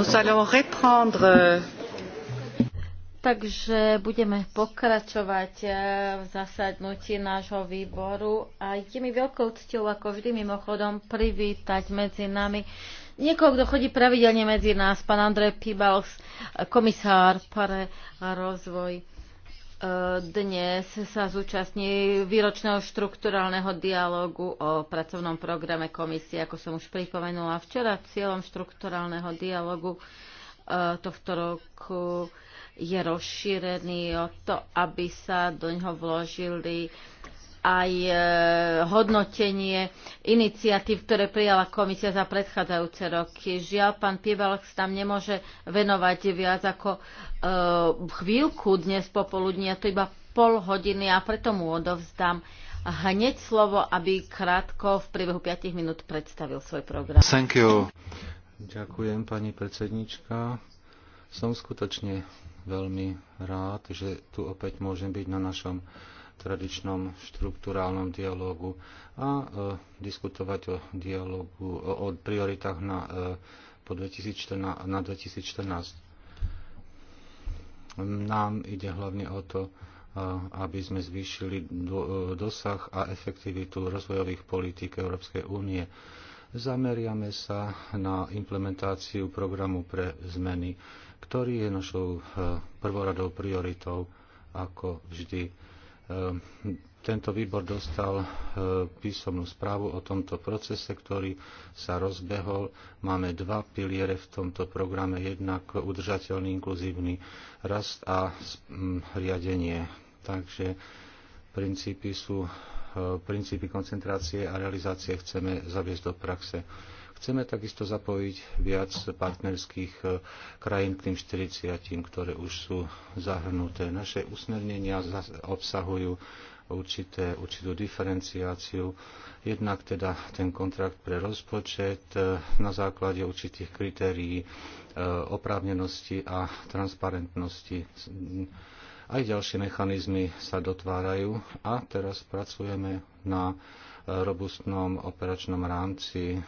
Nous allons reprendre euh, Takže budeme pokračovať e, v zasadnutí nášho výboru a je mi veľkou cťou, ako vždy mimochodom, privítať medzi nami niekoho, kto chodí pravidelne medzi nás, pán Andrej Pibals, komisár pre rozvoj dnes sa zúčastní výročného štrukturálneho dialogu o pracovnom programe komisie, ako som už pripomenula včera. Cieľom štrukturálneho dialogu e, tohto roku je rozšírený o to, aby sa do ňoho vložili aj e, hodnotenie iniciatív, ktoré prijala komisia za predchádzajúce roky. Žiaľ, pán sa tam nemôže venovať viac ako e, chvíľku dnes popoludní, a to iba pol hodiny a preto mu odovzdám hneď slovo, aby krátko v priebehu 5 minút predstavil svoj program. Thank you. Ďakujem, pani predsednička. Som skutočne veľmi rád, že tu opäť môžem byť na našom tradičnom štruktúrálnom dialógu a e, diskutovať o dialógu, o, o prioritách na, e, po 2014, na 2014. Nám ide hlavne o to, e, aby sme zvýšili e, dosah a efektivitu rozvojových politík Európskej únie. Zameriame sa na implementáciu programu pre zmeny, ktorý je našou e, prvoradou prioritou, ako vždy Ehm, tento výbor dostal ehm, písomnú správu o tomto procese, ktorý sa rozbehol. Máme dva piliere v tomto programe, jednak udržateľný inkluzívny rast a mm, riadenie. Takže princípy sú ehm, princípy koncentrácie a realizácie chceme zaviesť do praxe. Chceme takisto zapojiť viac partnerských e, krajín k tým 40, ktoré už sú zahrnuté. Naše usmernenia obsahujú určité, určitú diferenciáciu. Jednak teda ten kontrakt pre rozpočet e, na základe určitých kritérií e, oprávnenosti a transparentnosti. Aj ďalšie mechanizmy sa dotvárajú a teraz pracujeme na robustnom operačnom rámci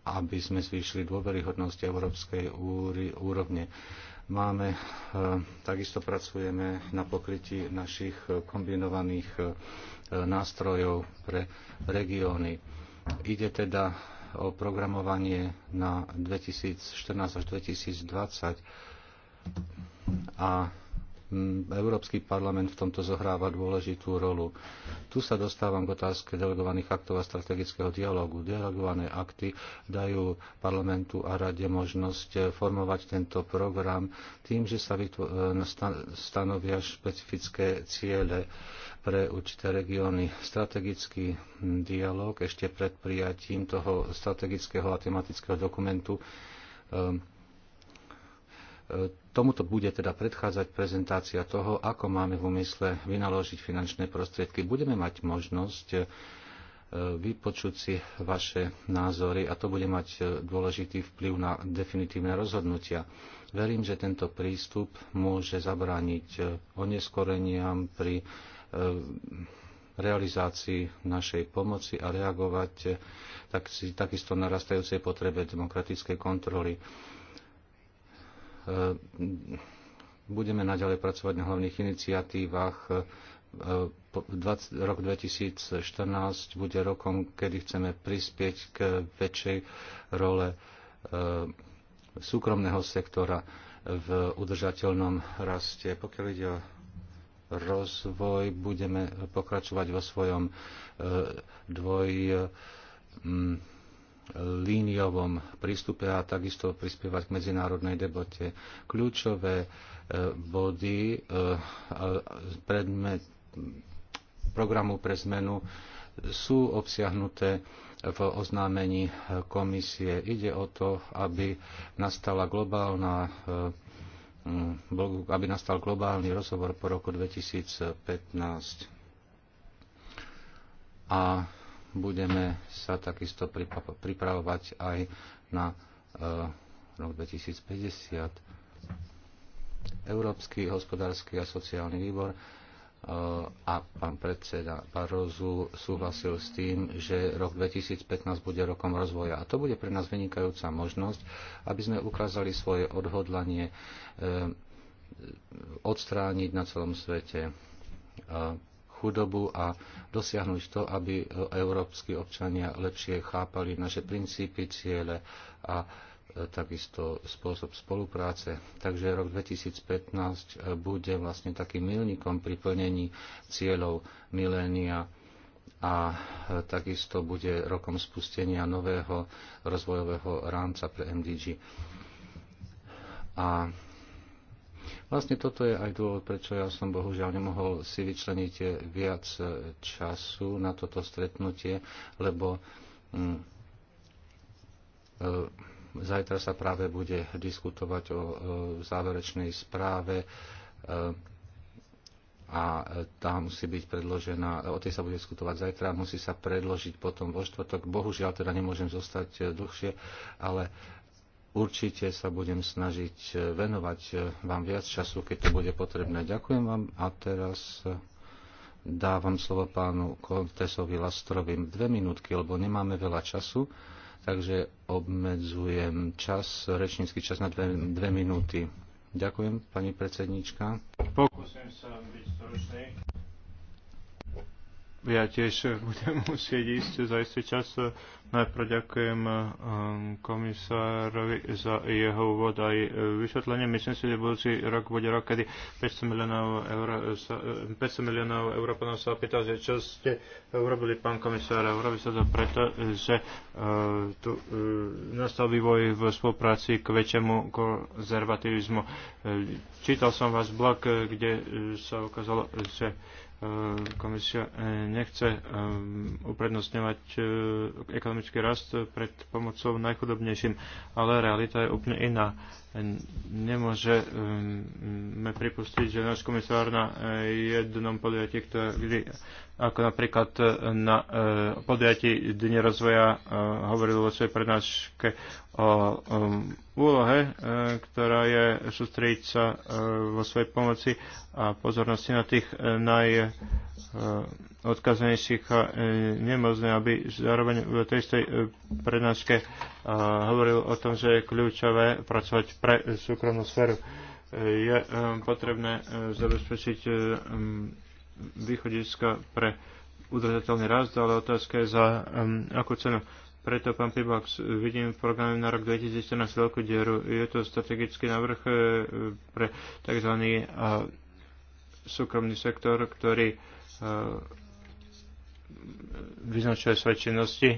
aby sme zvýšili dôveryhodnosť európskej úrovne. Máme, e, takisto pracujeme na pokrytí našich kombinovaných e, nástrojov pre regióny. Ide teda o programovanie na 2014 až 2020 a Európsky parlament v tomto zohráva dôležitú rolu. Tu sa dostávam k otázke delegovaných aktov a strategického dialogu. Delegované akty dajú parlamentu a rade možnosť formovať tento program tým, že sa e, stanovia špecifické ciele pre určité regióny. Strategický dialog ešte pred prijatím toho strategického a tematického dokumentu e, Tomuto bude teda predchádzať prezentácia toho, ako máme v úmysle vynaložiť finančné prostriedky. Budeme mať možnosť e, vypočuť si vaše názory a to bude mať e, dôležitý vplyv na definitívne rozhodnutia. Verím, že tento prístup môže zabrániť e, oneskoreniam pri realizácii našej pomoci a reagovať takisto narastajúcej potrebe demokratickej kontroly E, budeme naďalej pracovať na hlavných iniciatívach. E, rok 2014 bude rokom, kedy chceme prispieť k väčšej role e, súkromného sektora v udržateľnom raste. Pokiaľ ide o rozvoj, budeme pokračovať vo svojom dvoj líniovom prístupe a takisto prispievať k medzinárodnej debate. Kľúčové e, body e, predmet programu pre zmenu sú obsiahnuté v oznámení komisie. Ide o to, aby nastala globálna e, aby nastal globálny rozhovor po roku 2015. A budeme sa takisto pripravovať aj na eh, rok 2050. Európsky hospodársky a sociálny výbor eh, a pán predseda Barrozu súhlasil s tým, že rok 2015 bude rokom rozvoja. A to bude pre nás vynikajúca možnosť, aby sme ukázali svoje odhodlanie eh, odstrániť na celom svete chudobu a dosiahnuť to, aby e, európsky občania lepšie chápali naše princípy, ciele a e, takisto spôsob spolupráce. Takže rok 2015 e, bude vlastne takým milníkom pri plnení cieľov milénia a takisto bude rokom spustenia nového rozvojového rámca pre MDG. A Vlastne toto je aj dôvod, prečo ja som bohužiaľ nemohol si vyčleniť eh, viac eh, času na toto stretnutie, lebo mm, eh, zajtra sa práve bude diskutovať o záverečnej správe a tá musí byť predložená, o tej sa bude diskutovať zajtra, musí sa predložiť potom vo štvrtok. Bohužiaľ teda nemôžem zostať dlhšie, ale Určite sa budem snažiť e, venovať e, vám viac času, keď to bude potrebné. Ďakujem vám a teraz e, dávam slovo pánu Kontesovi Lastrovi. Dve minútky, lebo nemáme veľa času, takže obmedzujem čas, rečnícky čas na dve, dve minúty. Ďakujem, pani predsednička. Pokúsim sa byť stručný ja tiež budem musieť ísť za istý čas. Najprv ďakujem um, komisárovi za jeho úvod aj vysvetlenie. Myslím si, že budúci rok bude rok, kedy 500 miliónov, eur, 500 miliónov Európanov sa opýta, že čo ste urobili, pán komisár. Urobi sa to preto, že uh, tu uh, nastal vývoj v spolupráci k väčšiemu konzervativizmu. Uh, čítal som vás blog, kde sa ukázalo, že E, komisia e, nechce e, uprednostňovať ekonomický rast pred pomocou najchudobnejším, ale realita je úplne iná. Nemôžeme pripustiť, že náš komisár na jednom podujatí, ktorý ako napríklad e, na e, podujatí Dne rozvoja e, hovoril vo svojej prednáške o úlohe, ktorá je sústrediť sa vo svojej pomoci a pozornosti na tých najodkazenejších a nemožné, aby zároveň v tej istej prednáške hovoril o tom, že je kľúčové pracovať pre súkromnú sféru. Je potrebné zabezpečiť východiska pre udržateľný rast, ale otázka je za um, akú cenu. Preto, pán Pibax, vidím v programe na rok 2014 veľkú dieru. Je to strategický návrh e, pre tzv. E, súkromný sektor, ktorý e, vyznačuje svoje činnosti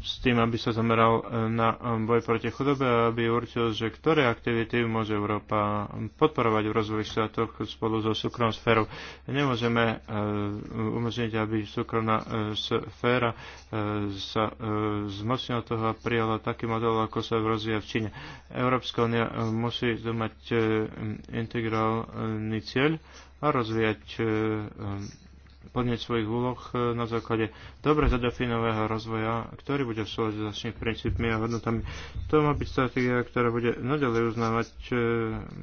s tým, aby sa zameral e, na e, boj proti chudobe a aby určil, že ktoré aktivity môže Európa podporovať v rozvoji štátoch spolu so súkromnou sférou. Nemôžeme e, umožniť, aby súkromná sféra sa zmocnila toho a prijala taký model, ako sa rozvíja v Číne. Európska unia musí mať integrálny cieľ a rozvíjať plniť svojich úloh e, na základe dobre zadefinovaného rozvoja, ktorý bude v s našimi princípmi a hodnotami. To má byť stratégia, ktorá bude nadalej uznávať e,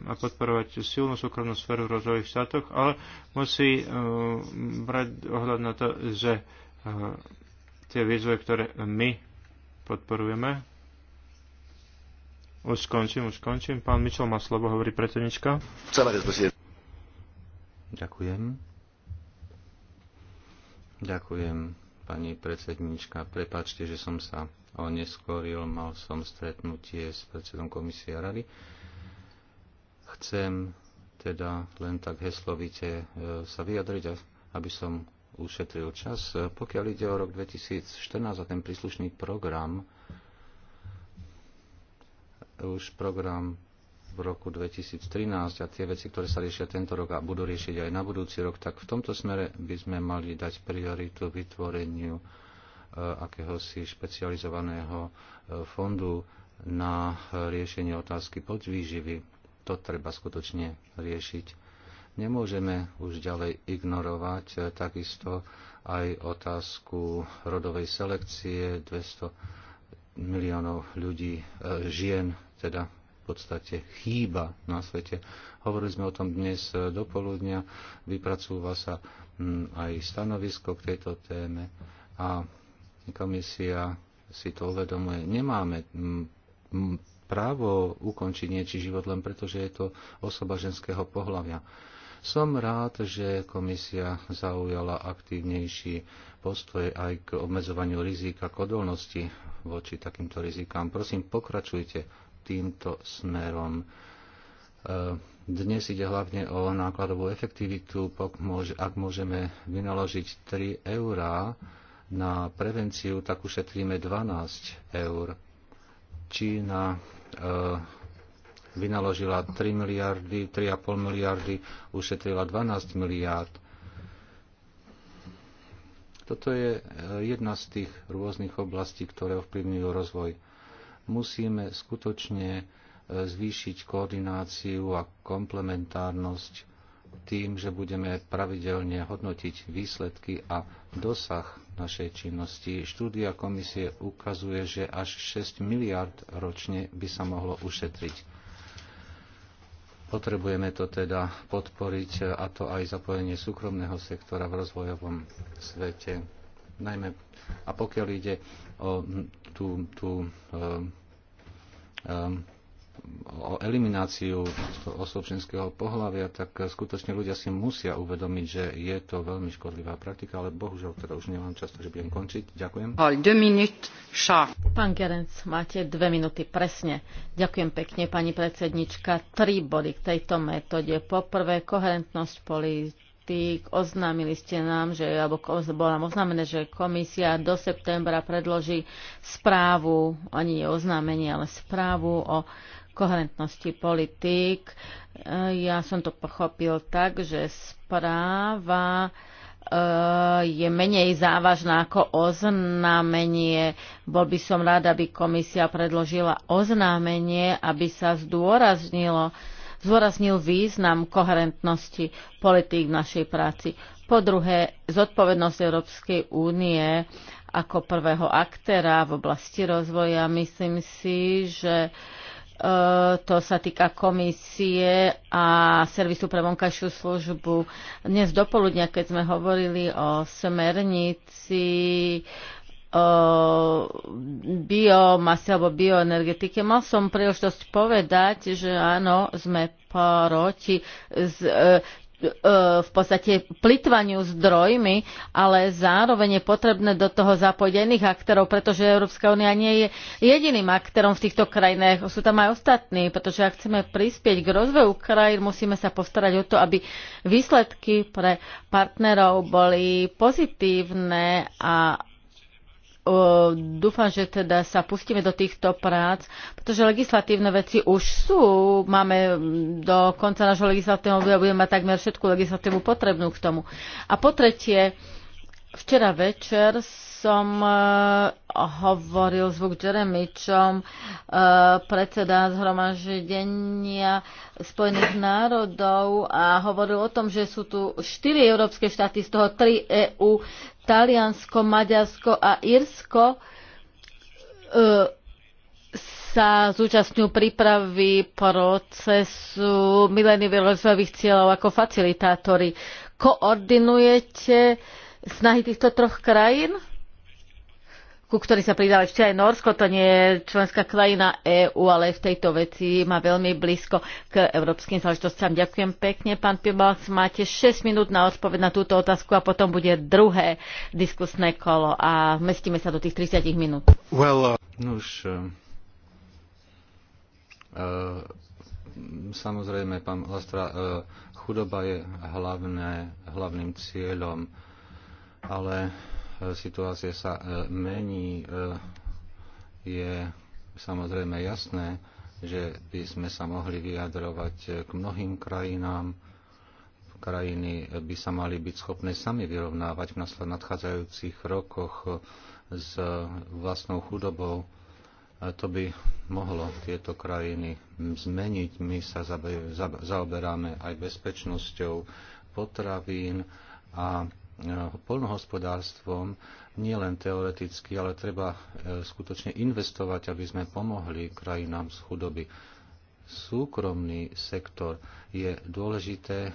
a podporovať silnú súkromnú sféru v rozvojových štátoch, ale musí e, brať ohľad na to, že tie výzvy, ktoré my podporujeme, už skončím, už skončím. Pán Mičel má slovo, hovorí predsednička. Ďakujem. Ďakujem, pani predsednička. Prepačte, že som sa oneskoril, mal som stretnutie s predsedom komisie a rady. Chcem teda len tak heslovite e, sa vyjadriť, aby som ušetril čas. Pokiaľ ide o rok 2014 a ten príslušný program, už program v roku 2013 a tie veci, ktoré sa riešia tento rok a budú riešiť aj na budúci rok, tak v tomto smere by sme mali dať prioritu vytvoreniu e, akéhosi špecializovaného e, fondu na e, riešenie otázky podvýživy. To treba skutočne riešiť. Nemôžeme už ďalej ignorovať takisto aj otázku rodovej selekcie 200 miliónov ľudí, žien teda podstate chýba na svete. Hovorili sme o tom dnes e, do poludnia, vypracúva sa aj stanovisko k tejto téme a komisia si to uvedomuje. Nemáme právo ukončiť niečí život len preto, že je to osoba ženského pohľavia. Som rád, že komisia zaujala aktívnejší postoj aj k obmedzovaniu rizika k odolnosti voči takýmto rizikám. Prosím, pokračujte týmto smerom. E, dnes ide hlavne o nákladovú efektivitu, ak môžeme vynaložiť 3 eurá na prevenciu, tak ušetríme 12 eur. Čína e, vynaložila 3 miliardy, 3,5 miliardy, ušetrila 12 miliard. Toto je e, jedna z tých rôznych oblastí, ktoré ovplyvňujú rozvoj musíme skutočne e, zvýšiť koordináciu a komplementárnosť tým, že budeme pravidelne hodnotiť výsledky a dosah našej činnosti. Štúdia komisie ukazuje, že až 6 miliard ročne by sa mohlo ušetriť. Potrebujeme to teda podporiť e, a to aj zapojenie súkromného sektora v rozvojovom svete. Najmä a pokiaľ ide o tú, tú um, o elimináciu osobčenského pohľavia, tak skutočne ľudia si musia uvedomiť, že je to veľmi škodlivá praktika, ale bohužiaľ teda už nemám čas, takže budem končiť. Ďakujem. Pán Gerenc, máte dve minúty presne. Ďakujem pekne, pani predsednička. Tri body k tejto metóde. Poprvé, koherentnosť politiky politík. Oznámili ste nám, že, alebo bolo nám oznámené, že komisia do septembra predloží správu, ani nie oznámenie, ale správu o koherentnosti politík. E, ja som to pochopil tak, že správa e, je menej závažná ako oznámenie. Bol by som rád, aby komisia predložila oznámenie, aby sa zdôraznilo, zdôraznil význam koherentnosti politík v našej práci. Po druhé, zodpovednosť Európskej únie ako prvého aktéra v oblasti rozvoja. Myslím si, že e, to sa týka komisie a servisu pre vonkajšiu službu. Dnes dopoludnia, keď sme hovorili o smernici biomasy alebo bioenergetike. Mal som príležitosť povedať, že áno, sme proti z, e, e, v podstate plitvaniu zdrojmi, ale zároveň je potrebné do toho zapojiť iných aktérov, pretože Európska únia nie je jediným aktérom v týchto krajinách. Sú tam aj ostatní, pretože ak chceme prispieť k rozvoju krajín, musíme sa postarať o to, aby výsledky pre partnerov boli pozitívne a dúfam, že teda sa pustíme do týchto prác, pretože legislatívne veci už sú. Máme mm, do konca nášho legislatívneho obdobia budeme mať takmer všetku legislatívu potrebnú k tomu. A po tretie, Včera večer som uh, hovoril s Vuk Jeremičom, uh, predseda zhromaždenia Spojených národov a hovoril o tom, že sú tu štyri európske štáty, z toho tri EU, Taliansko, Maďarsko a Irsko Uh, sa zúčastňujú prípravy procesu milenivých rozvojových cieľov ako facilitátori. Koordinujete uh, snahy týchto troch krajín, ku ktorým sa pridali ešte aj Norsko, to nie je členská krajina EÚ, ale v tejto veci má veľmi blízko k európskym záležitostiam. Ďakujem pekne, pán Pibalc. Máte 6 minút na odpoveď na túto otázku a potom bude druhé diskusné kolo a mestíme sa do tých 30 minút. Well, uh, no už, uh, eh, eh, samozrejme, pán Lastra, uh, chudoba je hlavné, hlavným cieľom ale e, situácia sa e, mení. E, je samozrejme jasné, že by sme sa mohli vyjadrovať k mnohým krajinám. Krajiny by sa mali byť schopné sami vyrovnávať v nadchádzajúcich rokoch s vlastnou chudobou. To by mohlo tieto krajiny zmeniť. My sa zaoberáme aj bezpečnosťou potravín a Eh, polnohospodárstvom nielen teoreticky, ale treba eh, skutočne investovať, aby sme pomohli krajinám z chudoby. Súkromný sektor je dôležité, eh,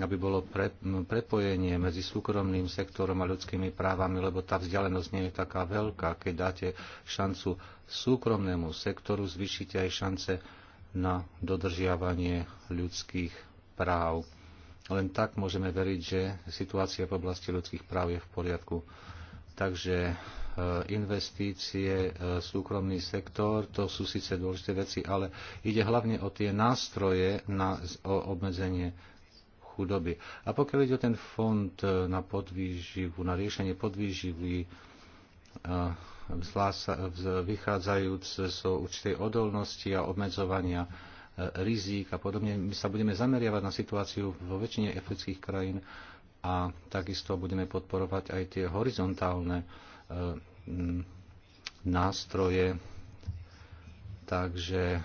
aby bolo pre, prepojenie medzi súkromným sektorom a ľudskými právami, lebo tá vzdialenosť nie je taká veľká. Keď dáte šancu súkromnému sektoru, zvyšíte aj šance na dodržiavanie ľudských práv len tak môžeme veriť, že situácia v oblasti ľudských práv je v poriadku. Takže e, investície, e, súkromný sektor, to sú síce dôležité veci, ale ide hlavne o tie nástroje na o obmedzenie chudoby. A pokiaľ ide o ten fond e, na podvýživu, na riešenie podvýživy, vychádzajúc z so určitej odolnosti a obmedzovania rizík a podobne. My sa budeme zameriavať na situáciu vo väčšine afrických krajín a takisto budeme podporovať aj tie horizontálne e, nástroje. Takže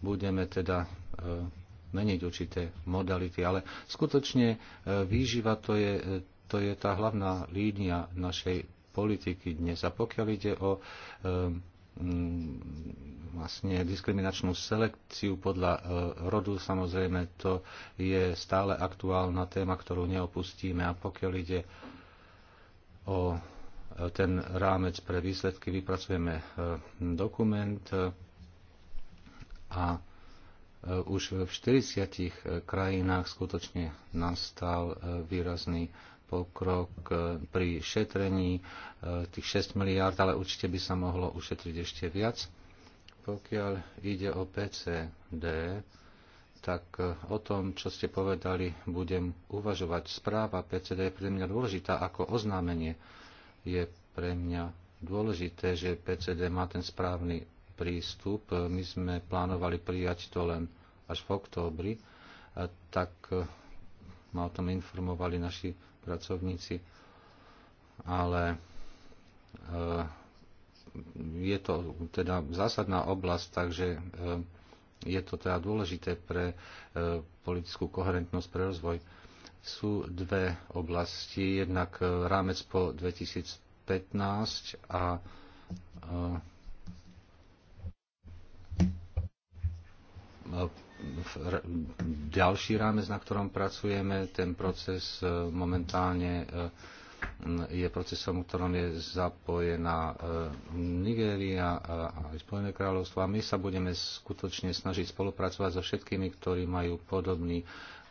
budeme teda e, meniť určité modality, ale skutočne e, výživa to je, to je tá hlavná línia našej politiky dnes. A pokiaľ ide o Mm, vlastne diskriminačnú selekciu podľa e, rodu. Samozrejme, to je stále aktuálna téma, ktorú neopustíme. A pokiaľ ide o e, ten rámec pre výsledky, vypracujeme e, dokument a už v 40 krajinách skutočne nastal výrazný pokrok e, pri šetrení e, tých 6 miliard, ale určite by sa mohlo ušetriť ešte viac. Pokiaľ ide o PCD, tak e, o tom, čo ste povedali, budem uvažovať. Správa PCD je pre mňa dôležitá ako oznámenie. Je pre mňa dôležité, že PCD má ten správny prístup. My sme plánovali prijať to len až v októbri, tak ma o tom informovali naši pracovníci, ale e, je to teda zásadná oblasť, takže e, je to teda dôležité pre e, politickú koherentnosť, pre rozvoj. Sú dve oblasti, jednak rámec po 2015 a ďalší rámec, na ktorom pracujeme. Ten proces e, momentálne e, je procesom, ktorom je zapojená e, Nigéria a aj Spojené kráľovstvo. A my sa budeme skutočne snažiť spolupracovať so všetkými, ktorí majú podobný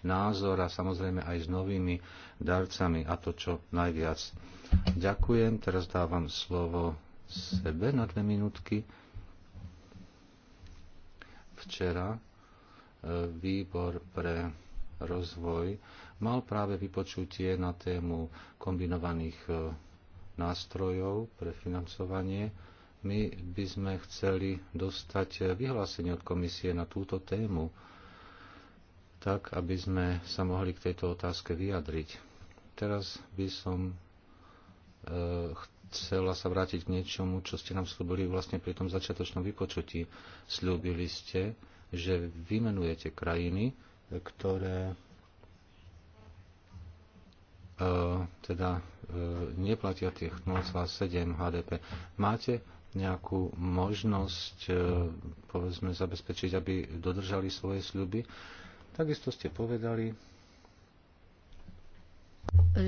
názor a samozrejme aj s novými darcami a to čo najviac. Ďakujem, teraz dávam slovo sebe na dve minútky. Včera výbor pre rozvoj mal práve vypočutie na tému kombinovaných e, nástrojov pre financovanie. My by sme chceli dostať vyhlásenie od komisie na túto tému, tak aby sme sa mohli k tejto otázke vyjadriť. Teraz by som e, chcela sa vrátiť k niečomu, čo ste nám slúbili vlastne pri tom začiatočnom vypočutí. Slúbili ste, že vymenujete krajiny, ktoré e, teda e, neplatia tých 0,7 HDP. Máte nejakú možnosť, e, povedzme, zabezpečiť, aby dodržali svoje sľuby? Takisto ste povedali,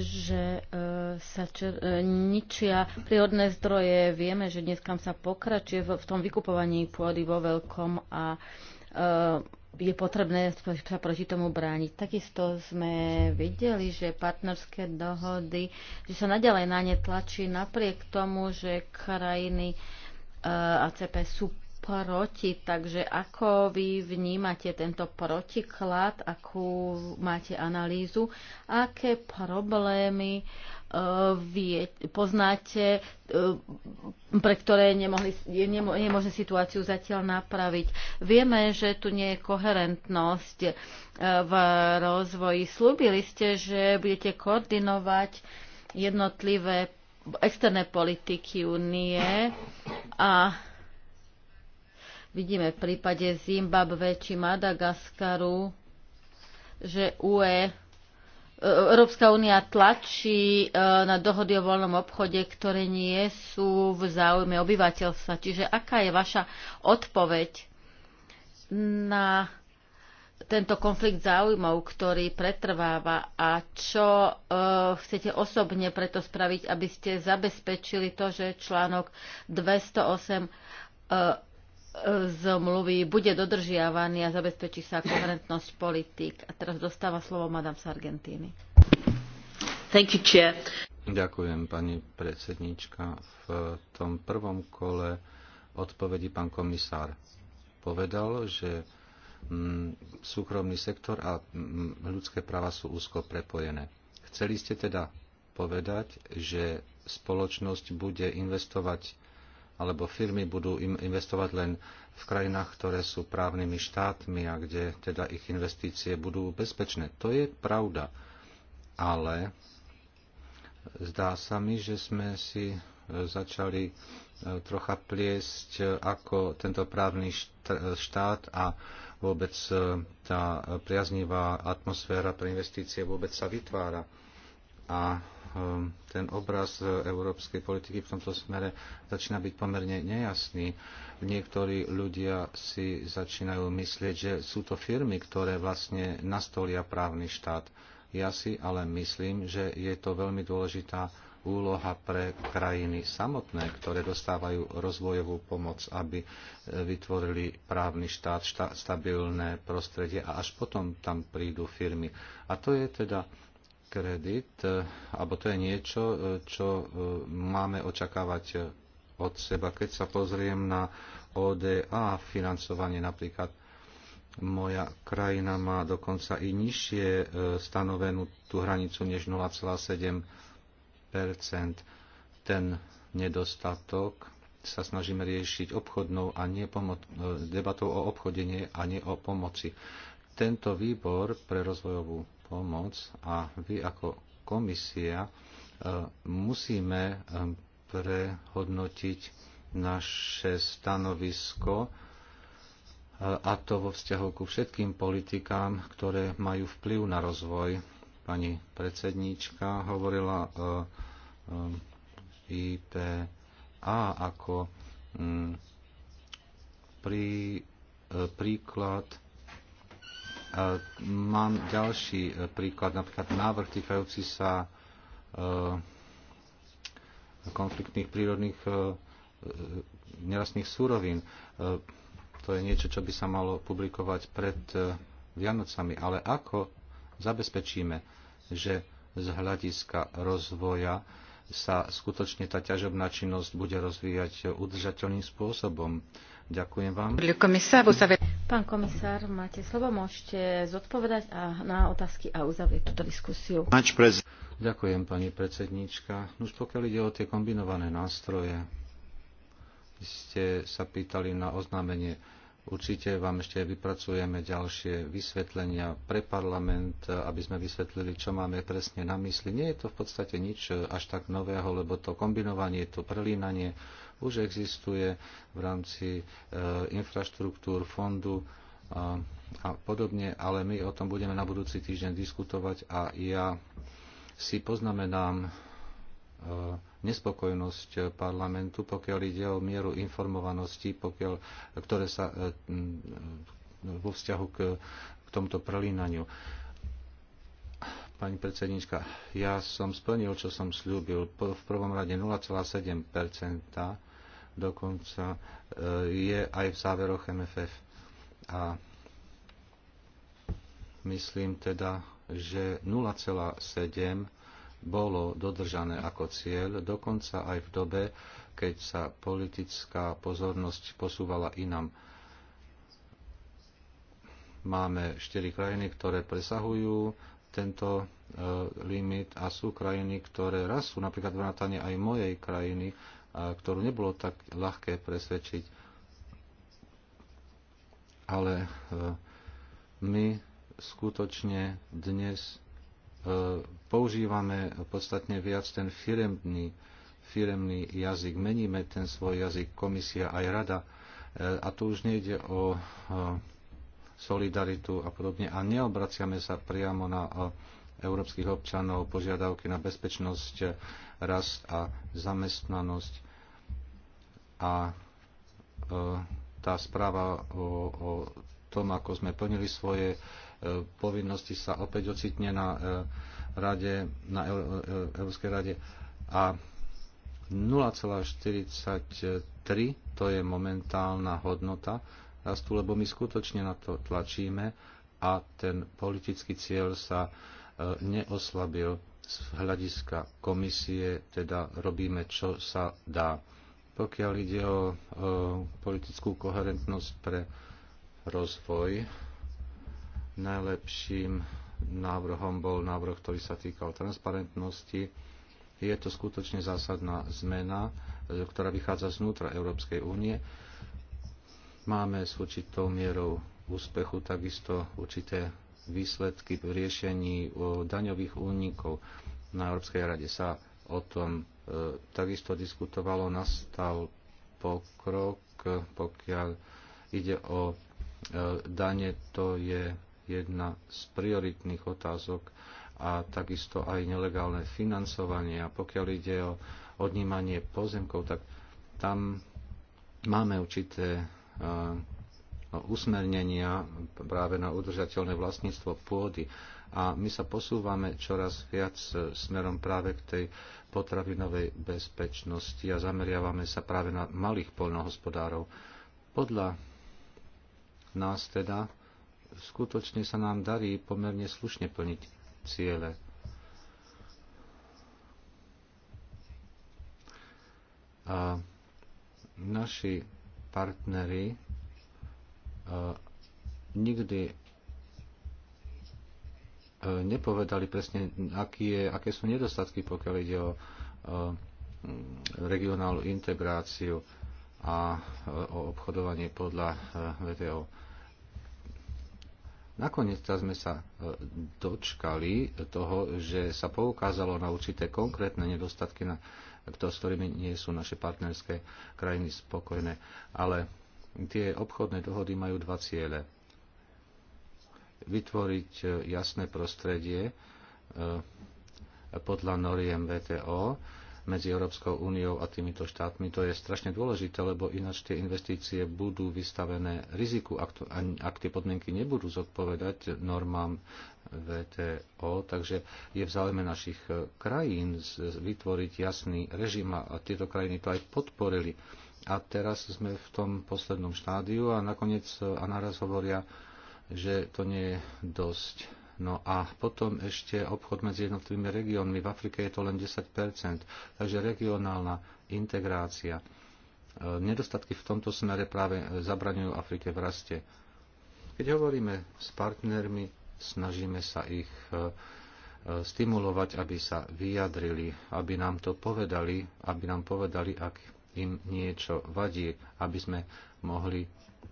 že sa čer, ničia prírodné zdroje. Vieme, že dneska sa pokračuje v, v tom vykupovaní pôdy vo veľkom a E, je potrebné sa proti tomu brániť. Takisto sme videli, že partnerské dohody, že sa nadalej na ne tlačí napriek tomu, že krajiny e, ACP sú proti. Takže ako vy vnímate tento protiklad, akú máte analýzu, aké problémy uh, vie, poznáte, e, pre ktoré nemohli, je nemo, nemožné situáciu zatiaľ napraviť. Vieme, že tu nie je koherentnosť e, v rozvoji. Slúbili ste, že budete koordinovať jednotlivé externé politiky únie a vidíme v prípade Zimbabve či Madagaskaru, že UE Európska únia tlačí e, na dohody o voľnom obchode, ktoré nie sú v záujme obyvateľstva. Čiže aká je vaša odpoveď na tento konflikt záujmov, ktorý pretrváva a čo e, chcete osobne preto spraviť, aby ste zabezpečili to, že článok 208 e, zmluvy bude dodržiavaný a zabezpečí sa koherentnosť politik. A teraz dostáva slovo Madame Sargentini. Thank you, chair. Ďakujem, pani predsedníčka. V tom prvom kole odpovedí pán komisár povedal, že mm, súkromný sektor a mm, ľudské práva sú úzko prepojené. Chceli ste teda povedať, že spoločnosť bude investovať alebo firmy budú im investovať len v krajinách, ktoré sú právnymi štátmi a kde teda ich investície budú bezpečné. To je pravda. Ale zdá sa mi, že sme si e, začali e, trocha pliesť, e, ako tento právny štát a vôbec tá priaznivá atmosféra pre investície vôbec sa vytvára. A Ehm, ten obraz e, európskej politiky v tomto smere začína byť pomerne nejasný. Niektorí ľudia si začínajú myslieť, že sú to firmy, ktoré vlastne nastolia právny štát. Ja si ale myslím, že je to veľmi dôležitá úloha pre krajiny samotné, ktoré dostávajú rozvojovú pomoc, aby e, vytvorili právny štát, štát stabilné prostredie a až potom tam prídu firmy. A to je teda kredit, e, alebo to je niečo, e, čo e, máme očakávať od seba. Keď sa pozriem na ODA financovanie napríklad, moja krajina má dokonca i nižšie stanovenú tú hranicu než 0,7 Ten nedostatok sa snažíme riešiť obchodnou a nie pomo- debatou o obchodenie a nie o pomoci. Tento výbor pre rozvojovú pomoc a vy ako komisia e, musíme e, prehodnotiť naše stanovisko e, a to vo vzťahu ku všetkým politikám, ktoré majú vplyv na rozvoj. Pani predsedníčka hovorila o IPA ako mm, prí, príklad Ehm, mám ďalší e, príklad, napríklad návrh týkajúci sa e, konfliktných prírodných e, nerastných súrovín. Ehm, to je niečo, čo by sa malo publikovať pred Vianocami. Ale ako zabezpečíme, že z hľadiska rozvoja sa skutočne tá ťažobná činnosť bude rozvíjať udržateľným spôsobom? Ďakujem vám. Pán komisár, máte slovo, môžete zodpovedať a na otázky a uzavrieť túto diskusiu. Ďakujem, pani predsedníčka. Už pokiaľ ide o tie kombinované nástroje, ste sa pýtali na oznámenie. Určite vám ešte vypracujeme ďalšie vysvetlenia pre parlament, aby sme vysvetlili, čo máme presne na mysli. Nie je to v podstate nič až tak nového, lebo to kombinovanie, to prelínanie, už existuje v rámci e, infraštruktúr fondu a, e, a podobne, ale my o tom budeme na budúci týždeň diskutovať a ja si poznamenám e, nespokojnosť parlamentu, pokiaľ ide o mieru informovanosti, pokiaľ, ktoré sa vo vzťahu k, k tomuto prelínaniu. Pani predsednička, ja som splnil, čo som slúbil. V prvom rade 0,7 dokonca e, je aj v záveroch MFF. A myslím teda, že 0,7 bolo dodržané ako cieľ, dokonca aj v dobe, keď sa politická pozornosť posúvala inam. Máme štyri krajiny, ktoré presahujú tento e, limit a sú krajiny, ktoré raz sú, napríklad vrátane aj mojej krajiny, ktorú nebolo tak ľahké presvedčiť. Ale e, my skutočne dnes e, používame podstatne viac ten firemný, firemný jazyk. Meníme ten svoj jazyk, komisia aj rada. E, a tu už nejde o solidaritu a podobne. A neobraciame sa priamo na európskych občanov, požiadavky na bezpečnosť, rast a zamestnanosť. A e, tá správa o, o tom, ako sme plnili svoje e, povinnosti, sa opäť ocitne na e, rade, na Európskej rade. A 0,43 to je momentálna hodnota rastu, lebo my skutočne na to tlačíme a ten politický cieľ sa E, neoslabil z hľadiska komisie, teda robíme, čo sa dá. Pokiaľ ide o e, politickú koherentnosť pre rozvoj, najlepším návrhom bol návrh, ktorý sa týkal transparentnosti. Je to skutočne zásadná zmena, e, ktorá vychádza znútra Európskej únie. Máme s určitou mierou úspechu takisto určité výsledky v riešení daňových únikov. Na Európskej rade sa o tom e, takisto diskutovalo, nastal pokrok, pokiaľ ide o e, dane, to je jedna z prioritných otázok a takisto aj nelegálne financovanie. A pokiaľ ide o odnímanie pozemkov, tak tam máme určité e, usmernenia práve na udržateľné vlastníctvo pôdy. A my sa posúvame čoraz viac e, smerom práve k tej potravinovej bezpečnosti a zameriavame sa práve na malých poľnohospodárov. Podľa nás teda skutočne sa nám darí pomerne slušne plniť ciele. A naši partnery nikdy e, nepovedali presne, aký je, aké sú nedostatky, pokiaľ ide o e, regionálnu integráciu a e, o obchodovanie podľa VTO. Nakoniec sme sa dočkali toho, že sa poukázalo na určité konkrétne nedostatky, na, s ktorými nie sú naše partnerské krajiny spokojné. Ale Tie obchodné dohody majú dva ciele. Vytvoriť e, jasné prostredie e, podľa noriem VTO medzi Európskou úniou a týmito štátmi. To je strašne dôležité, lebo ináč tie investície budú vystavené riziku, ak, to, ak tie podmienky nebudú zodpovedať normám VTO. Takže je v záujme našich e, krajín vytvoriť jasný režim a tieto krajiny to aj podporili a teraz sme v tom poslednom štádiu a nakoniec e, a naraz hovoria, že to nie je dosť. No a potom ešte obchod medzi jednotlivými regiónmi. V Afrike je to len 10 takže regionálna integrácia. E, nedostatky v tomto smere práve e, zabraňujú Afrike v raste. Keď hovoríme s partnermi, snažíme sa ich stimulovať, aby sa vyjadrili, aby nám to povedali, aby nám povedali, ak im niečo vadí, aby sme mohli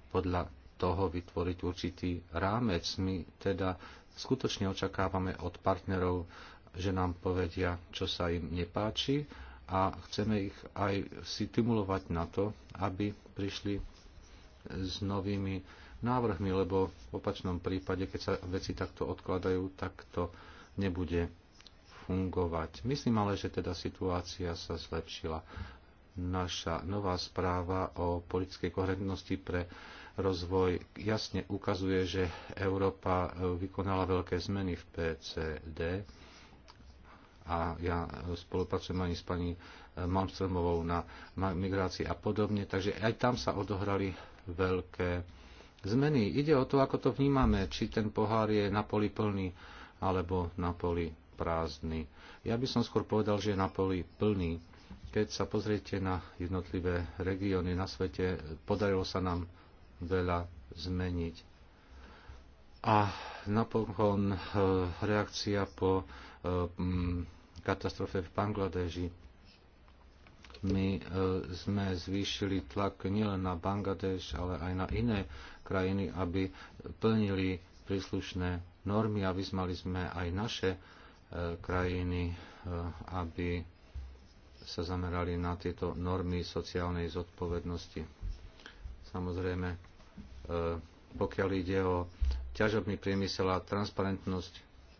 podľa toho vytvoriť určitý rámec. My teda skutočne očakávame od partnerov, že nám povedia, čo sa im nepáči a chceme ich aj stimulovať na to, aby prišli s novými návrhmi, lebo v opačnom prípade, keď sa veci takto odkladajú, tak to nebude fungovať. Myslím ale, že teda situácia sa zlepšila naša nová správa o politickej koherentnosti pre rozvoj jasne ukazuje, že Európa e, vykonala veľké zmeny v PCD a ja spolupracujem ani s pani e, Malmströmovou na migrácii a podobne, takže aj tam sa odohrali veľké zmeny. Ide o to, ako to vnímame, či ten pohár je na poli plný alebo na poli prázdny. Ja by som skôr povedal, že je na poli plný keď sa pozriete na jednotlivé regióny na svete, podarilo sa nám veľa zmeniť. A napokon e, reakcia po e, katastrofe v Bangladeži. My e, sme zvýšili tlak nielen na Bangladeš, ale aj na iné krajiny, aby plnili príslušné normy a vyzmali sme aj naše krajiny, aby sa zamerali na tieto normy sociálnej zodpovednosti. Samozrejme, e, pokiaľ ide o ťažobný priemysel a transparentnosť,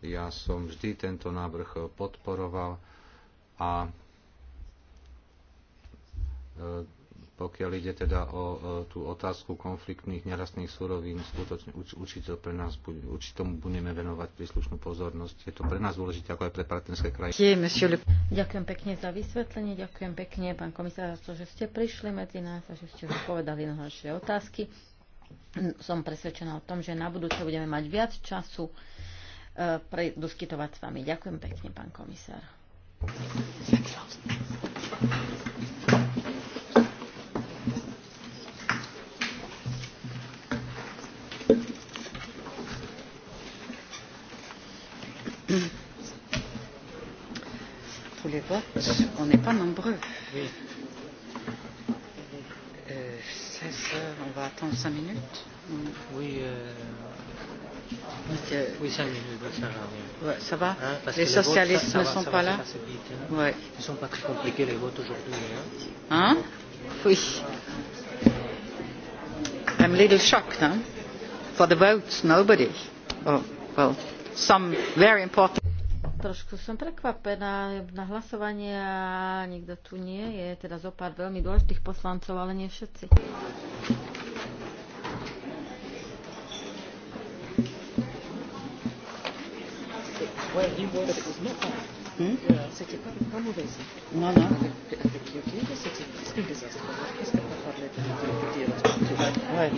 ja som vždy tento návrh podporoval a e, pokiaľ ide teda o tú otázku konfliktných nerastných surovín, skutočne určite pre nás, určite tomu budeme venovať príslušnú pozornosť. Je to pre nás dôležité, ako aj pre partnerské krajiny. Ďakujem pekne za vysvetlenie, ďakujem pekne, pán komisár, za to, že ste prišli medzi nás a že ste zodpovedali na naše otázky. Som presvedčená o tom, že na budúce budeme mať viac času e, pre diskutovať s vami. Ďakujem pekne, pán komisár. le vote. On n'est pas nombreux. Oui. Euh, 16 heures, on va attendre 5 minutes. Oui. Euh... Monsieur... Oui, 5 minutes, ça va. Ouais, ça va hein, parce Les que socialistes les votes, ça, ne va, sont pas va, là vite, hein. ouais. Ils ne sont pas très compliqués les votes aujourd'hui. Hein, hein Oui. I'm a little shocked, huh? For the votes, nobody. Oh, well, some very important trošku som prekvapená na hlasovanie a nikto tu nie je, teda zo pár veľmi dôležitých poslancov, ale nie všetci. Hmm? il no. no ouais.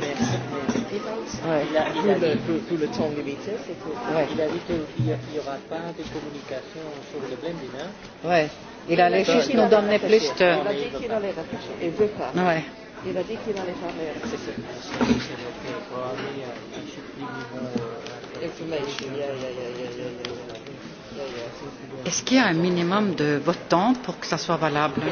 ouais. Il, a, il a dit que tout le temps limité, c'est que ouais. il a dit qu'il n'y aura pas de communication sur le blending. Hein. Ouais. Il allait juste nous donner plus de. Il a dit qu'il allait réfléchir. Il veut pas. Ouais. Il a dit qu'il allait parler. C'est ça. Est-ce qu'il y a un minimum de votants pour que ça soit valable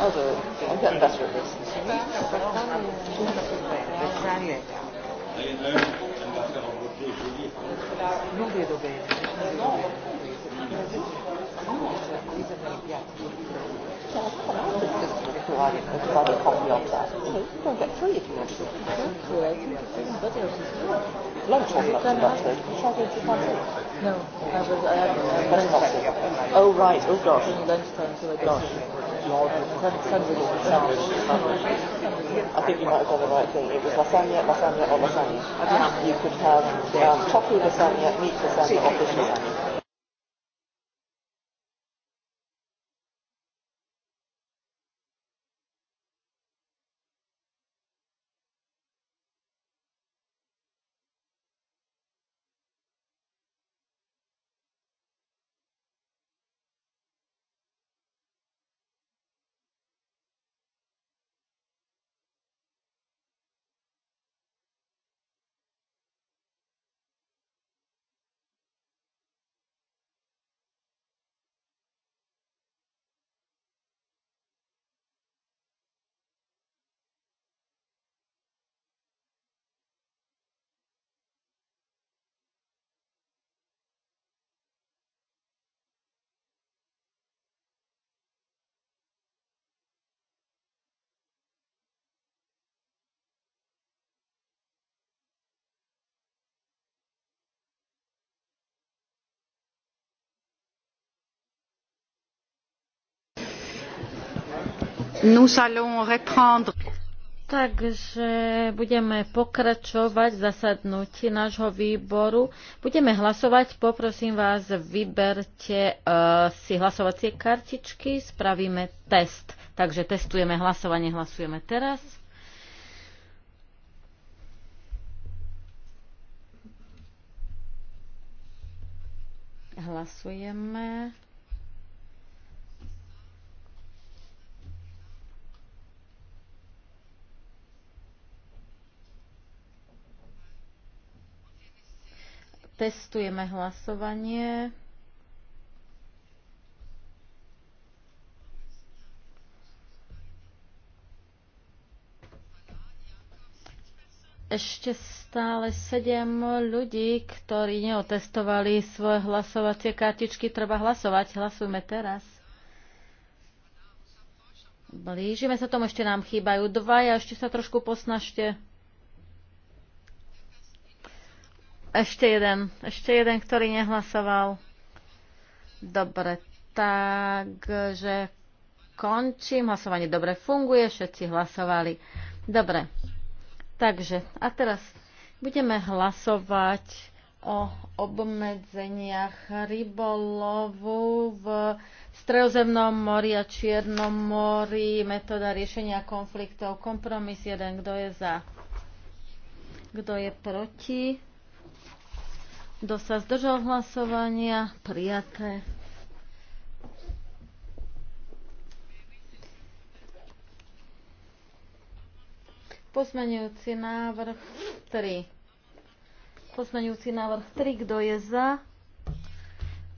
other I've got better at this vedo bene. a copy of that. you don't get free if you want to. No, I Oh, right. Oh, gosh. Lunchtime, so I Gosh. I think you might have done the right thing. It was lasagna, lasagna, or lasagna. You could have um, chocolate lasagna, meat lasagna, or fish lasagna. Nous allons reprendre. Takže budeme pokračovať v zasadnutí nášho výboru. Budeme hlasovať. Poprosím vás, vyberte uh, si hlasovacie kartičky, spravíme test. Takže testujeme hlasovanie, hlasujeme teraz. Hlasujeme. Testujeme hlasovanie. ešte stále sedem ľudí, ktorí neotestovali svoje hlasovacie kartičky. Treba hlasovať. Hlasujme teraz. Blížime sa tomu, ešte nám chýbajú dva a ešte sa trošku posnažte. Ešte jeden, ešte jeden, ktorý nehlasoval. Dobre, takže končím. Hlasovanie dobre funguje, všetci hlasovali. Dobre, takže a teraz budeme hlasovať o obmedzeniach rybolovu v Stredozemnom mori a Čiernom mori, metóda riešenia konfliktov, kompromis jeden. kto je za, kto je proti kto sa zdržal hlasovania? Prijaté. Posmenujúci návrh 3. Posmenujúci návrh 3. Kto je za?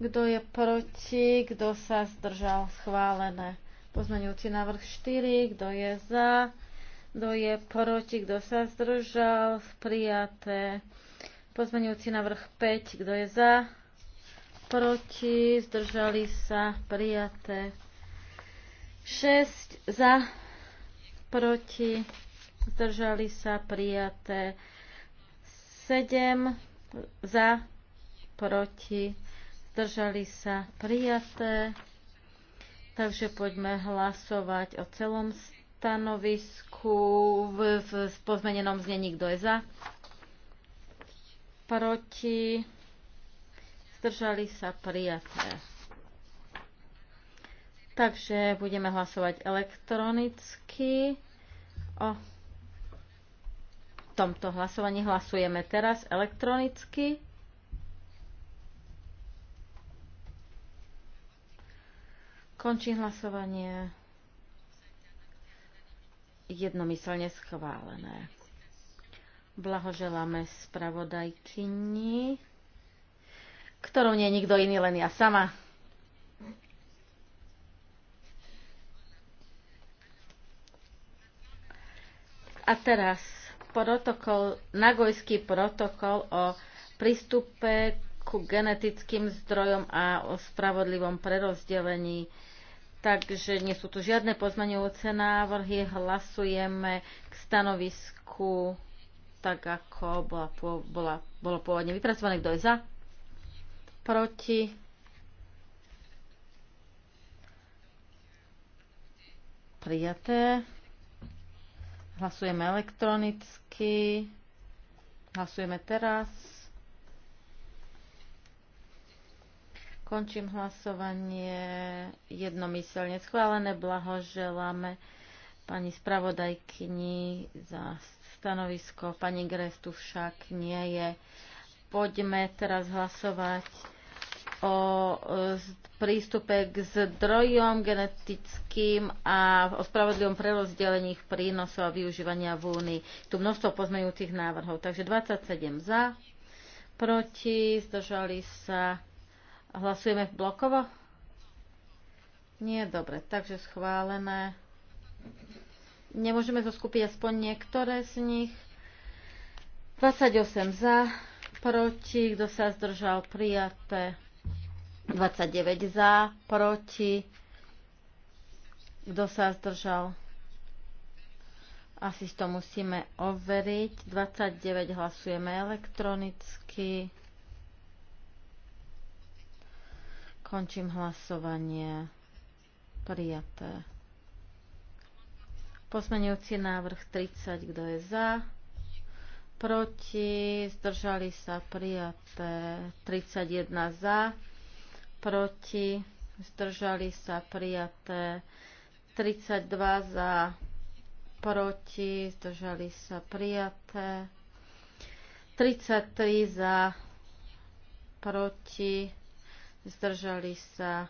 Kto je proti? Kto sa zdržal? Schválené. Pozmeňujúci návrh 4. Kto je za? Kto je proti? Kto sa zdržal? Prijaté. Pozmeňujúci návrh 5. Kto je za? Proti? Zdržali sa? Prijaté. 6. Za? Proti? Zdržali sa? Prijaté. 7. Za? Proti? Zdržali sa? Prijaté. Takže poďme hlasovať o celom stanovisku v, v pozmenenom znení. Kto je za? proti, zdržali sa prijaté. Takže budeme hlasovať elektronicky o tomto hlasovaní. Hlasujeme teraz elektronicky. Končím hlasovanie jednomyselne schválené. Blahoželáme spravodajkyni, ktorou nie je nikto iný, len ja sama. A teraz protokol, Nagojský protokol o prístupe ku genetickým zdrojom a o spravodlivom prerozdelení. Takže nie sú tu žiadne pozmaňujúce návrhy. Hlasujeme k stanovisku tak ako bola, bola, bolo pôvodne vypracované. Kto je za? Proti? Prijaté. Hlasujeme elektronicky. Hlasujeme teraz. Končím hlasovanie jednomyselne schválené. Blahoželáme pani spravodajkyni za stanovisko. Pani Gres tu však nie je. Poďme teraz hlasovať o prístupe k zdrojom genetickým a o spravodlivom prerozdelení ich prínosov a využívania v Únii. Tu množstvo pozmeňujúcich návrhov. Takže 27 za, proti, zdržali sa. Hlasujeme blokovo? Nie, dobre, takže schválené. Nemôžeme zoskupiť aspoň niektoré z nich. 28 za, proti, kto sa zdržal, prijaté. 29 za, proti, kto sa zdržal. Asi to musíme overiť. 29 hlasujeme elektronicky. Končím hlasovanie. Prijaté. Pozmenujúci návrh 30, kto je za? Proti, zdržali sa prijaté 31 za, proti, zdržali sa prijaté 32 za, proti, zdržali sa prijaté 33 za, proti, zdržali sa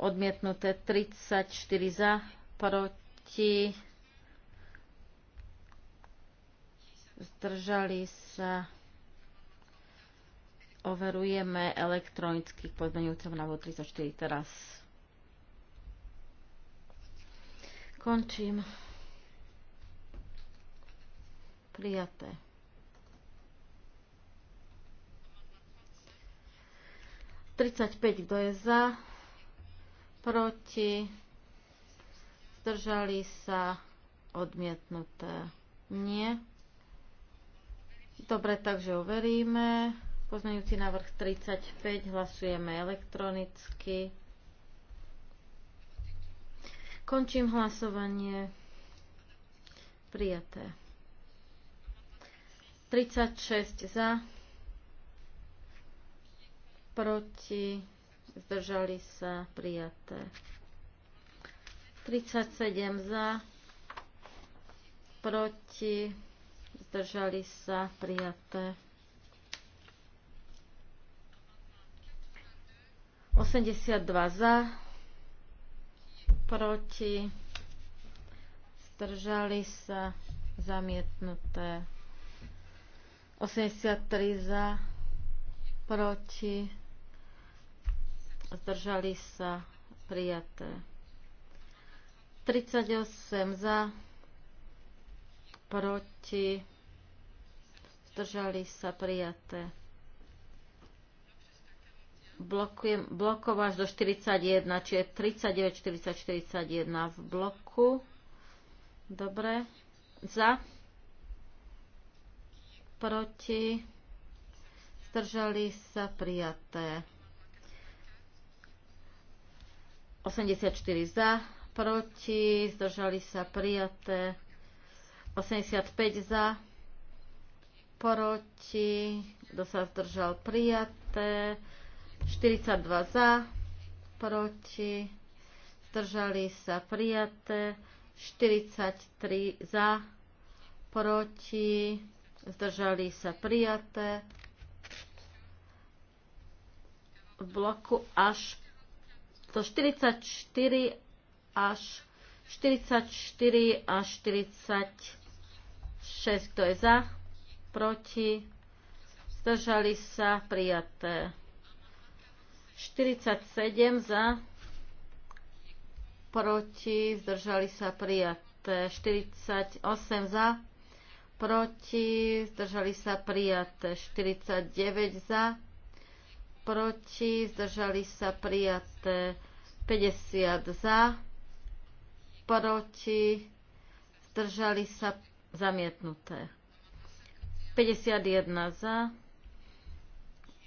odmietnuté 34 za, proti, proti, zdržali sa, overujeme elektronicky k pozmeňujúcemu návodu 34 teraz. Končím. Prijaté. Tridsaťpäť, kto je za? Proti? zdržali sa, odmietnuté. Nie. Dobre, takže overíme. Pozmeňujúci návrh 35, hlasujeme elektronicky. Končím hlasovanie. Prijaté. 36 za, proti, zdržali sa, prijaté. 37 za, proti, zdržali sa, prijaté. 82 za, proti, zdržali sa, zamietnuté. 83 za, proti, zdržali sa, prijaté. 38 za, proti, zdržali sa prijaté. Blokujem, blokov až do 41, čiže 39, 40, 41 v bloku. Dobre. Za. Proti. Zdržali sa prijaté. 84 za, proti, zdržali sa prijaté. 85 za, proti, kto sa zdržal prijaté. 42 za, proti, zdržali sa prijaté. 43 za, proti, zdržali sa prijaté. V bloku až to 44 až 44 až 46. Kto je za? Proti? Zdržali sa? Prijaté. 47 za? Proti? Zdržali sa? Prijaté. 48 za? Proti? Zdržali sa? Prijaté. 49 za? Proti? Zdržali sa? Prijaté. 50 za? proti, zdržali sa zamietnuté. 51 za,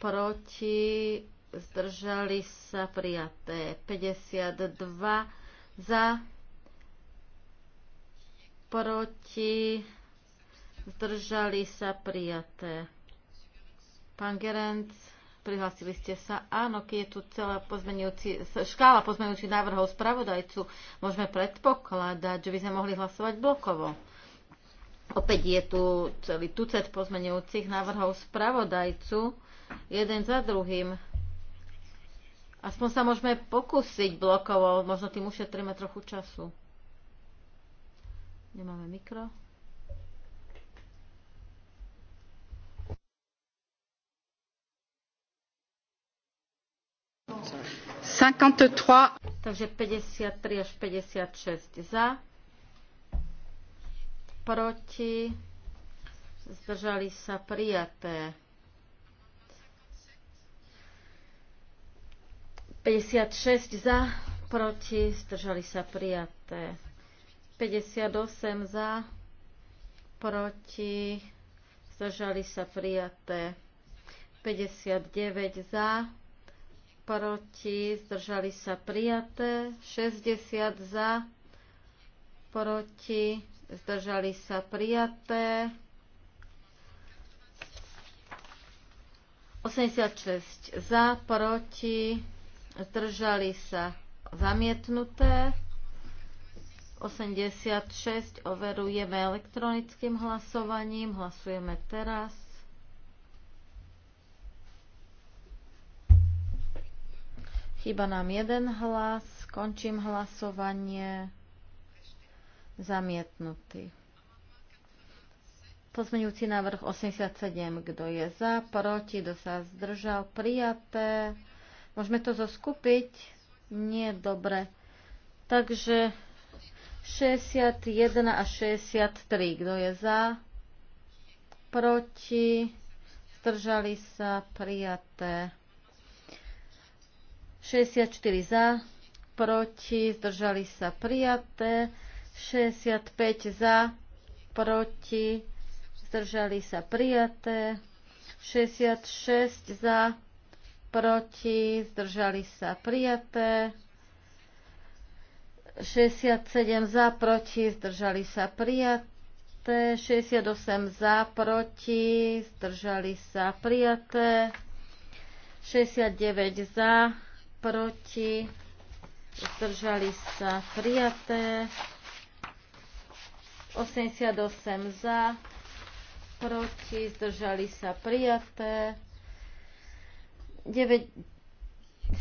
proti, zdržali sa prijaté. 52 za, proti, zdržali sa prijaté. Pán Gerenc, Prihlásili ste sa. Áno, keď je tu celá pozmenujúci, škála pozmenujúcich návrhov spravodajcu, môžeme predpokladať, že by sme mohli hlasovať blokovo. Opäť je tu celý tucet pozmenujúcich návrhov spravodajcu, jeden za druhým. Aspoň sa môžeme pokúsiť blokovo, možno tým ušetríme trochu času. Nemáme mikro. 53. Takže 53 až 56 za. Proti. Zdržali sa prijaté. 56 za. Proti. Zdržali sa prijaté. 58 za. Proti. Zdržali sa prijaté. 59 za proti, zdržali sa prijaté, 60 za, proti, zdržali sa prijaté, 86 za, proti, zdržali sa zamietnuté, 86 overujeme elektronickým hlasovaním, hlasujeme teraz. Chýba nám jeden hlas. Končím hlasovanie. Zamietnutý. Pozmeňujúci návrh 87. Kto je za? Proti? Kto sa zdržal? Prijaté. Môžeme to zoskupiť? Nie, dobre. Takže 61 a 63. Kto je za? Proti? Zdržali sa? Prijaté. 64 za, proti, zdržali sa prijaté, 65 za, proti, zdržali sa prijaté, 66 za, proti, zdržali sa prijaté, 67 za, proti, zdržali sa prijaté, 68 za, proti, zdržali sa prijaté, 69 za, proti, zdržali sa prijaté, 88 za, proti, zdržali sa prijaté, 9,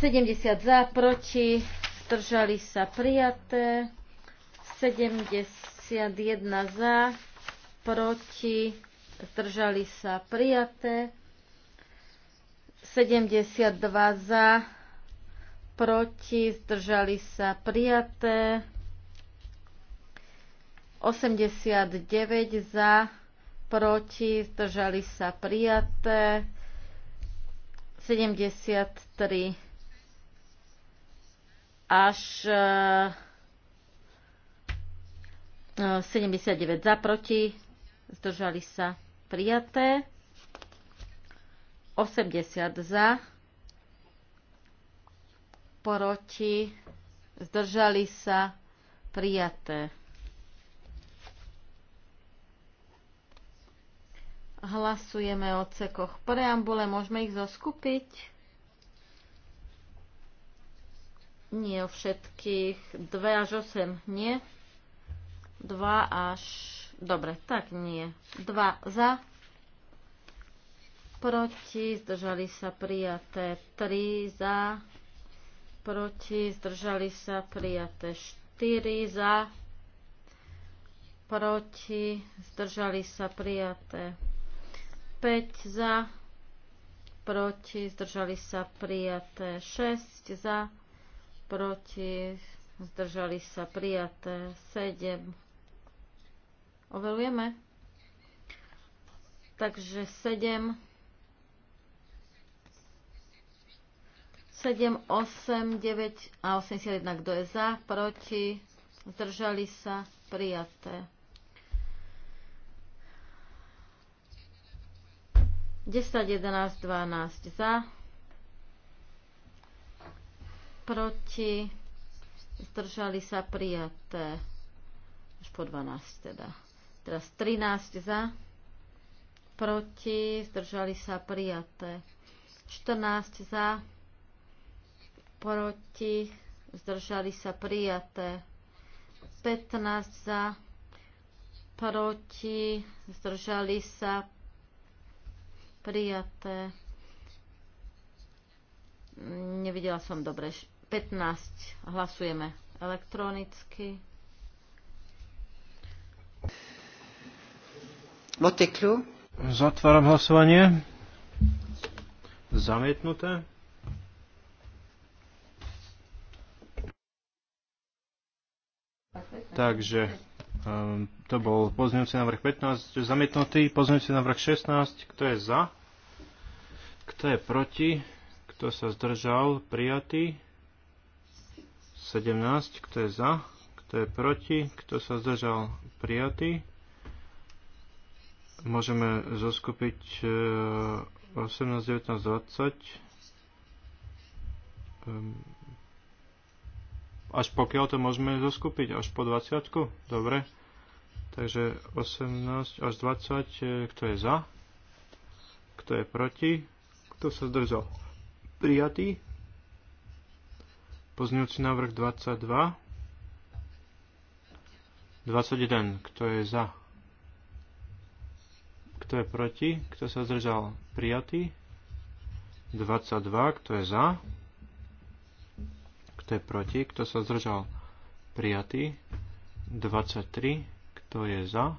70 za, proti, zdržali sa prijaté, 71 za, proti, zdržali sa prijaté, 72 za, proti, zdržali sa prijaté, 89 za, proti, zdržali sa prijaté, 73 až 79 e, e, za, proti, zdržali sa prijaté, 80 za, proti, zdržali sa, prijaté. Hlasujeme o cekoch preambule, môžeme ich zoskupiť? Nie o všetkých. 2 až 8 nie. 2 až... Dobre, tak nie. 2 za. Proti. Zdržali sa prijaté. 3 za proti, zdržali sa prijaté 4 za, proti, zdržali sa prijaté 5 za, proti, zdržali sa prijaté 6 za, proti, zdržali sa prijaté 7. Overujeme. Takže 7 7, 8, 9 a 81. Kto je za? Proti? Zdržali sa? Prijaté. 10, 11, 12 za. Proti? Zdržali sa? Prijaté. Až po 12 teda. Teraz 13 za. Proti? Zdržali sa? Prijaté. 14 za proti, zdržali sa prijaté. 15 za, proti, zdržali sa prijaté. Nevidela som dobre. 15 hlasujeme elektronicky. Voteklu. Zatváram hlasovanie. Zamietnuté. Takže um, to bol pozmeňujúci návrh 15 zamietnutý, pozmeňujúci návrh 16, kto je za, kto je proti, kto sa zdržal, prijatý. 17, kto je za, kto je proti, kto sa zdržal, prijatý. Môžeme zoskupiť 18, 19, 20. Až pokiaľ to môžeme zoskupiť, až po 20. -ku? Dobre. Takže 18 až 20, e, kto je za? Kto je proti? Kto sa zdržal? Prijatý. Pozňujúci návrh 22. 21. Kto je za? Kto je proti? Kto sa zdržal? Prijatý. 22. Kto je za? kto je proti, kto sa zdržal prijatý, 23, kto je za,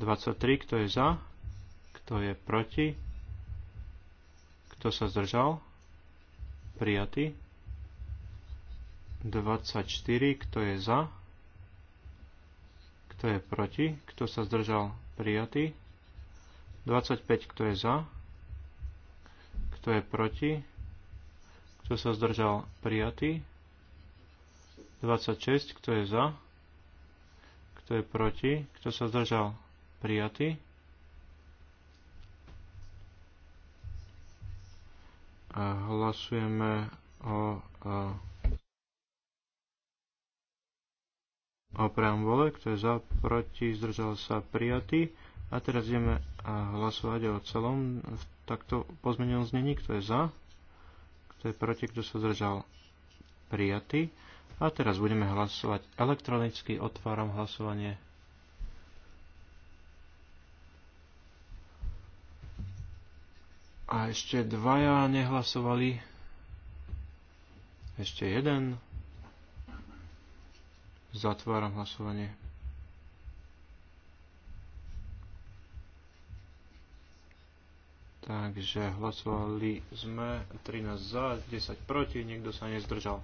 23, kto je za, kto je proti, kto sa zdržal, prijatý, 24, kto je za, kto je proti, kto sa zdržal, prijatý, 25, kto je za, kto je proti, kto sa zdržal? Prijatý. 26. Kto je za? Kto je proti? Kto sa zdržal? Prijatý. Hlasujeme o, o preambole. Kto je za? Proti? Zdržal sa? Prijatý. A teraz ideme hlasovať o celom v takto pozmenenom znení. Kto je za? To je proti? Kto sa zdržal? Prijatý. A teraz budeme hlasovať elektronicky. Otváram hlasovanie. A ešte dvaja nehlasovali. Ešte jeden. Zatváram hlasovanie. Takže hlasovali sme 13 za, 10 proti, niekto sa nezdržal.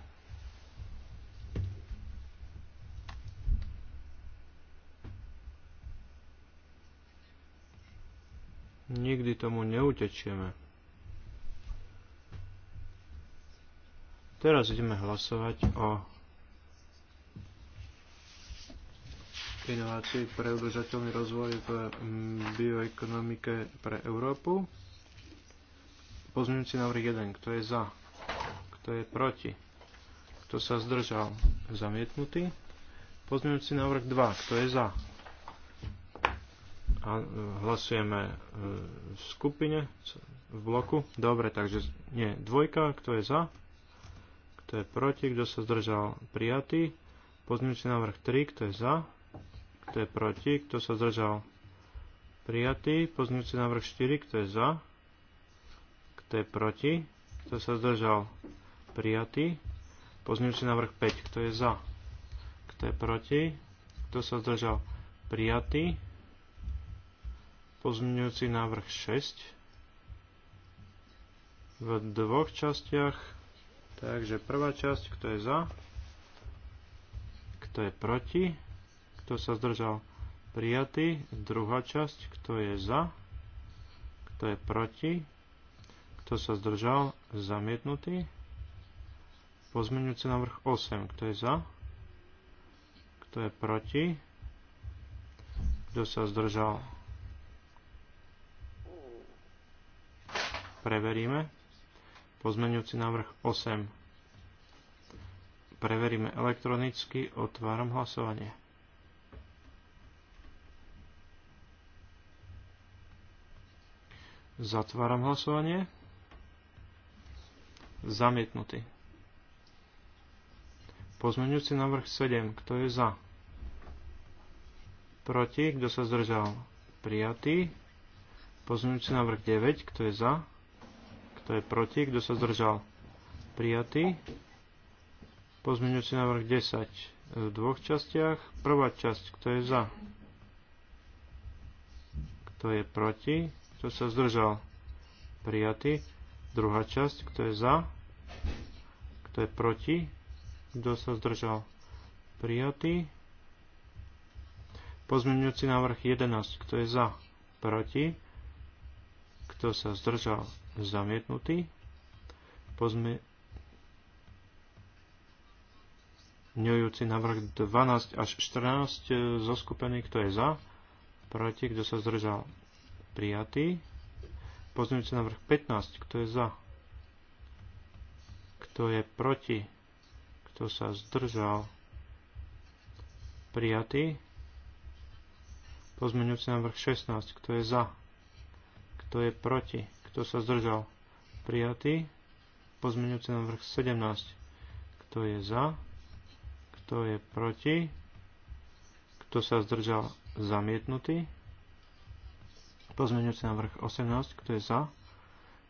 Nikdy tomu neutečieme. Teraz ideme hlasovať o inovácii pre udržateľný rozvoj v bioekonomike pre Európu. Pozmeňujúci návrh 1. Kto je za? Kto je proti? Kto sa zdržal? Zamietnutý. Pozmeňujúci návrh 2. Kto je za? A e, hlasujeme e, v skupine, v bloku. Dobre, takže nie. Dvojka. Kto je za? Kto je proti? Kto sa zdržal? Prijatý. Pozmeňujúci návrh 3. Kto je za? Kto je proti? Kto sa zdržal? Prijatý. Pozmeňujúci návrh 4. Kto je za? Kto je proti? Kto sa zdržal? Prijatý. Pozmeňujúci návrh 5. Kto je za? Kto je proti? Kto sa zdržal? Prijatý. Pozmeňujúci návrh 6. V dvoch častiach. Takže prvá časť, kto je za? Kto je proti? Kto sa zdržal? Prijatý. Druhá časť, kto je za? Kto je proti? Kto sa zdržal? Zamietnutý. Pozmeňujúci návrh 8. Kto je za? Kto je proti? Kto sa zdržal? Preveríme. Pozmeňujúci návrh 8. Preveríme elektronicky. Otváram hlasovanie. Zatváram hlasovanie. Zamietnutý. Pozmeňujúci návrh 7. Kto je za? Proti. Kto sa zdržal? Prijatý. Pozmeňujúci návrh 9. Kto je za? Kto je proti? Kto sa zdržal? Prijatý. Pozmeňujúci návrh 10. V dvoch častiach. Prvá časť. Kto je za? Kto je proti? Kto sa zdržal? Prijatý. Druhá časť, kto je za, kto je proti, kto sa zdržal prijatý. Pozmeňujúci návrh 11, kto je za, proti, kto sa zdržal zamietnutý. Pozmeňujúci návrh 12 až 14 zo skupiny, kto je za, proti, kto sa zdržal prijatý. Pozmeňujúci návrh 15. Kto je za? Kto je proti? Kto sa zdržal? Prijatý. Pozmeňujúci návrh 16. Kto je za? Kto je proti? Kto sa zdržal? Prijatý. Pozmeňujúci návrh 17. Kto je za? Kto je proti? Kto sa zdržal? Zamietnutý. Pozmeňujúci návrh 18, kto je za,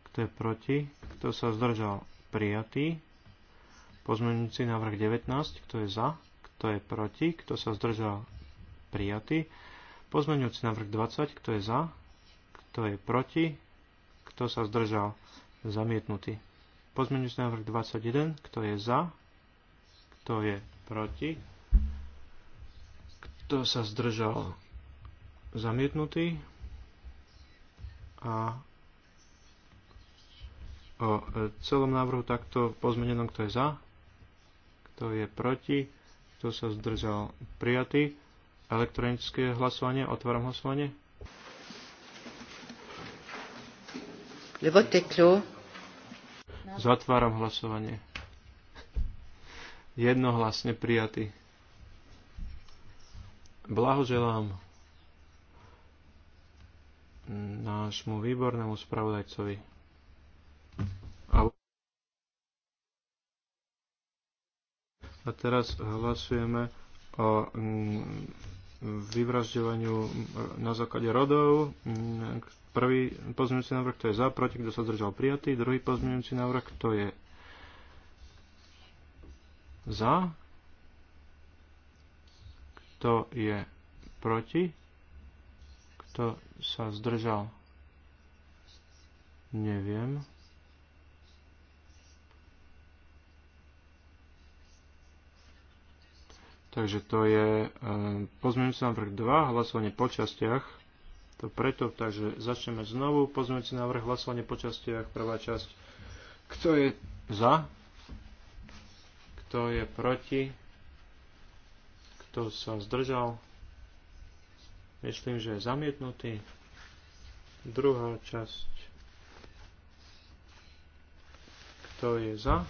kto je proti, kto sa zdržal, prijatý. Pozmeňujúci návrh 19, kto je za, kto je proti, kto sa zdržal, prijatý. Pozmeňujúci návrh 20, kto je za, kto je proti, kto sa zdržal, zamietnutý. Pozmeňujúci návrh 21, kto je za, kto je proti, kto sa zdržal, zamietnutý a o celom návrhu takto pozmenenom, kto je za, kto je proti, kto sa zdržal prijatý. Elektronické hlasovanie, otváram hlasovanie. Le vote Zatváram hlasovanie. Jednohlasne prijatý. Blahoželám nášmu výbornému spravodajcovi. A teraz hlasujeme o mm, vyvražďovaniu na základe rodov. Mm, prvý pozmeňujúci návrh, kto je za, proti, kto sa zdržal prijatý. Druhý pozmeňujúci návrh, kto je za, kto je proti, kto sa zdržal? Neviem. Takže to je e, pozmeňujúci návrh 2, hlasovanie po častiach. To preto, takže začneme znovu. Pozmeňujúci návrh, hlasovanie po častiach, prvá časť. Kto je za? Kto je proti? Kto sa zdržal? Myslím, že je zamietnutý. Druhá časť. Kto je za?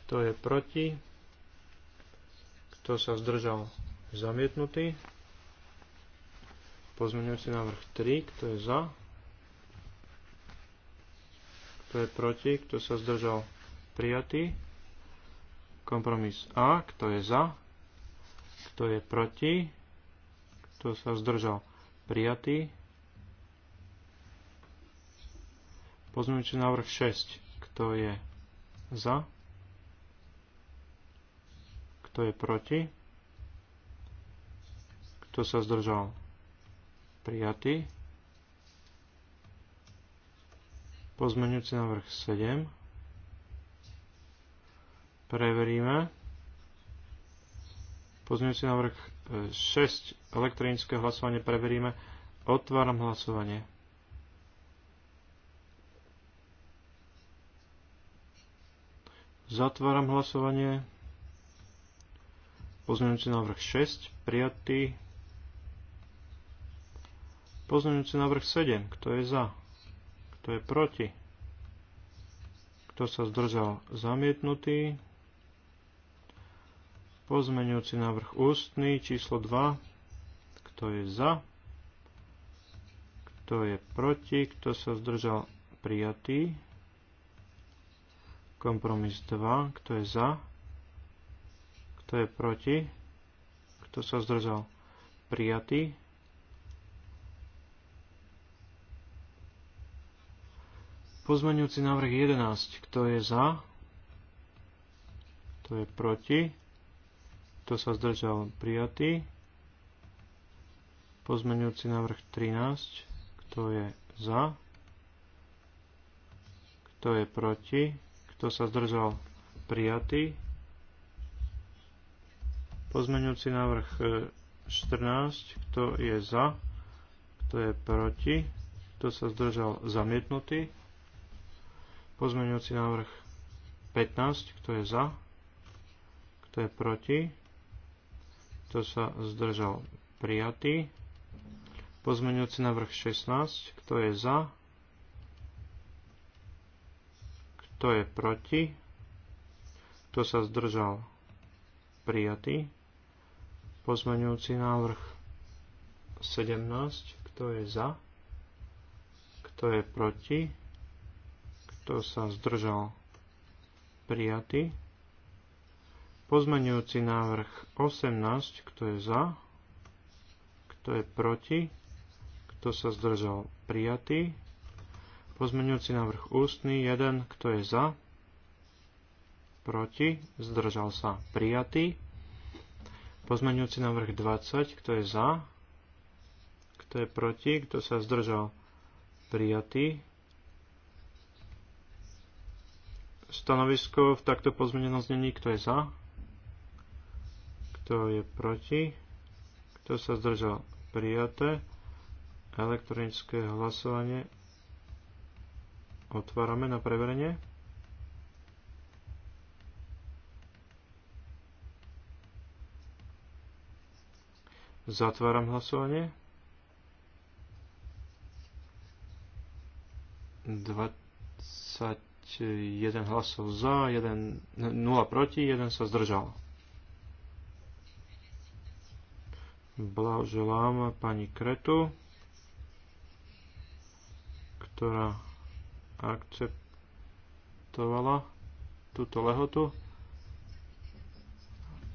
Kto je proti? Kto sa zdržal? Zamietnutý. Pozmeňujúci návrh 3. Kto je za? Kto je proti? Kto sa zdržal? Prijatý. Kompromis A. Kto je za? Kto je proti? kto sa zdržal, prijatý. Pozmeňujúci návrh 6, kto je za, kto je proti, kto sa zdržal, prijatý. Pozmeňujúci návrh 7. Preveríme. Pozmeňujúci návrh 6 elektronické hlasovanie preveríme. Otváram hlasovanie. Zatváram hlasovanie. Pozmeňujúci návrh 6 prijatý. Pozmeňujúci návrh 7. Kto je za? Kto je proti? Kto sa zdržal? Zamietnutý. Pozmeňujúci návrh ústny číslo 2. Kto je za? Kto je proti? Kto sa zdržal? Prijatý. Kompromis 2. Kto je za? Kto je proti? Kto sa zdržal? Prijatý. Pozmeňujúci návrh 11. Kto je za? Kto je proti? kto sa zdržal, prijatý. Pozmeňujúci návrh 13, kto je za, kto je proti, kto sa zdržal, prijatý. Pozmeňujúci návrh 14, e, kto je za, kto je proti, kto sa zdržal, zamietnutý. Pozmeňujúci návrh 15, kto je za, kto je proti, kto sa zdržal? Prijatý. Pozmeňujúci návrh 16. Kto je za? Kto je proti? Kto sa zdržal? Prijatý. Pozmeňujúci návrh 17. Kto je za? Kto je proti? Kto sa zdržal? Prijatý. Pozmenujúci návrh 18, kto je za, kto je proti, kto sa zdržal, prijatý. Pozmenujúci návrh ústny 1, kto je za, proti, zdržal sa, prijatý. Pozmenujúci návrh 20, kto je za, kto je proti, kto sa zdržal, prijatý. Stanovisko v takto pozmenenom znení, kto je za, kto je proti? Kto sa zdržal? Prijaté. Elektronické hlasovanie otvárame na preverenie. Zatváram hlasovanie. 21 hlasov za, 1, 0 proti, 1 sa zdržal. Blahoželám pani Kretu, ktorá akceptovala túto lehotu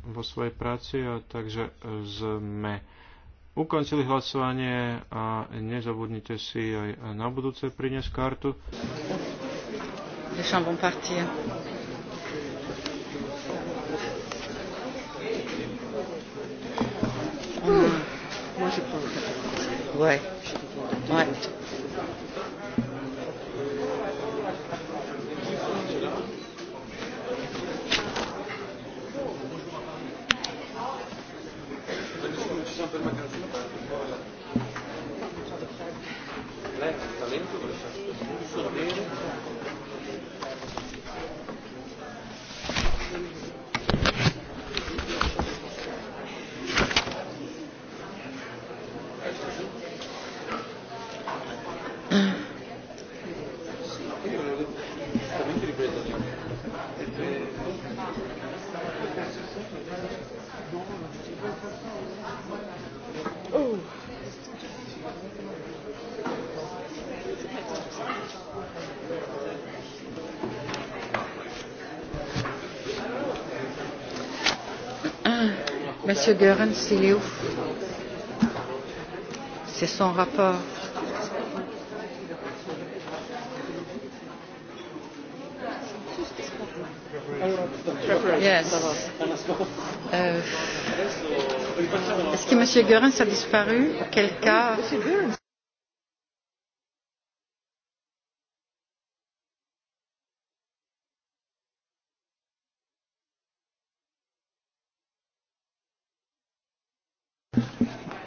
vo svojej práci, a takže sme ukončili hlasovanie a nezabudnite si aj na budúce priniesť kartu. Les chambres partir. je pense. Ouais. Ouais. Lei ha talento per monsieur goerens il est où? son rapport. Yes. Euh, Est-ce que M. Goerens a disparu Quel cas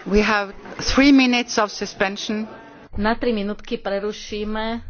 We have na tri minútky prerušíme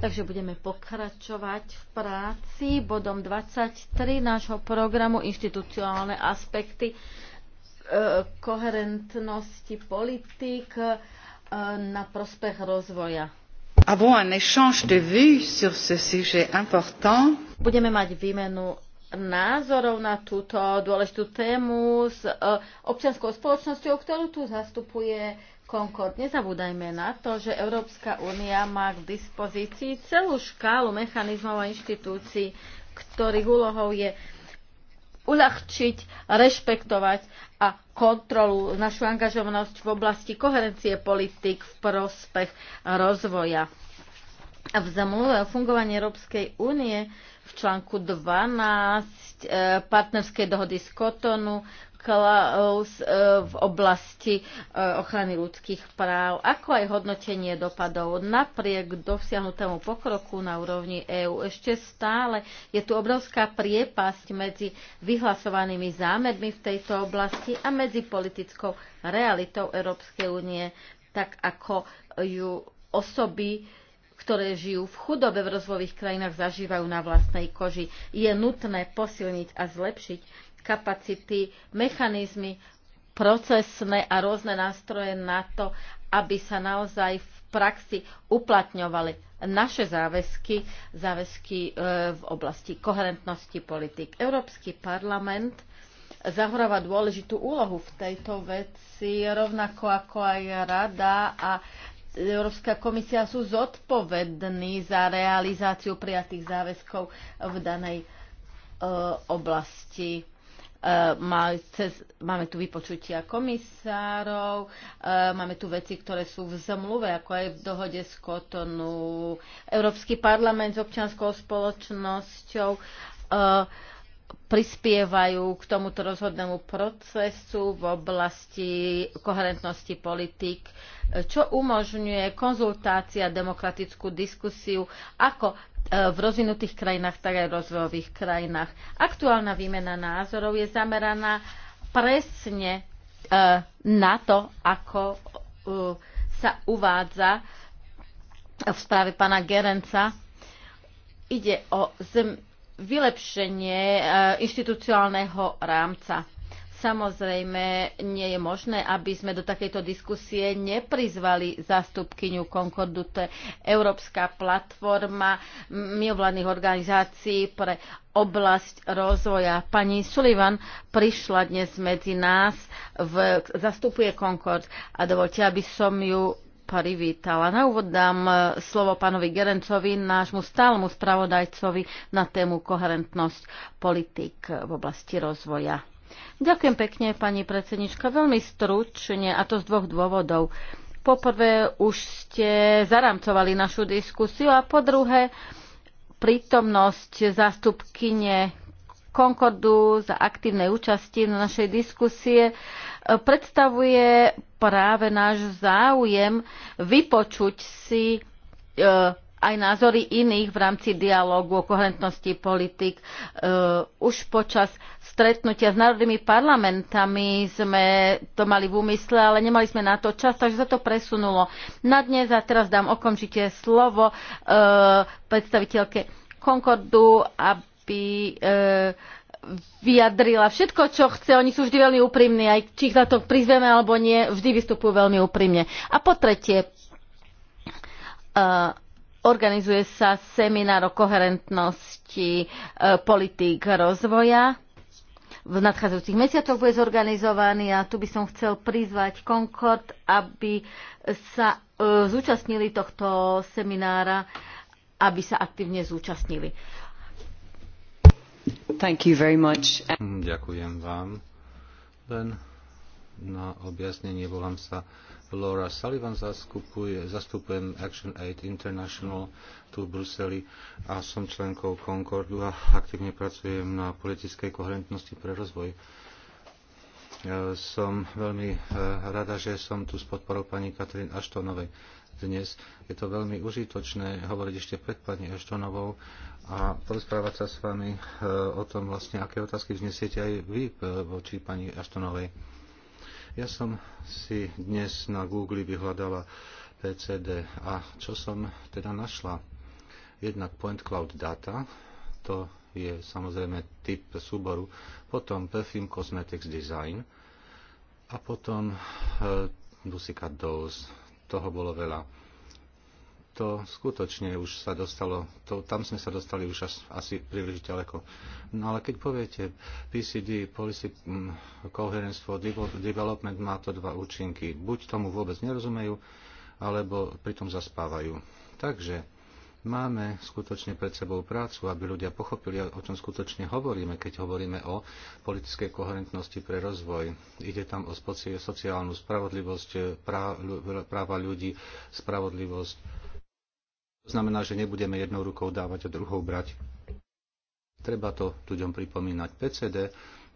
Takže budeme pokračovať v práci bodom 23 nášho programu Inštitucionálne aspekty e, koherentnosti politik e, na prospech rozvoja. Budeme mať výmenu názorov na túto dôležitú tému s e, občianskou spoločnosťou, ktorú tu zastupuje Concord. Nezabúdajme na to, že Európska únia má k dispozícii celú škálu mechanizmov a inštitúcií, ktorých úlohou je uľahčiť, rešpektovať a kontrolu našu angažovanosť v oblasti koherencie politik v prospech rozvoja. V zamluve o fungovaní Európskej únie v článku 12 e, partnerskej dohody z Kotonu klaus e, v oblasti e, ochrany ľudských práv, ako aj hodnotenie dopadov. Napriek dosiahnutému pokroku na úrovni EÚ ešte stále je tu obrovská priepasť medzi vyhlasovanými zámermi v tejto oblasti a medzi politickou realitou Európskej únie, tak ako ju osoby ktoré žijú v chudobe v rozvojových krajinách, zažívajú na vlastnej koži. Je nutné posilniť a zlepšiť kapacity, mechanizmy procesné a rôzne nástroje na to, aby sa naozaj v praxi uplatňovali naše záväzky, záväzky e, v oblasti koherentnosti politik. Európsky parlament zahráva dôležitú úlohu v tejto veci, rovnako ako aj Rada a Európska komisia sú zodpovední za realizáciu prijatých záväzkov v danej e, oblasti Eh, máme tu vypočutia komisárov, eh, máme tu veci, ktoré sú v zmluve, ako aj v dohode z Kotonu, Európsky parlament s občianskou spoločnosťou eh, prispievajú k tomuto rozhodnému procesu v oblasti koherentnosti politik, čo umožňuje konzultácia, demokratickú diskusiu, ako E, v rozvinutých krajinách, tak aj v rozvojových krajinách. Aktuálna výmena názorov je zameraná presne e, na to, ako e, sa uvádza v správe pána Gerenca. Ide o vylepšenie inštitucionálneho rámca. Samozrejme, nie je možné, aby sme do takejto diskusie neprizvali zástupkyňu Concordu, to je Európska platforma mimovládnych organizácií pre oblasť rozvoja. Pani Sullivan prišla dnes medzi nás, v, zastupuje Concord a dovolte, aby som ju privítala. Na úvod dám e, slovo pánovi Gerencovi, nášmu stálemu spravodajcovi na tému koherentnosť politik v oblasti rozvoja. Ďakujem pekne, pani predsednička. Veľmi stručne, a to z dvoch dôvodov. Poprvé, už ste zaramcovali našu diskusiu a po druhé, prítomnosť zástupkyne Concordu za aktívnej účasti na našej diskusie e, predstavuje práve náš záujem vypočuť si e, aj názory iných v rámci dialógu o koherentnosti politik. E, už počas stretnutia s národnými parlamentami sme to mali v úmysle, ale nemali sme na to čas, takže sa to presunulo na dnes a teraz dám okamžite slovo e, predstaviteľke Concordu, aby e, vyjadrila všetko, čo chce. Oni sú vždy veľmi úprimní, aj či ich za to prizveme alebo nie, vždy vystupujú veľmi úprimne. A po tretie, uh, Organizuje sa seminár o koherentnosti e, politík rozvoja. V nadchádzajúcich mesiacoch bude zorganizovaný a tu by som chcel prizvať Concord, aby sa e, zúčastnili tohto seminára, aby sa aktívne zúčastnili. Thank you very much. Ďakujem vám. Len na objasnenie volám sa Laura Sullivan, zastupuje, zastupujem Action Aid International tu v Bruseli a som členkou Concordu a aktívne pracujem na politickej koherentnosti pre rozvoj. E, som veľmi e, rada, že som tu s podporou pani Katrin Aštonovej dnes. Je to veľmi užitočné hovoriť ešte pred pani Aštonovou a porozprávať sa s vami e, o tom vlastne, aké otázky vznesiete aj vy voči pani Aštonovej. Ja som si dnes na Google vyhľadala PCD a čo som teda našla? Jednak Point Cloud Data, to je samozrejme typ súboru, potom Perfume Cosmetics Design a potom e, eh, Dusika Dose, toho bolo veľa to skutočne už sa dostalo, to, tam sme sa dostali už as, asi príliš ďaleko. No ale keď poviete PCD, Policy mm, Coherence for Development, má to dva účinky. Buď tomu vôbec nerozumejú, alebo pritom zaspávajú. Takže máme skutočne pred sebou prácu, aby ľudia pochopili, o čom skutočne hovoríme, keď hovoríme o politickej koherentnosti pre rozvoj. Ide tam o sociálnu spravodlivosť, e, práva ľudí, spravodlivosť to znamená, že nebudeme jednou rukou dávať a druhou brať. Treba to ľuďom pripomínať. PCD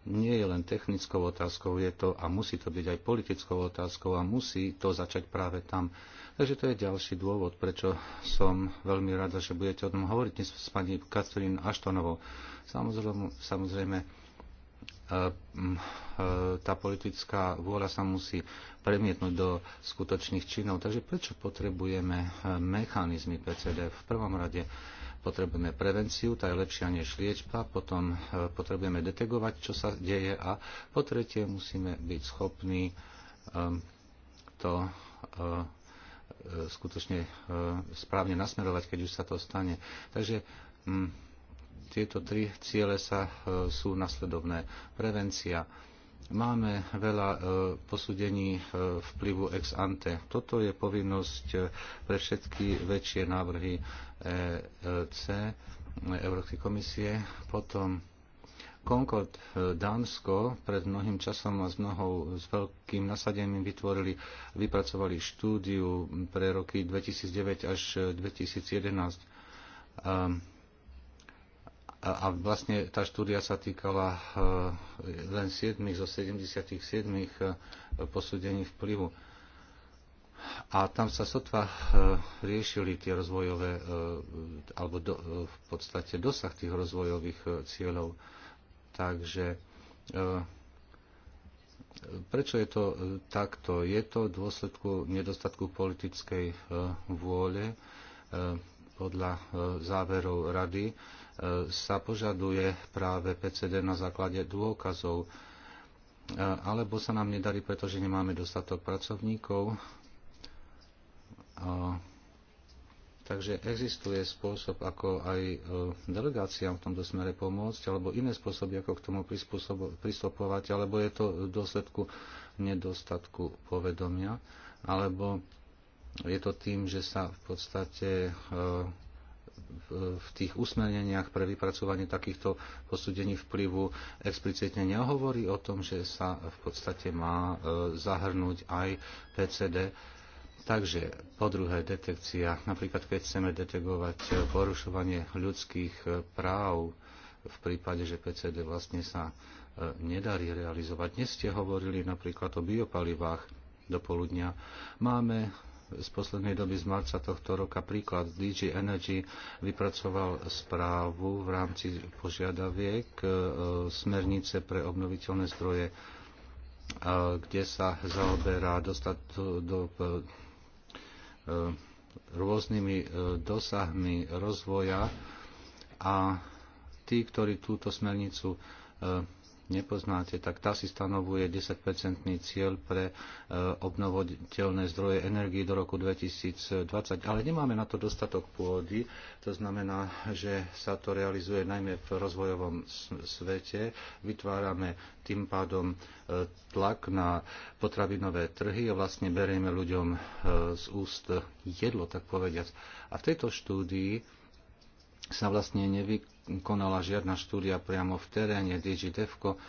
nie je len technickou otázkou, je to a musí to byť aj politickou otázkou a musí to začať práve tam. Takže to je ďalší dôvod, prečo som veľmi rada, že budete o tom hovoriť dnes s pani Katrín Aštonovou. Samozrejme, samozrejme E, tá politická vôľa sa musí premietnúť do skutočných činov. Takže prečo potrebujeme e, mechanizmy PCD? V prvom rade potrebujeme prevenciu, tá je lepšia než liečba, potom e, potrebujeme detegovať, čo sa deje a po tretie musíme byť schopní to skutočne správne nasmerovať, keď už sa to stane. Takže mm, tieto tri ciele sa, e, sú nasledovné. Prevencia. Máme veľa e, posúdení e, vplyvu ex ante. Toto je povinnosť pre všetky väčšie návrhy EC, Európskej komisie. Potom Concord Dánsko pred mnohým časom a s, mnohou, s veľkým nasadením vytvorili, vypracovali štúdiu pre roky 2009 až 2011. A vlastne tá štúdia sa týkala e, len 7 zo 77 e, posúdení vplyvu. A tam sa sotva e, riešili tie rozvojové, alebo do, v podstate dosah tých rozvojových cieľov. Takže prečo je to takto? Je to v dôsledku nedostatku politickej vôle podľa záverov rady E, sa požaduje práve PCD na základe dôkazov, e, alebo sa nám nedarí, pretože nemáme dostatok pracovníkov. E, takže existuje spôsob, ako aj delegáciám v tomto smere pomôcť, alebo iné spôsoby, ako k tomu pristupovať, alebo je to v dôsledku nedostatku povedomia, alebo je to tým, že sa v podstate v tých usmerneniach pre vypracovanie takýchto posúdení vplyvu explicitne nehovorí o tom, že sa v podstate má e, zahrnúť aj PCD. Takže po druhé detekcia, napríklad keď chceme detegovať porušovanie ľudských e, práv v prípade, že PCD vlastne sa e, nedarí realizovať. Dnes ste hovorili napríklad o biopalivách do poludnia. Máme z poslednej doby z marca tohto roka príklad. DG Energy vypracoval správu v rámci požiadaviek e, smernice pre obnoviteľné zdroje, e, kde sa zaoberá dostať do, e, rôznymi dosahmi rozvoja a tí, ktorí túto smernicu nepoznáte, tak tá si stanovuje 10-percentný cieľ pre e, obnovoditeľné zdroje energii do roku 2020, ale nemáme na to dostatok pôdy, to znamená, že sa to realizuje najmä v rozvojovom svete. Vytvárame tým pádom e, tlak na potravinové trhy a vlastne berieme ľuďom e, z úst jedlo, tak povediať. A v tejto štúdii sa vlastne nevykonala žiadna štúdia priamo v teréne. DigiDevco e,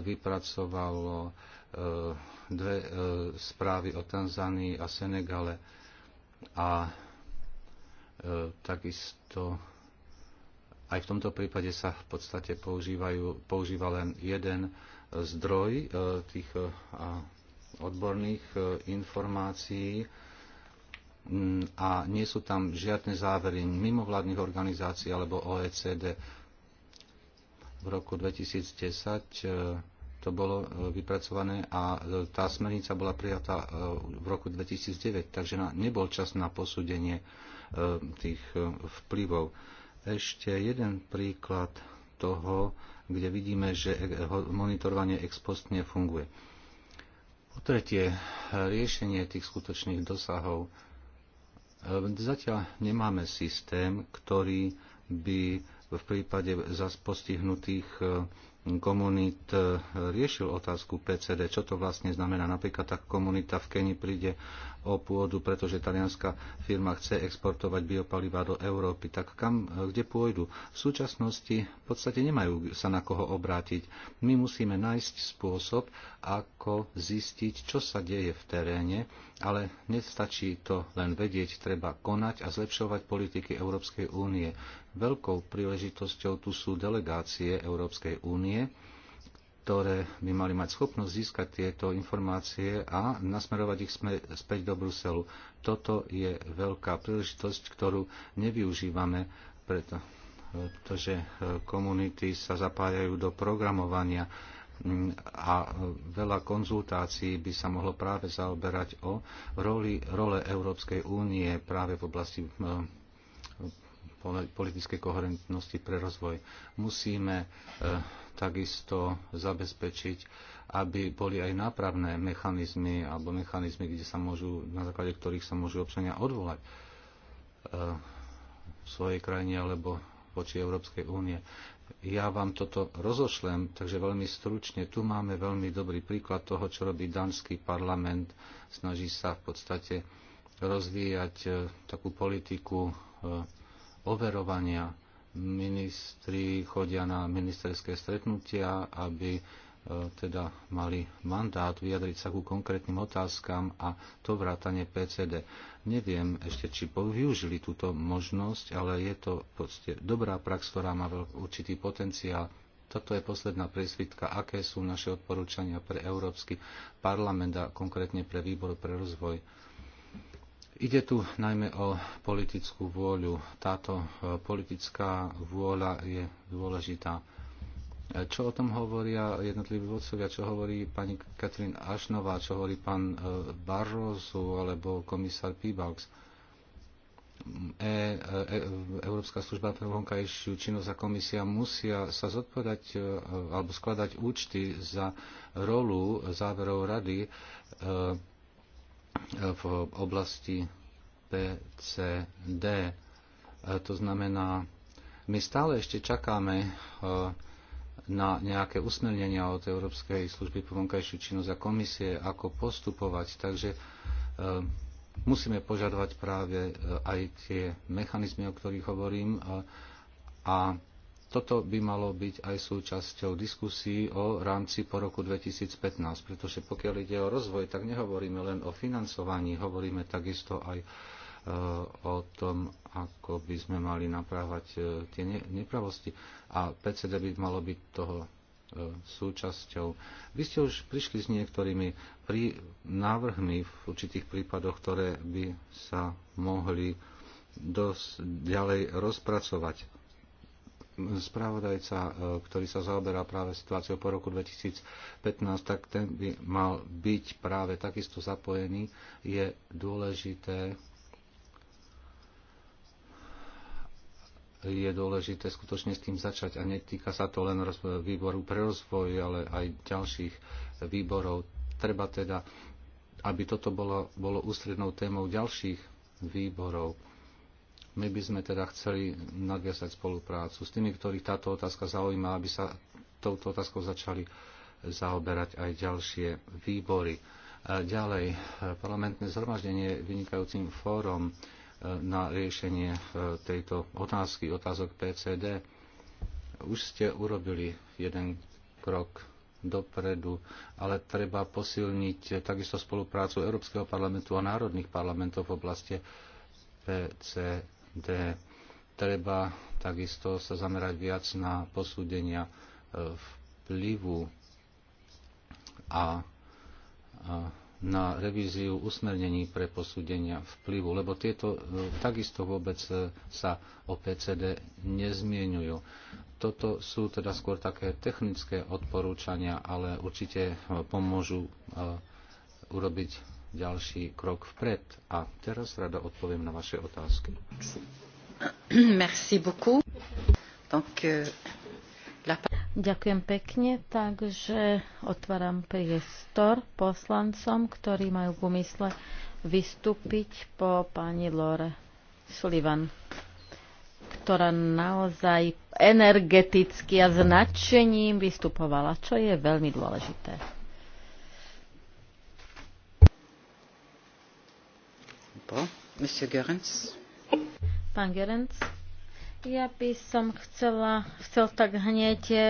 vypracovalo e, dve e, správy o Tanzánii a Senegale a takisto aj v tomto prípade sa v podstate používajú, používa len jeden zdroj tých odborných informácií Mm, a nie sú tam žiadne závery mimovládnych organizácií alebo OECD. V roku 2010 e, to bolo e, vypracované a e, tá smernica bola prijatá v roku 2009, takže nebol čas na posúdenie tých vplyvov. Ešte jeden príklad toho, kde vidíme, že monitorovanie ex post nefunguje. Po tretie, riešenie tých skutočných dosahov E, zatiaľ nemáme systém, ktorý by v prípade zas postihnutých e, komunít e, riešil otázku PCD, čo to vlastne znamená. Napríklad tak komunita v Keni príde o pôdu, pretože talianská firma chce exportovať biopaliva do Európy, tak kam, kde pôjdu? V súčasnosti v podstate nemajú sa na koho obrátiť. My musíme nájsť spôsob, ako zistiť, čo sa deje v teréne, ale nestačí to len vedieť, treba konať a zlepšovať politiky Európskej únie. Veľkou príležitosťou tu sú delegácie Európskej únie, ktoré by mali mať schopnosť získať tieto informácie a nasmerovať ich späť do Bruselu. Toto je veľká príležitosť, ktorú nevyužívame, preto, pretože e, komunity sa zapájajú do programovania mm, a e, veľa konzultácií by sa mohlo práve zaoberať o roli, role Európskej únie práve v oblasti e, politickej koherentnosti pre rozvoj. Musíme e, takisto zabezpečiť, aby boli aj nápravné mechanizmy alebo mechanizmy, kde sa môžu, na základe ktorých sa môžu občania odvolať e, v svojej krajine alebo voči Európskej únie. Ja vám toto rozošlem, takže veľmi stručne. Tu máme veľmi dobrý príklad toho, čo robí danský parlament. Snaží sa v podstate rozvíjať e, takú politiku overovania. Ministri chodia na ministerské stretnutia, aby e, teda mali mandát vyjadriť sa ku konkrétnym otázkam a to vrátanie PCD. Neviem ešte, či využili túto možnosť, ale je to v podstate dobrá prax, ktorá má určitý potenciál. Toto je posledná presvitka, aké sú naše odporúčania pre Európsky parlament a konkrétne pre výbor pre rozvoj. Ide tu najmä o politickú vôľu. Táto e, politická vôľa je dôležitá. E, čo o tom hovoria jednotliví vodcovia? Čo hovorí pani Katrin Ašnová? Čo hovorí pán e, Barroso alebo komisár Pibax? E, e, Európska služba pre vonkajšiu činnosť a komisia musia sa zodpovedať alebo skladať účty za rolu záverov rady e, v oblasti PCD. To znamená, my stále ešte čakáme e, na nejaké usmernenia od Európskej služby po vonkajšiu činnosť a komisie, ako postupovať. Takže e, musíme požadovať práve e, aj tie mechanizmy, o ktorých hovorím a toto by malo byť aj súčasťou diskusí o rámci po roku 2015, pretože pokiaľ ide o rozvoj, tak nehovoríme len o financovaní, hovoríme takisto aj e, o tom, ako by sme mali naprávať e, tie nepravosti. A PCD by malo byť toho e, súčasťou. Vy ste už prišli s niektorými prí, návrhmi v určitých prípadoch, ktoré by sa mohli dosť ďalej rozpracovať spravodajca, e, ktorý sa zaoberá práve situáciou po roku 2015, tak ten by mal byť práve takisto zapojený. Je dôležité je dôležité skutočne s tým začať a netýka sa to len výboru pre rozvoj, ale aj ďalších výborov. Treba teda, aby toto bolo, bolo ústrednou témou ďalších výborov my by sme teda chceli nadviazať spoluprácu s tými, ktorých táto otázka zaujíma, aby sa touto otázkou začali zaoberať aj ďalšie výbory. Ďalej, parlamentné zhromaždenie je vynikajúcim fórom e, na riešenie e, tejto otázky, otázok PCD. Už ste urobili jeden krok dopredu, ale treba posilniť takisto spoluprácu Európskeho parlamentu a národných parlamentov v oblasti PCD D. Treba takisto sa zamerať viac na posúdenia e, vplyvu a na revíziu usmernení pre posúdenia vplyvu, lebo tieto e, takisto vôbec e, sa o PCD nezmienujú. Toto sú teda skôr také technické odporúčania, ale určite pomôžu urobiť ďalší krok vpred. A teraz rada odpoviem na vaše otázky. Merci beaucoup. Donc, euh, la... Ďakujem pekne, takže otváram priestor poslancom, ktorí majú v úmysle vystúpiť po pani Lore Sullivan, ktorá naozaj energeticky a značením vystupovala, čo je veľmi dôležité. Pán Görens. Ja by som chcela, chcel tak hneď eh,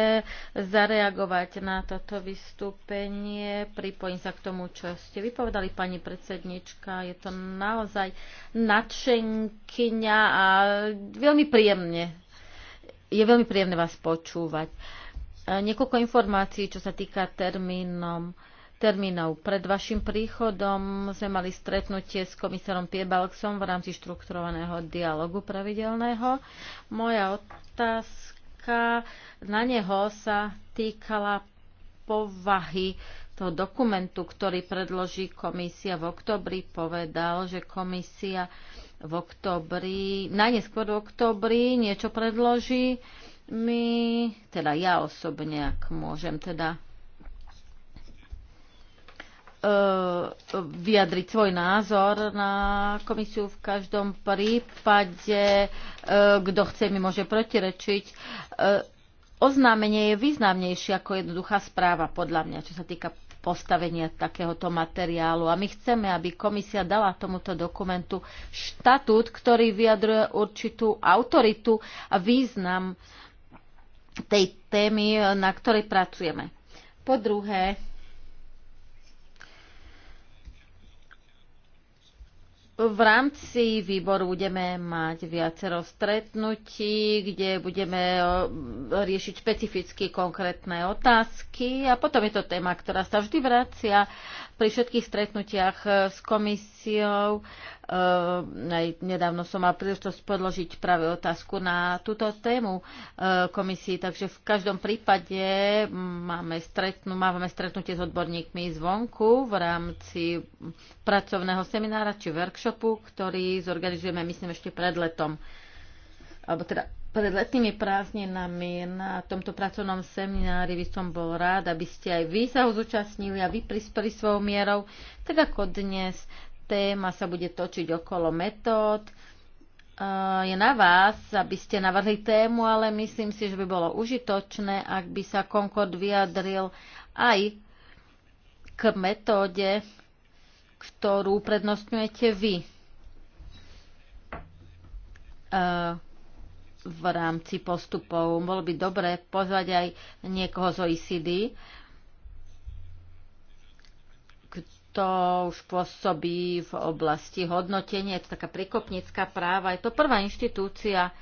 zareagovať na toto vystúpenie. Pripojím sa k tomu, čo ste vypovedali, pani predsednička. Je to naozaj nadšenkyňa a veľmi príjemne. Je veľmi príjemné vás počúvať. Eh, niekoľko informácií, čo sa týka termínom termínov. Pred vašim príchodom sme mali stretnutie s komisárom Piebalksom v rámci štrukturovaného dialogu pravidelného. Moja otázka na neho sa týkala povahy toho dokumentu, ktorý predloží komisia v oktobri. Povedal, že komisia v oktobri, najneskôr v oktobri niečo predloží. My, teda ja osobne, ak môžem teda E, vyjadriť svoj názor na komisiu. V každom prípade, e, kto chce, mi môže protirečiť. E, oznámenie je významnejšie ako jednoduchá správa, podľa mňa, čo sa týka postavenia takéhoto materiálu. A my chceme, aby komisia dala tomuto dokumentu štatút, ktorý vyjadruje určitú autoritu a význam tej témy, na ktorej pracujeme. Po druhé, V rámci výboru budeme mať viacero stretnutí, kde budeme riešiť špecificky konkrétne otázky a potom je to téma, ktorá sa vždy vracia pri všetkých stretnutiach e, s komisiou. E, aj nedávno som mal príležitosť podložiť práve otázku na túto tému e, komisii, takže v každom prípade máme, stretnú, máme stretnutie s odborníkmi zvonku v rámci pracovného seminára či workshopu workshopu, ktorý zorganizujeme, myslím, ešte pred letom. Alebo teda pred letnými prázdninami na tomto pracovnom seminári by som bol rád, aby ste aj vy sa ho zúčastnili a vy prispeli svojou mierou. Tak ako dnes téma sa bude točiť okolo metód, je na vás, aby ste navrhli tému, ale myslím si, že by bolo užitočné, ak by sa Concord vyjadril aj k metóde ktorú prednostňujete vy e, v rámci postupov. Bolo by dobre pozvať aj niekoho z OECD, kto už pôsobí v oblasti hodnotenia. Je to taká prikopnická práva. Je to prvá inštitúcia,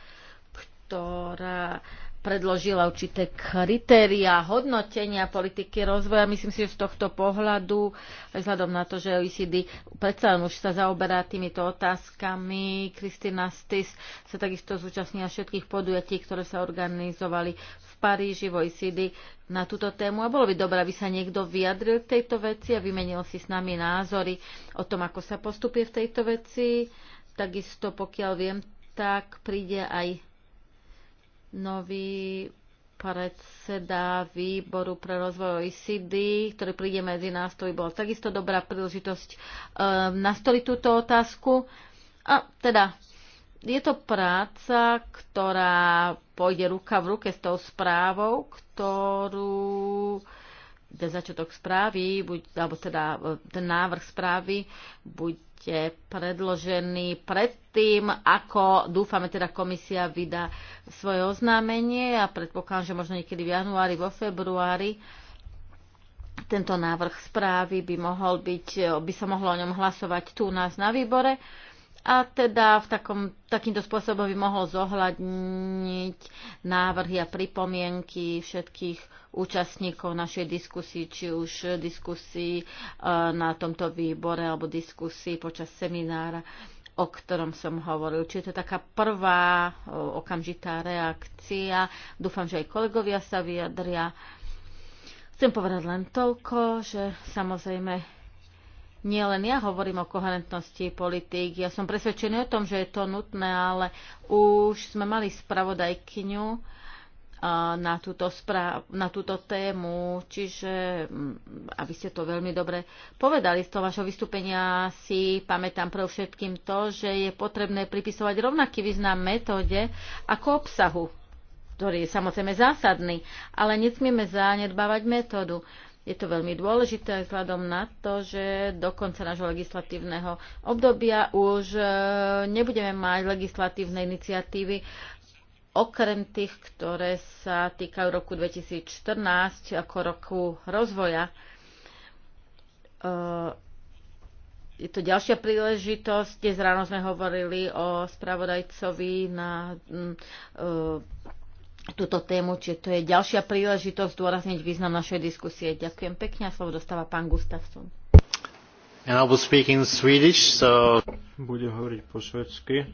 ktorá predložila určité kritéria hodnotenia politiky rozvoja. Myslím si, že z tohto pohľadu, vzhľadom na to, že OECD predsa už sa zaoberá týmito otázkami, Kristina Stis sa takisto zúčastnila všetkých podujatí, ktoré sa organizovali v Paríži, v OECD na túto tému a bolo by dobré, aby sa niekto vyjadril k tejto veci a vymenil si s nami názory o tom, ako sa postupie v tejto veci. Takisto, pokiaľ viem, tak príde aj nový predseda výboru pre rozvoj OECD, ktorý príde medzi nás, to by bola takisto dobrá príležitosť um, nastoliť túto otázku. A teda je to práca, ktorá pôjde ruka v ruke s tou správou, ktorú ten začiatok správy, buď, alebo teda eh, ten návrh správy, buď ste predložený predtým, ako dúfame teda komisia vydá svoje oznámenie a predpokladám, že možno niekedy v januári, vo februári tento návrh správy by mohol byť, by sa mohlo o ňom hlasovať tu u nás na výbore a teda v takom, takýmto spôsobom by mohol zohľadniť návrhy a pripomienky všetkých účastníkov našej diskusii, či už diskusii e, na tomto výbore alebo diskusii počas seminára, o ktorom som hovoril. Čiže to je taká prvá e, okamžitá reakcia. Dúfam, že aj kolegovia sa vyjadria. Chcem povedať len toľko, že samozrejme nie len ja hovorím o koherentnosti politík. Ja som presvedčený o tom, že je to nutné, ale už sme mali spravodajkyňu na túto, správ, na túto tému, čiže aby ste to veľmi dobre povedali z toho vašho vystúpenia, si pamätám pre všetkým to, že je potrebné pripisovať rovnaký význam metóde ako obsahu, ktorý je samozrejme zásadný, ale nesmieme zanedbávať metódu. Je to veľmi dôležité aj vzhľadom na to, že do konca nášho legislatívneho obdobia už e, nebudeme mať legislatívne iniciatívy okrem tých, ktoré sa týkajú roku 2014 ako roku rozvoja. E, je to ďalšia príležitosť. Dnes ráno sme hovorili o spravodajcovi na e, túto tému, čiže to je ďalšia príležitosť zdôrazniť význam našej diskusie. Ďakujem pekne a slovo dostáva pán Gustafsson. And I will speak in Swedish, so... Bude hovoriť po švedsky.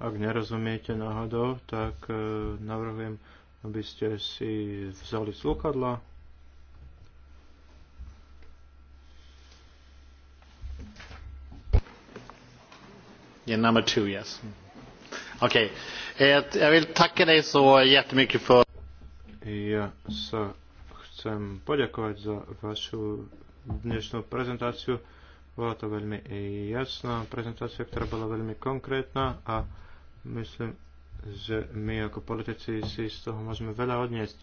Ak nerozumiete náhodou, tak uh, navrhujem, aby ste si vzali slúkadla. Yeah, number two, yes. Mm. Okej. Okay. Eh, ja vill tacka dig så jättemycket för... Ja sa chcem poďakovať za vašu dnešnú prezentáciu. Bola to veľmi jasná prezentácia, ktorá bola veľmi konkrétna a myslím, že my ako politici si z toho môžeme veľa odniesť.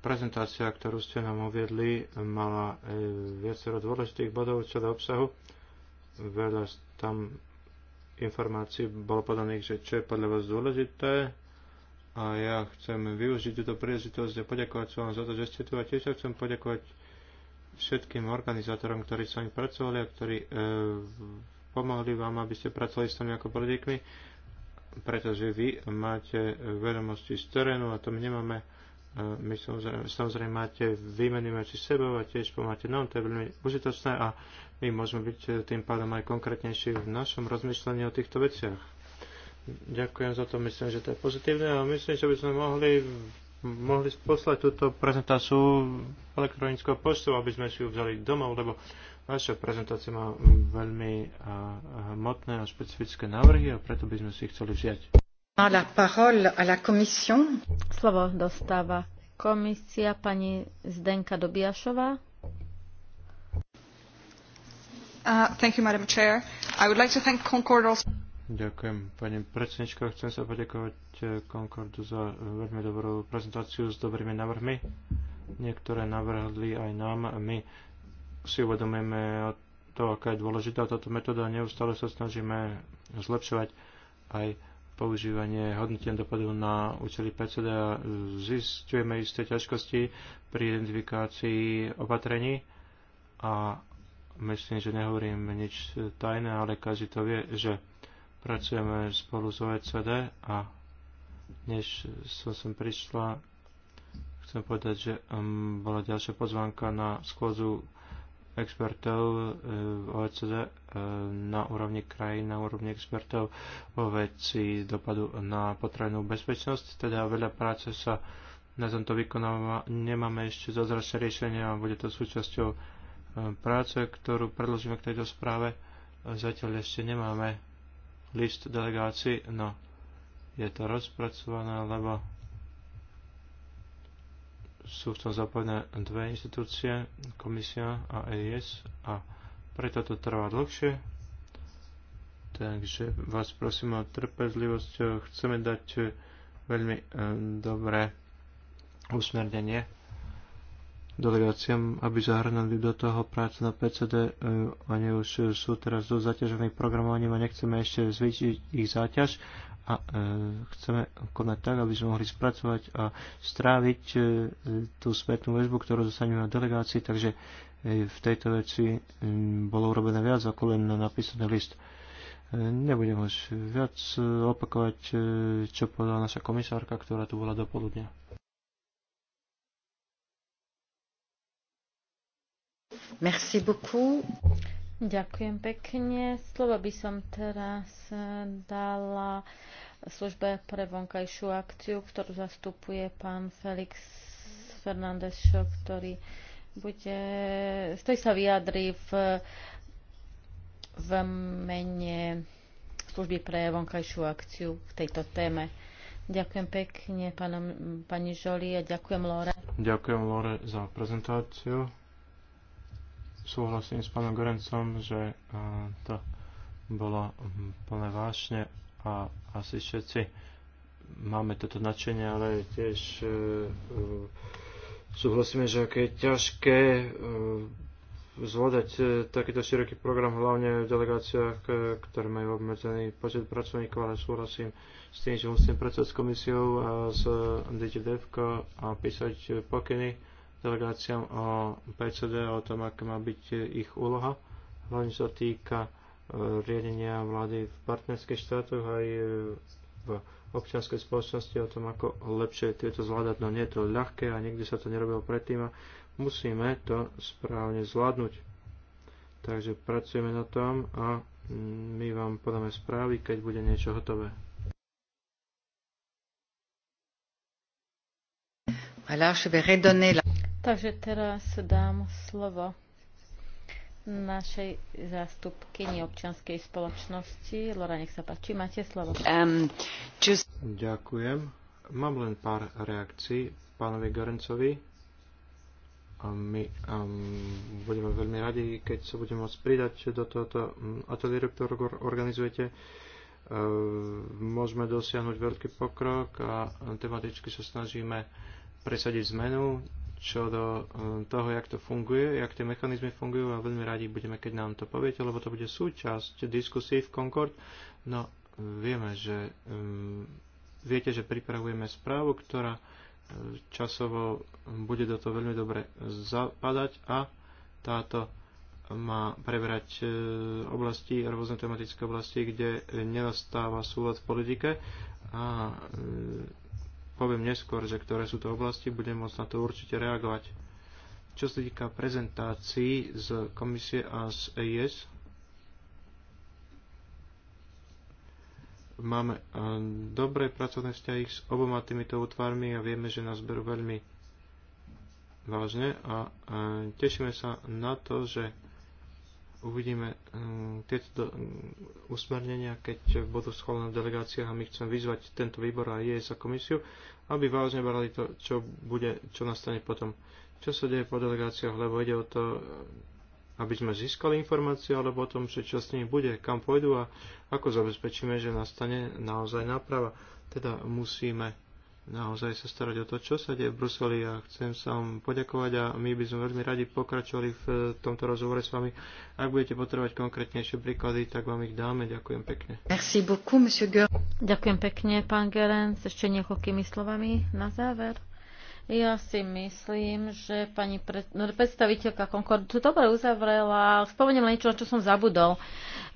Prezentácia, ktorú ste nám uviedli, mala eh, viacero dôležitých bodov čo do obsahu. Veľa tam informácií bolo podaných, že čo je podľa vás dôležité. A ja chcem využiť túto príležitosť a poďakovať vám za to, že ste tu a tiež chcem poďakovať všetkým organizátorom, ktorí s mi pracovali a ktorí e, pomohli vám, aby ste pracovali s nami ako politikmi, pretože vy máte vedomosti z terénu a to my nemáme. E, my samozrejme, samozrejme máte výmeny medzi sebou a tiež pomáte nám, to je veľmi užitočné a my môžeme byť e, tým pádom aj konkrétnejší v našom rozmýšľaní o týchto veciach. Ďakujem za to, myslím, že to je pozitívne a myslím, že by sme mohli, mohli poslať túto prezentáciu elektronickou poštou, aby sme si ju vzali domov, lebo vaša prezentácia má veľmi e, hmotné a špecifické návrhy a preto by sme si chceli vziať. La parole à la commission. Slovo dostáva komisia pani Zdenka Dobiašová. Uh, Ďakujem, pani predsednička. Chcem sa poďakovať eh, Concordu za eh, veľmi dobrú prezentáciu s dobrými návrhmi. Niektoré navrhli aj nám. My si uvedomujeme to, aká je dôležitá táto metóda. Neustále sa snažíme zlepšovať aj používanie hodnotenia dopadov na účely PCD a zistujeme isté ťažkosti pri identifikácii opatrení a myslím, že nehovorím nič tajné, ale každý to vie, že pracujeme spolu s OECD a než som sem prišla, chcem povedať, že um, bola ďalšia pozvánka na skôzu expertov uh, v OECD uh, na úrovni krajín, na úrovni expertov o veci dopadu na potrebnú bezpečnosť. Teda veľa práce sa na tomto vykonáva. Nemáme ešte zázračné riešenia a bude to súčasťou práce, ktorú predložíme k tejto správe. Zatiaľ ešte nemáme list delegácií, no je to rozpracované, lebo sú v tom zapojené dve inštitúcie, komisia a EIS a preto to trvá dlhšie. Takže vás prosím o trpezlivosť. Chceme dať eh, veľmi eh, dobré usmernenie delegáciám, aby zahrnali do toho prácu na PCD. Oni e, už sú teraz dosť zaťažení programovaním a nechceme ešte zvýšiť ich záťaž a e, chceme konať tak, aby sme mohli spracovať a stráviť e, tú spätnú väzbu, ktorú dostaneme na delegácii, takže v tejto veci bolo urobené viac ako len napísaný list. Nebudem už viac opakovať, čo povedala naša komisárka, ktorá tu bola do poludnia. Ďakujem pekne. Slovo by som teraz eh, dala službe pre vonkajšiu akciu, ktorú zastupuje pán Felix Fernández, ktorý bude, stoj sa vyjadri v, v mene služby pre vonkajšiu akciu v tejto téme. Ďakujem pekne pánom, pani Žoli a ďakujem Lore. Ďakujem Lore za prezentáciu súhlasím s pánom Gorencom, že e, to bolo hm, plné vášne a asi všetci máme toto nadšenie, ale tiež e, e, súhlasíme, že aké je ťažké zvládať takýto široký program, hlavne v delegáciách, ktoré majú obmedzený počet pracovníkov, ale súhlasím s tým, že musím pracovať s komisiou a s DGDF a písať pokyny delegáciám o PCD, o tom, aká má byť ich úloha. Hlavne sa týka e, riadenia vlády v partnerských štátoch aj e, v občianskej spoločnosti o tom, ako lepšie tieto zvládať. No nie je to ľahké a nikdy sa to nerobilo predtým a musíme to správne zvládnuť. Takže pracujeme na tom a mm, my vám podáme správy, keď bude niečo hotové. je vais redonner Takže teraz dám slovo našej zástupkyni občianskej spoločnosti. Lora, nech sa páči, máte slovo. Um, just... Ďakujem. Mám len pár reakcií pánovi Garencovi. A my um, budeme veľmi radi, keď sa budeme môcť pridať do tohoto mm, ateliéru, ktorú organizujete. Um, môžeme dosiahnuť veľký pokrok a tematicky sa snažíme presadiť zmenu čo do eh, toho, jak to funguje, jak tie mechanizmy fungujú a veľmi radi budeme, keď nám to poviete, lebo to bude súčasť diskusí v Concord. No, vieme, že um, viete, že pripravujeme správu, ktorá eh, časovo bude do toho veľmi dobre zapadať a táto má preberať eh, oblasti, rôzne tematické oblasti, kde nenastáva súlad v politike a poviem neskôr, že ktoré sú to oblasti, budem môcť na to určite reagovať. Čo sa týka prezentácií z komisie a z AES, máme eh, dobré pracovné vzťahy s oboma týmito útvarmi a vieme, že nás berú veľmi vážne a eh, tešíme sa na to, že uvidíme eh, tieto usmernenia, keď budú schválené v delegáciách a my chcem vyzvať tento výbor a IES a komisiu, aby vážne brali to, čo, bude, čo nastane potom. Čo sa deje po delegáciách, lebo ide o to, eh, aby sme získali informácie alebo o tom, že čo s nimi bude, kam pôjdu a ako zabezpečíme, že nastane naozaj náprava. Teda musíme naozaj sa starať o to, čo sa deje v Bruseli a chcem sa vám poďakovať a my by sme veľmi radi pokračovali v eh, tomto rozhovore s vami. Ak budete potrebovať konkrétnejšie príklady, tak vám ich dáme. Ďakujem pekne. Merci beaucoup, monsieur Ďakujem pekne, pán Gerens. Ešte niekoľkými slovami na záver. Ja si myslím, že pani pred, no, predstaviteľka Concordu to dobre uzavrela. Spomeniem len niečo, čo som zabudol.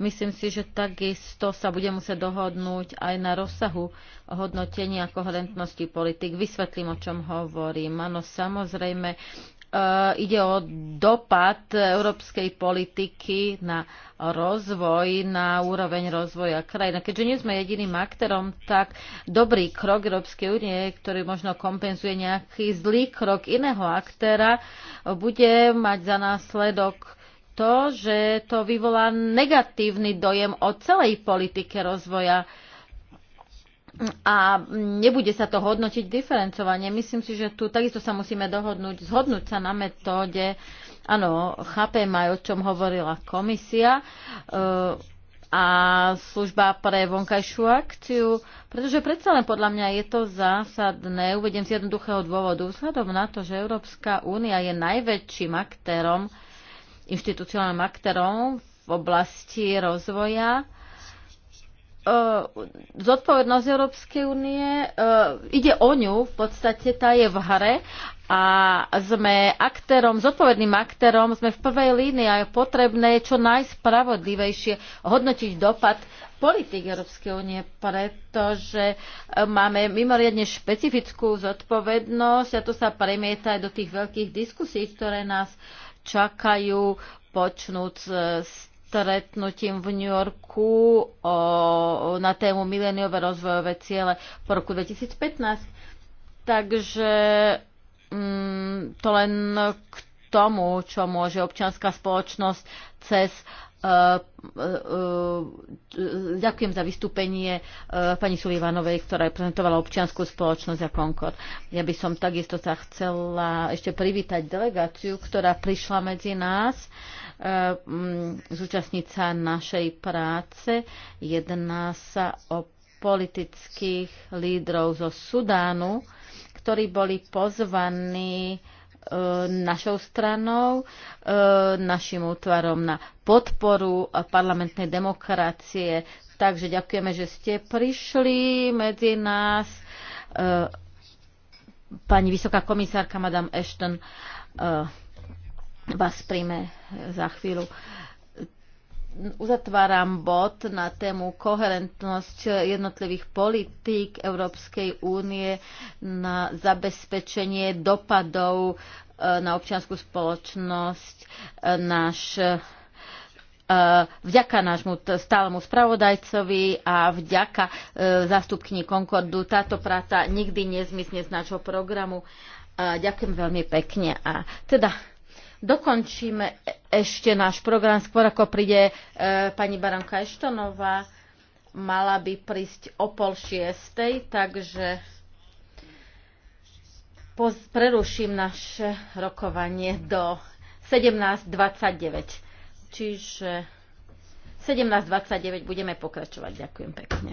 Myslím si, že takisto sa bude musieť dohodnúť aj na rozsahu hodnotenia koherentnosti politik. Vysvetlím, o čom hovorím. Áno, samozrejme, Eh, ide o dopad európskej politiky na rozvoj, na úroveň rozvoja krajina. Keďže nie sme jediným aktérom, tak dobrý krok Európskej únie, ktorý možno kompenzuje nejaký zlý krok iného aktéra, bude mať za následok to, že to vyvolá negatívny dojem o celej politike rozvoja a nebude sa to hodnotiť diferencovanie. Myslím si, že tu takisto sa musíme dohodnúť, zhodnúť sa na metóde. Áno, chápem aj o čom hovorila komisia e, a služba pre vonkajšiu akciu, pretože predsa len podľa mňa je to zásadné. Uvediem z jednoduchého dôvodu. Vzhľadom na to, že Európska únia je najväčším aktérom, inštitucionálnym aktérom v oblasti rozvoja, Eh, zodpovednosť Európskej únie, eh, ide o ňu, v podstate tá je v hre a sme aktérom, zodpovedným aktérom, sme v prvej línii a je potrebné čo najspravodlivejšie hodnotiť dopad politik Európskej únie, pretože eh, máme mimoriadne špecifickú zodpovednosť a to sa premieta aj do tých veľkých diskusí, ktoré nás čakajú počnúť s stretnutím v New Yorku o, na tému mileniové rozvojové ciele po roku 2015. Takže mm, to len k tomu, čo môže občianská spoločnosť cez Uh, uh, uh, ďakujem za vystúpenie e, pani Sulivanovej, ktorá prezentovala občianskú spoločnosť a Konkord. Ja by som takisto sa chcela ešte privítať delegáciu, ktorá prišla medzi nás. Uh, E, zúčastniť sa našej práce. Jedná sa o politických lídrov zo Sudánu, ktorí boli pozvaní e, našou stranou, e, našim útvarom na podporu parlamentnej demokracie. Takže ďakujeme, že ste prišli medzi nás. Pani vysoká komisárka, madame Ashton, vás príjme eh, za chvíľu. Uzatváram bod na tému koherentnosť jednotlivých politík Európskej únie na zabezpečenie dopadov eh, na občianskú spoločnosť. Eh, náš vďaka nášmu stálemu spravodajcovi a vďaka zástupkyni Concordu táto práca nikdy nezmizne z nášho programu. Ďakujem veľmi pekne. A teda dokončíme e- ešte náš program, skôr ako príde e, pani Baranka Eštonová. Mala by prísť o pol šiestej, takže poz, preruším naše rokovanie do 17.29. Čiže 17.29 budeme pokračovať. Ďakujem pekne.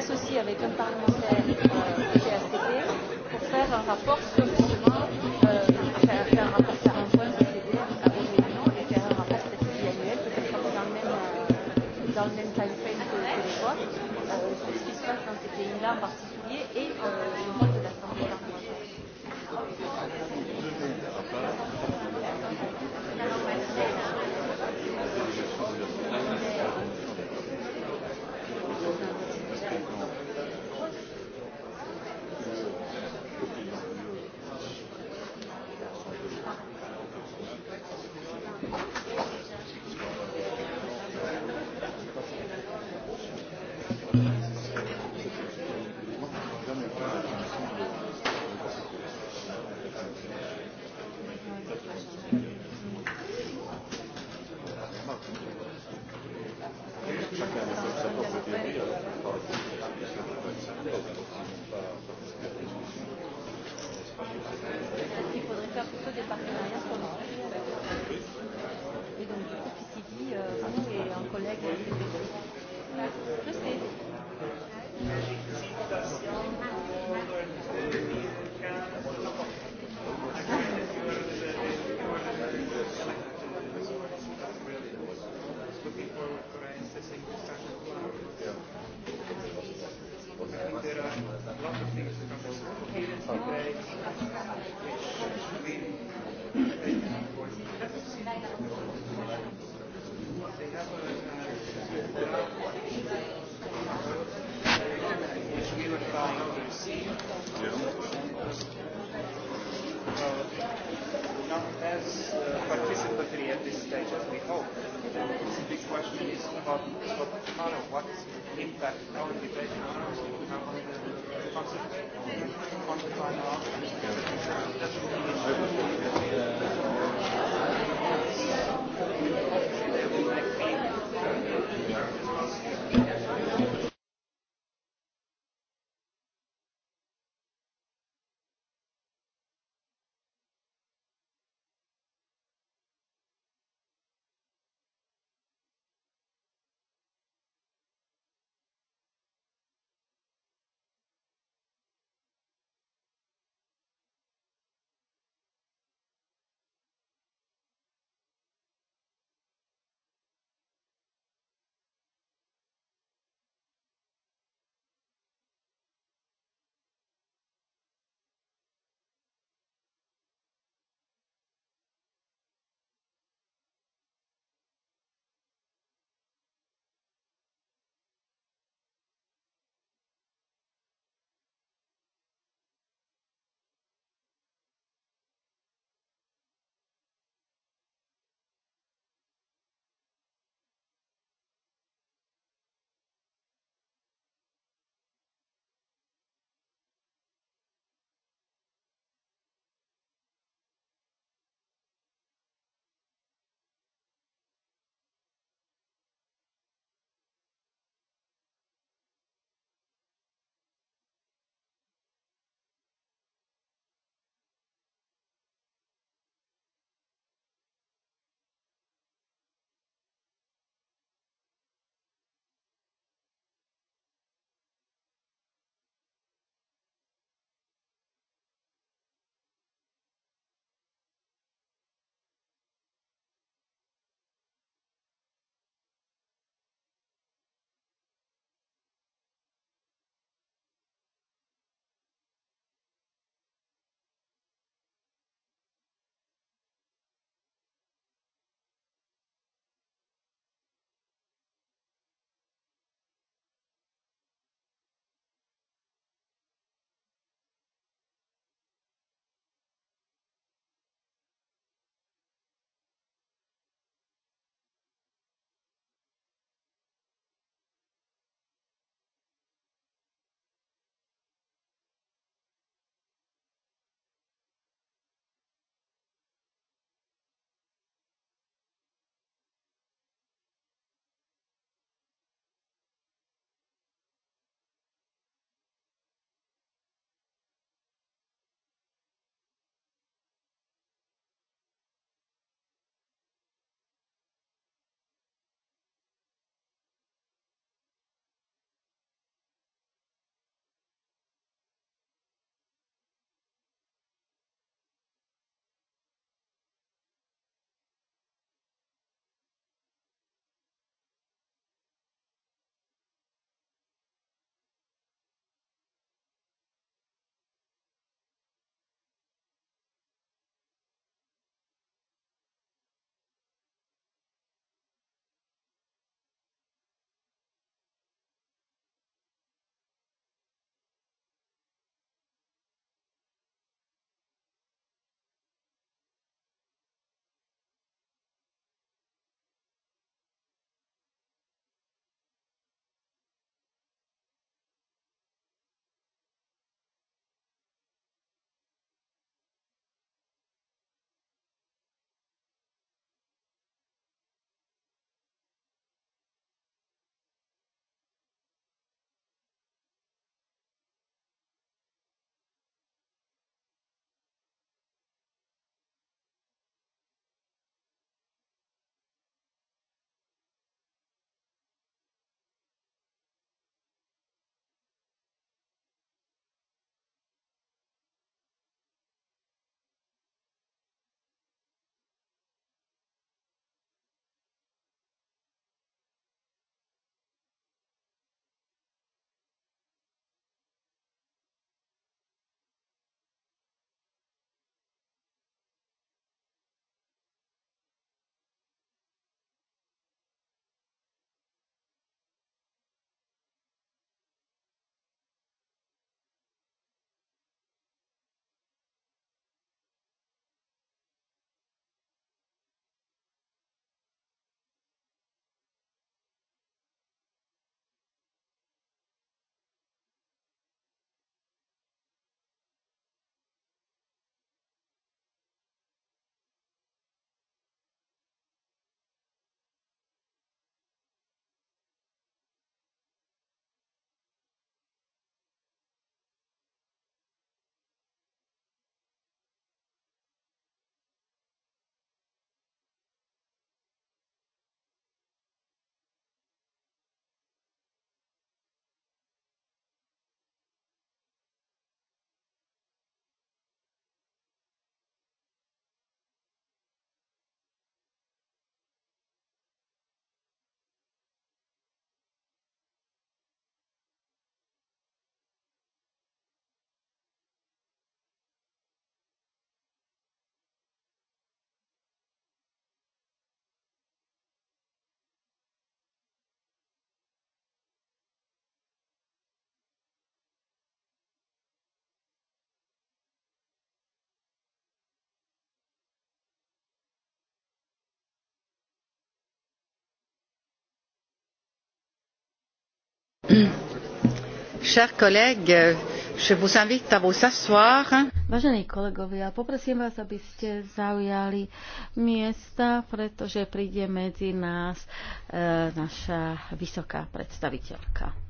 s'associe avec un parlementaire euh, PACP pour faire un rapport sur le euh, faire, faire un rapport, sur un point CCD à vos réunions et faire un rapport peut annuel peut-être dans le même euh, dans le même time frame que, les autres, euh, sur ce qui se passe dans ces pays-là en particulier Vážení kolegovia, poprosím vás, aby ste zaujali miesta, pretože príde medzi nás e, naša vysoká predstaviteľka.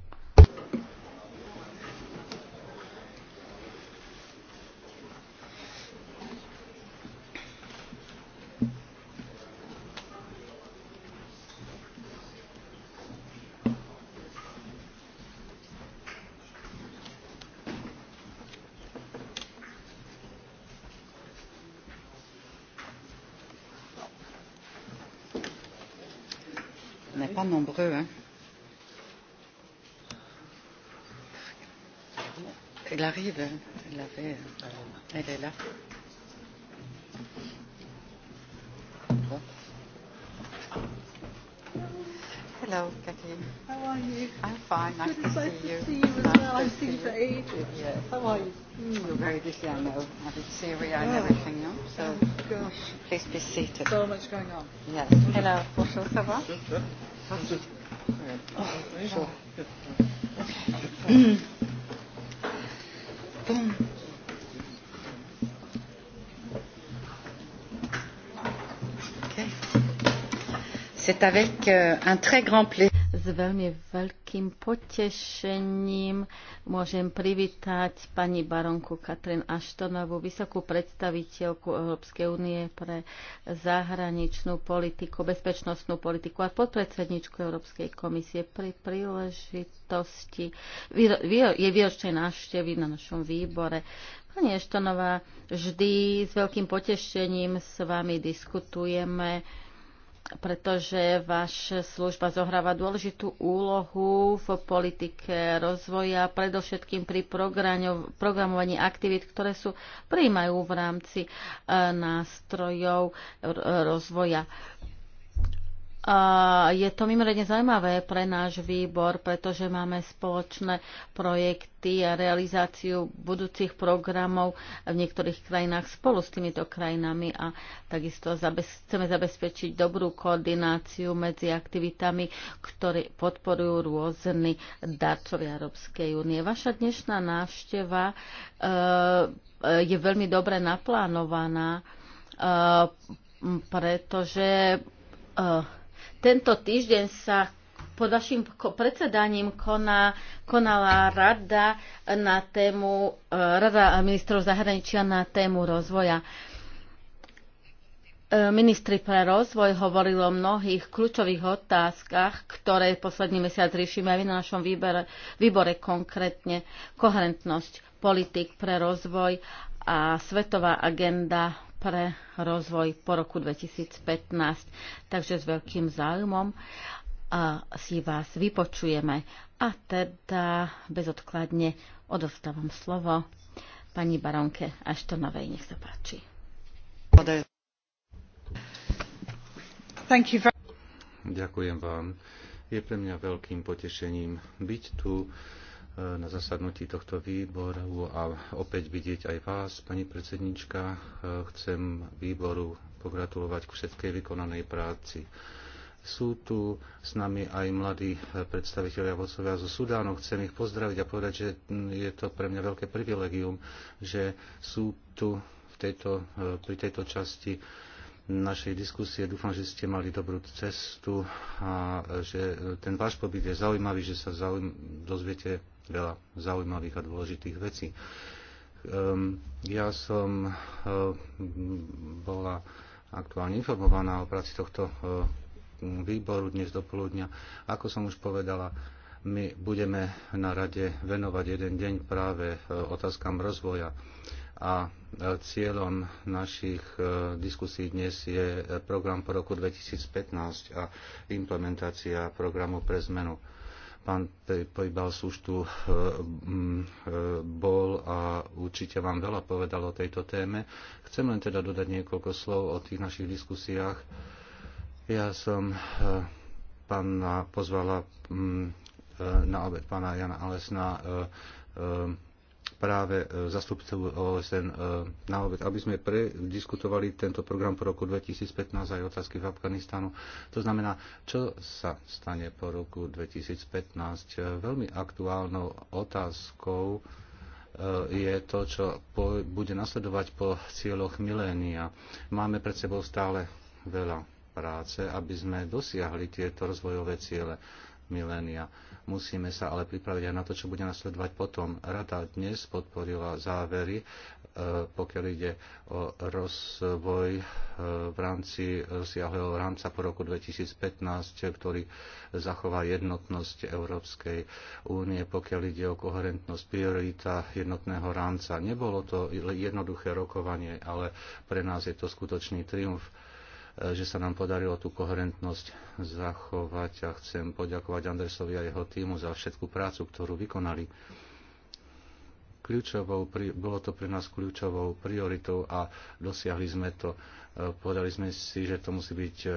elle avait. Elle est là. Hello, Kathy. How are you? I'm fine. Nice to, nice see, to you. see you. as well. I've seen you for ages. Yes. How are you? Mm. You're very busy, I know. I've been Syria and oh. everything, no? So, oh, gosh. Please be seated. So much going on. Yes. Hello. Bonjour, ça va? Bonjour. c'est avec euh, un très grand plaisir. S veľmi veľkým potešením môžem privítať pani baronku Katrin Aštonovú, vysokú predstaviteľku Európskej únie pre zahraničnú politiku, bezpečnostnú politiku a podpredsedničku Európskej komisie pri príležitosti jej výročnej návštevy na našom výbore. Pani Aštonová, vždy s veľkým potešením s vami diskutujeme pretože vaša služba zohráva dôležitú úlohu v politike rozvoja, predovšetkým pri programovaní aktivít, ktoré sú prijímajú v rámci eh, nástrojov eh, rozvoja. A je to mimoriadne zaujímavé pre náš výbor, pretože máme spoločné projekty a realizáciu budúcich programov v niektorých krajinách spolu s týmito krajinami a takisto chceme zabezpečiť dobrú koordináciu medzi aktivitami, ktoré podporujú rôzni darcovia Európskej únie. Vaša dnešná návšteva e, e, je veľmi dobre naplánovaná, e, pretože tento týždeň sa pod vašim predsedaním koná, konala rada na tému, e, rada ministrov zahraničia na tému rozvoja. E, ministri pre rozvoj hovorili o mnohých kľúčových otázkach, ktoré posledný mesiac riešime aj na našom výbore, výbore konkrétne koherentnosť politik pre rozvoj a svetová agenda pre rozvoj po roku 2015. Takže s veľkým záujmom si vás vypočujeme. A teda bezodkladne odostávam slovo pani baronke Aštonovej. Nech sa páči. Ďakujem vám. Je pre mňa veľkým potešením byť tu E, na zasadnutí tohto výboru a opäť vidieť aj vás, pani predsednička. E, chcem výboru pogratulovať k všetkej vykonanej práci. Sú tu s nami aj mladí e, predstaviteľia vodcovia zo Sudánu. Chcem ich pozdraviť a povedať, že je to pre mňa veľké privilegium, že sú tu v tejto, pri tejto časti našej diskusie. Dúfam, že ste mali dobrú cestu a že ten váš pobyt je zaujímavý, že sa zaujím, dozviete veľa zaujímavých a dôležitých vecí. Ehm, ja som ehm, bola aktuálne informovaná o práci tohto ehm, výboru dnes do poludnia. Ako som už povedala, my budeme na rade venovať jeden deň práve otázkam rozvoja a e, cieľom našich e, diskusí dnes je e, program po roku 2015 a implementácia programu pre zmenu pán Pojbals už tu eh, mm, eh, bol a určite vám veľa povedal o tejto téme. Chcem len teda dodať niekoľko slov o tých našich diskusiách. Ja som eh, pána pozvala mm, na obed pána Jana Alesna správe e, zastupcov OSN e, na obed, aby sme prediskutovali tento program po roku 2015 aj otázky v Afganistanu. To znamená, čo sa stane po roku 2015. E, veľmi aktuálnou otázkou je to, čo bude nasledovať po cieľoch milénia. Máme pred sebou stále veľa práce, aby sme dosiahli tieto rozvojové ciele milénia Musíme sa ale pripraviť aj na to, čo bude nasledovať potom. Rada dnes podporila závery, e, pokiaľ ide o rozvoj e, v rámci rozsiahleho rámca po roku 2015, ktorý zachová jednotnosť Európskej únie, pokiaľ ide o koherentnosť priorita jednotného rámca. Nebolo to jednoduché rokovanie, ale pre nás je to skutočný triumf že sa nám podarilo tú koherentnosť zachovať a chcem poďakovať Andresovi a jeho týmu za všetkú prácu, ktorú vykonali. Kľúčovou, bolo to pre nás kľúčovou prioritou a dosiahli sme to. E, povedali sme si, že to musí byť e,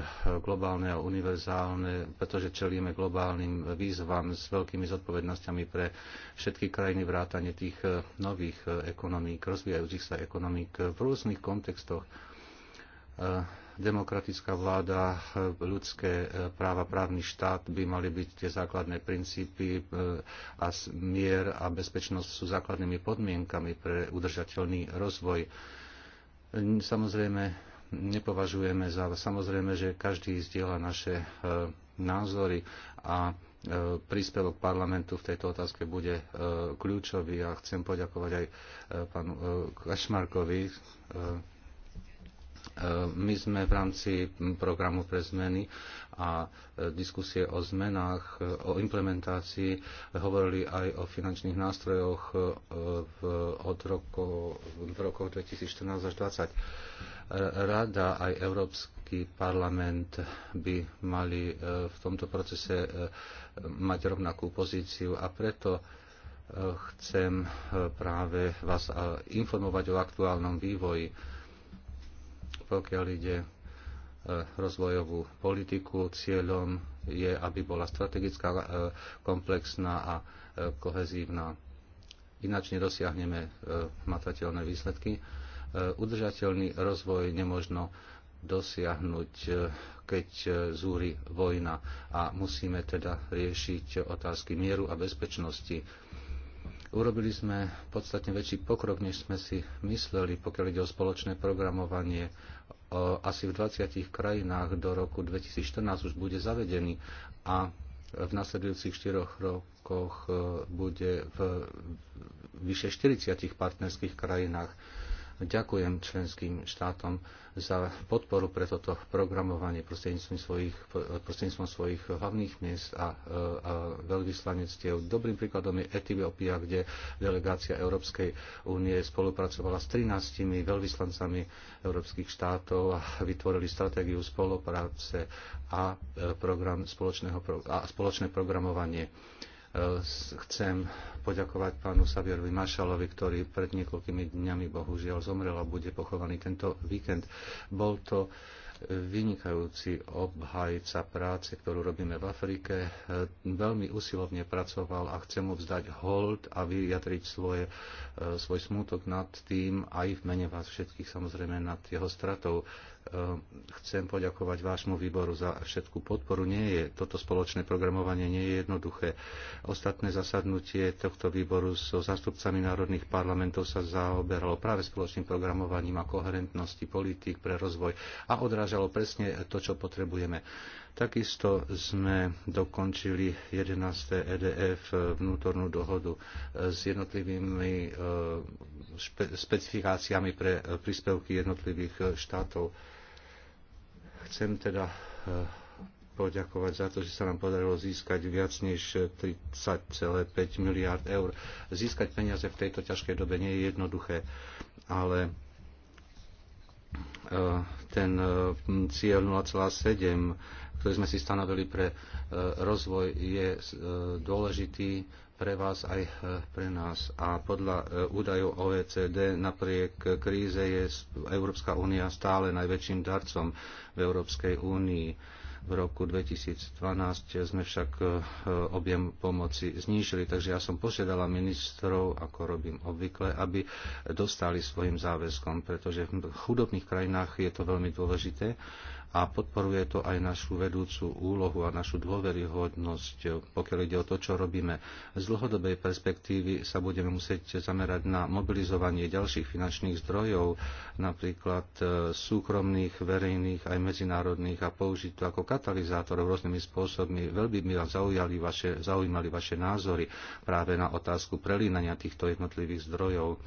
globálne a univerzálne, pretože čelíme globálnym výzvam s veľkými zodpovednosťami pre všetky krajiny vrátane tých e, nových ekonomík, rozvíjajúcich sa ekonomík v rôznych kontextoch demokratická vláda, eh, ľudské eh, práva, právny štát by mali byť tie základné princípy eh, a mier a bezpečnosť sú základnými podmienkami pre udržateľný rozvoj. Samozrejme, nepovažujeme za samozrejme, že každý zdieľa naše názory a príspevok parlamentu v tejto otázke bude kľúčový a chcem poďakovať aj pánu Kašmarkovi, Ehm, my sme v rámci programu pre zmeny a e, diskusie o zmenách, e, o implementácii hovorili aj o finančných nástrojoch e, v, od rokov, v rokoch 2014 až 2020. Rada aj Európsky parlament by mali v tomto procese mať rovnakú pozíciu a preto chcem práve vás informovať o aktuálnom vývoji pokiaľ ide e, rozvojovú politiku. Cieľom je, aby bola strategická, e, komplexná a e, kohezívna. Ináč nedosiahneme matateľné výsledky. Udržateľný rozvoj nemožno dosiahnuť, keď zúri vojna a musíme teda riešiť otázky mieru a bezpečnosti. Urobili sme podstatne väčší pokrok, než sme si mysleli, pokiaľ ide o spoločné programovanie Eh, asi v 20 krajinách do roku 2014 už bude zavedený a v nasledujúcich 4 rokoch eh, bude v vyše 40 partnerských krajinách. Ďakujem členským štátom za podporu pre toto programovanie prostredníctvom svojich, prostredníctvom svojich hlavných miest a, e, a veľvyslanectiev. Dobrým príkladom je Etiópia, kde delegácia Európskej únie spolupracovala s 13 veľvyslancami európskych štátov a vytvorili stratégiu spolupráce a, e, program spoločného, a spoločné programovanie e, chcem poďakovať pánu Savierovi Mašalovi, ktorý pred niekoľkými dňami bohužiaľ zomrel a bude pochovaný tento víkend. Bol to vynikajúci obhajca práce, ktorú robíme v Afrike. Veľmi usilovne pracoval a chcem mu vzdať hold a vyjadriť svoje, svoj smútok nad tým, aj v mene vás všetkých samozrejme nad jeho stratou. Chcem poďakovať vášmu výboru za všetkú podporu. Nie je, toto spoločné programovanie nie je jednoduché. Ostatné zasadnutie tohto výboru so zástupcami národných parlamentov sa zaoberalo práve spoločným programovaním a koherentnosti politík pre rozvoj a odrážalo presne to, čo potrebujeme. Takisto sme dokončili 11. EDF vnútornú dohodu e, s jednotlivými e, špe- specifikáciami pre e, príspevky jednotlivých štátov. Chcem teda poďakovať za to, že sa nám podarilo získať viac než 30,5 miliard eur. Získať peniaze v tejto ťažkej dobe nie je jednoduché, ale e, ten e, cieľ 0,7, ktorý sme si stanovili pre e, rozvoj, je dôležitý pre vás aj pre nás. A podľa údajov OECD napriek kríze je Európska únia stále najväčším darcom v Európskej únii v roku 2012 sme však e, objem pomoci znížili, takže ja som požiadala ministrov, ako robím obvykle, aby dostali svojim záväzkom, pretože v chudobných krajinách je to veľmi dôležité a podporuje to aj našu vedúcu úlohu a našu dôveryhodnosť, pokiaľ ide o to, čo robíme. Z dlhodobej perspektívy sa budeme musieť zamerať na mobilizovanie ďalších finančných zdrojov, napríklad e, súkromných, verejných, aj medzinárodných a použiť to ako katalizátor rôznymi spôsobmi. Veľmi by vás zaujali vaše, zaujímali vaše názory práve na otázku prelínania týchto jednotlivých zdrojov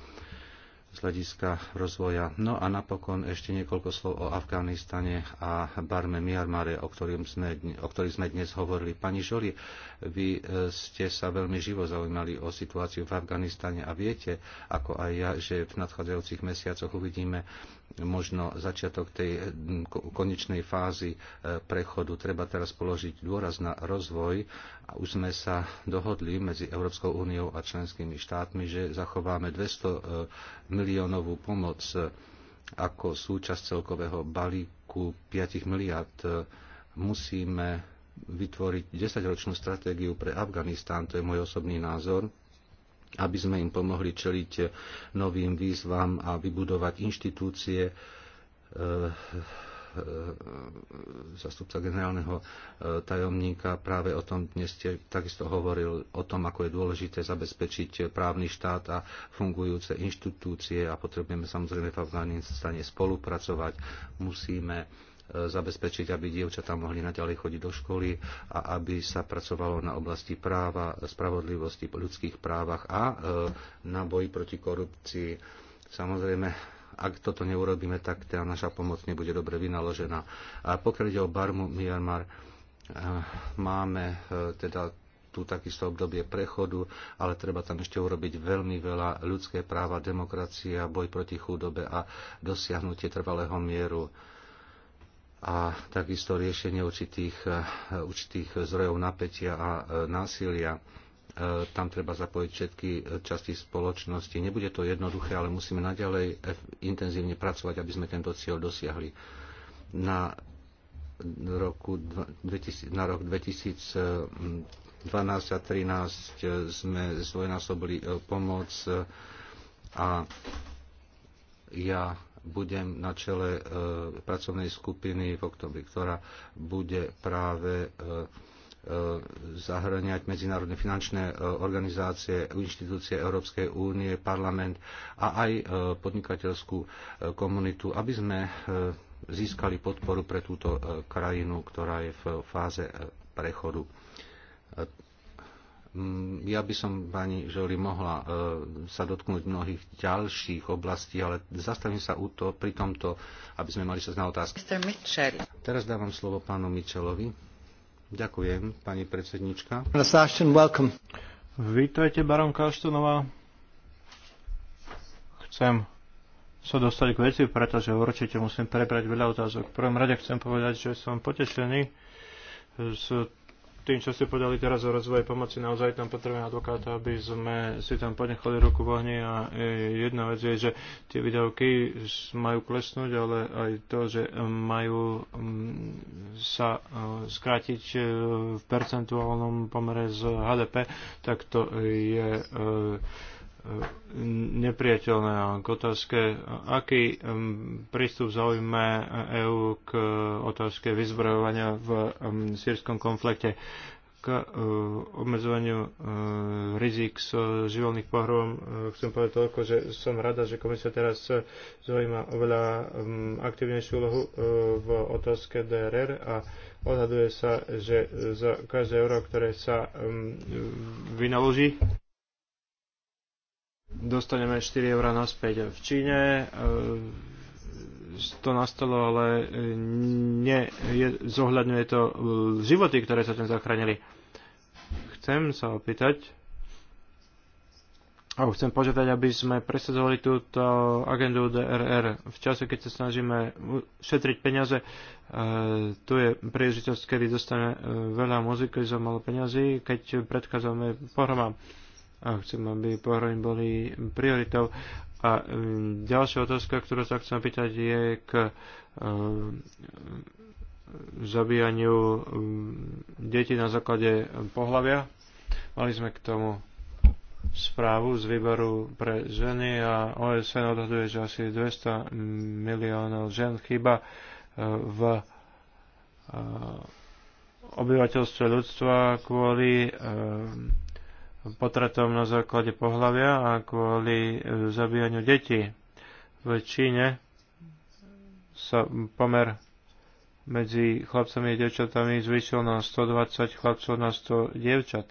z hľadiska rozvoja. No a napokon ešte niekoľko slov o Afganistane a Barme Myanmare, o, ktorým sme, o ktorých sme dnes hovorili. Pani Žoli, vy eh, ste sa veľmi živo zaujímali o situáciu v Afganistane a viete, ako aj ja, že v nadchádzajúcich mesiacoch uvidíme možno začiatok tej konečnej fázy e, prechodu. Treba teraz položiť dôraz na rozvoj. A už sme sa dohodli medzi Európskou úniou a členskými štátmi, že zachováme 200 e, miliónovú pomoc e, ako súčasť celkového balíku 5 miliard. Musíme vytvoriť 10-ročnú stratégiu pre Afganistán, to je môj osobný názor, aby sme im pomohli čeliť eh, novým výzvam a vybudovať inštitúcie. Eh, eh, zastupca generálneho tajomníka práve o tom dnes ste takisto hovoril, o tom, ako je dôležité zabezpečiť právny štát a fungujúce inštitúcie a potrebujeme samozrejme v Afganistane spolupracovať. Musíme E, zabezpečiť, aby dievčatá mohli naďalej chodiť do školy a aby sa pracovalo na oblasti práva, spravodlivosti, ľudských právach a e, na boji proti korupcii. Samozrejme, ak toto neurobíme, tak tá naša pomoc nebude dobre vynaložená. A pokiaľ ide o Barmu, Myanmar, e, máme teda tu takisto obdobie prechodu, ale treba tam ešte urobiť veľmi veľa ľudské práva, demokracia, boj proti chudobe a dosiahnutie trvalého mieru a takisto riešenie určitých, e, určitých zdrojov napätia a e, násilia. E, tam treba zapojiť všetky časti spoločnosti. Nebude to jednoduché, ale musíme naďalej intenzívne pracovať, aby sme tento cieľ dosiahli. Na, roku, 2000, na rok 2012 a 2013 sme zdvojnásobili pomoc a ja budem na čele e, pracovnej skupiny v oktobri, ktorá bude práve e, e, zahrňať medzinárodné finančné organizácie, inštitúcie Európskej únie, parlament a aj podnikateľskú komunitu, aby sme získali podporu pre túto krajinu, ktorá je v fáze prechodu. Mm, ja by som, pani Žoli, mohla e, sa dotknúť mnohých ďalších oblastí, ale zastavím sa u to, pri tomto, aby sme mali čas na otázky. Teraz dávam slovo pánu Mitchellovi. Ďakujem, pani predsednička. Vítajte, baron Aštonová. Chcem sa dostať k veci, pretože určite musím prebrať veľa otázok. V prvom rade chcem povedať, že som potešený z tým, čo ste podali teraz o rozvoje pomoci, naozaj tam potrebujeme advokáta, aby sme si tam ponechali ruku v ohni a e, jedna vec je, že tie výdavky majú klesnúť, ale aj to, že e, majú sa e, skrátiť v percentuálnom pomere z HDP, tak to je nepriateľné. A k otázke, aký um, prístup zaujme EÚ k otázke vyzbrojovania v um, sírskom konflikte k uh, obmedzovaniu uh, rizik s uh, živelných pohrom. Chcem povedať toľko, že som rada, že komisia teraz zaujíma oveľa um, aktivnejšiu úlohu v otázke DRR a odhaduje sa, že za každé euro, ktoré sa vynaloží, dostaneme 4 eurá naspäť v Číne. E, to nastalo, ale ne, je, zohľadňuje to e, životy, ktoré sa tam zachránili. Chcem sa opýtať, a chcem požiadať, aby sme presadzovali túto agendu DRR. V čase, keď sa snažíme šetriť peniaze, e, tu je príležitosť, kedy dostane e, veľa muziky za malo peniazy, keď predchádzame pohromám. E, a chcem, aby pohroň boli prioritou. A um, ďalšia otázka, ktorú sa chcem pýtať, je k um, zabíjaniu um, detí na základe pohľavia. Mali sme k tomu správu z výboru pre ženy a OSN odhaduje, že asi 200 miliónov žen chyba uh, v uh, obyvateľstve ľudstva kvôli potratom na základe pohľavia a kvôli e, zabíjaniu detí. V Číne sa pomer medzi chlapcami a dievčatami zvyšil na 120 chlapcov na 100 dievčat.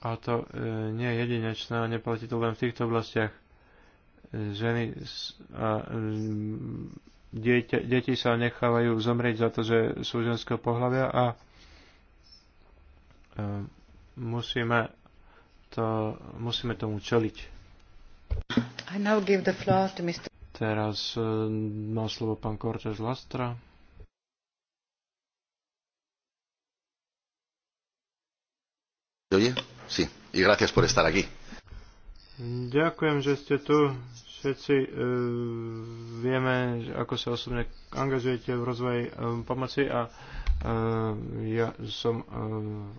A to e, nie je jedinečné a neplatí to len v týchto oblastiach. Ženy a dieťa, deti sa nechávajú zomrieť za to, že sú ženského pohľavia a e, musíme, to, musíme tomu čeliť. I now give the floor to Mr. Teraz e, má slovo pán Cortez Lastra. Oye? Sí. Y gracias por estar aquí. Ďakujem, že ste tu. Všetci uh, vieme, ako sa osobne angažujete v rozvoji um, pomoci a e, Eh, ja som eh,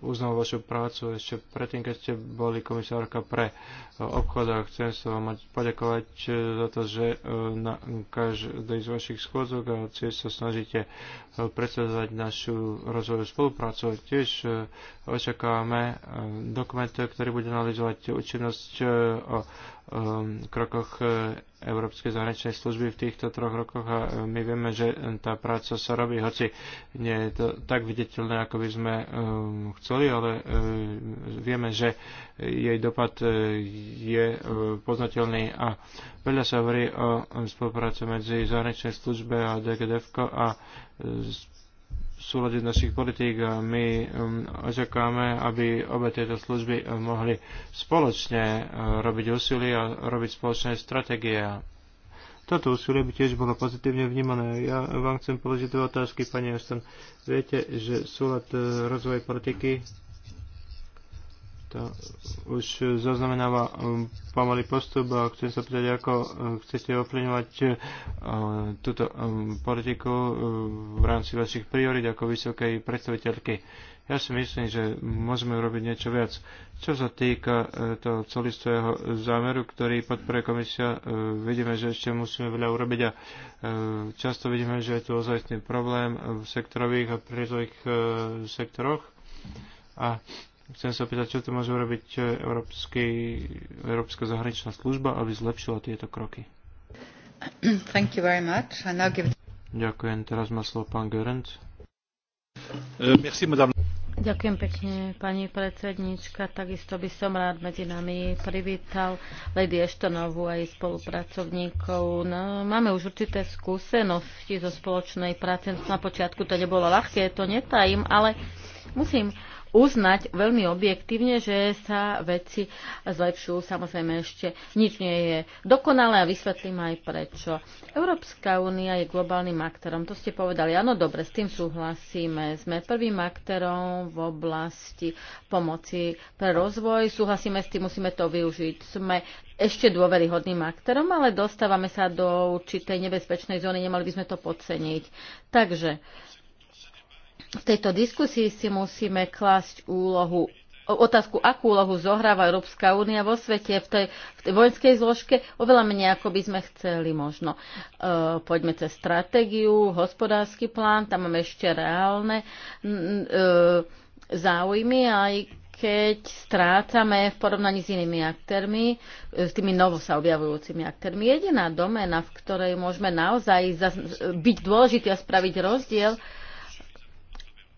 uznal vašu prácu ešte predtým, keď ste boli komisárka pre eh, obchod a chcem sa vám poďakovať za to, že na každej z vašich schôdzok a tiež sa snažíte predstavovať našu rozvoju spoluprácu. Tiež očakávame dokument, ktorý bude analyzovať účinnosť Um, krokoch e, Európskej zahraničnej služby v týchto troch rokoch a e, my vieme, že e, tá práca sa robí, hoci nie je to tak viditeľné, ako by sme chceli, ale vieme, že jej dopad je poznateľný a veľa sa hovorí o spolupráce medzi zahraničnej službe a DGDF a súlade našich politík a my um, očakáme, aby obe tieto služby um, mohli spoločne uh, robiť úsilie a robiť spoločné stratégie. Toto úsilie by tiež bolo pozitívne vnímané. Ja vám chcem položiť dve otázky, pani Ashton. Viete, že súlad uh, rozvoja politiky to už zaznamenáva um, pomalý postup a chcem sa pýtať, ako um, chcete ovplyvňovať uh, túto um, politiku uh, v rámci vašich priorit ako vysokej predstaviteľky. Ja si myslím, že môžeme urobiť niečo viac. Čo sa týka uh, toho celistvého zámeru, ktorý podporuje komisia, vidíme, že ešte musíme veľa urobiť a často vidíme, že je tu ozajstný problém v sektorových a prírodových sektoroch. A Chcem sa opýtať, čo tu môže urobiť e, Európsky, Európska zahraničná služba, aby zlepšila tieto kroky. Thank you very much. I now give... Ďakujem. Teraz má slovo pán Görend. Uh, e, merci, madame. Ďakujem pekne, pani predsednička. Takisto by som rád medzi nami privítal Lady Eštonovú aj spolupracovníkov. No, máme už určité skúsenosti zo spoločnej práce. Na počiatku to nebolo ľahké, to netajím, ale musím uznať veľmi objektívne, že sa veci zlepšujú. Samozrejme, ešte nič nie je dokonalé a vysvetlím aj prečo. Európska únia je globálnym aktorom. To ste povedali. Áno, dobre, s tým súhlasíme. Sme prvým aktorom v oblasti pomoci pre rozvoj. Súhlasíme s tým, musíme to využiť. Sme ešte dôveryhodným aktorom, ale dostávame sa do určitej nebezpečnej zóny, nemali by sme to podceniť. Takže v tejto diskusii si musíme klásť úlohu otázku, akú úlohu zohráva Európska únia vo svete v tej, v tej vojenskej zložke, oveľa menej ako by sme chceli možno. E, poďme cez stratégiu, hospodársky plán, tam máme ešte reálne e, záujmy, aj keď strácame v porovnaní s inými aktérmi, e, s tými novo sa objavujúcimi aktérmi. Jediná domena, v ktorej môžeme naozaj e, byť dôležitý a spraviť rozdiel,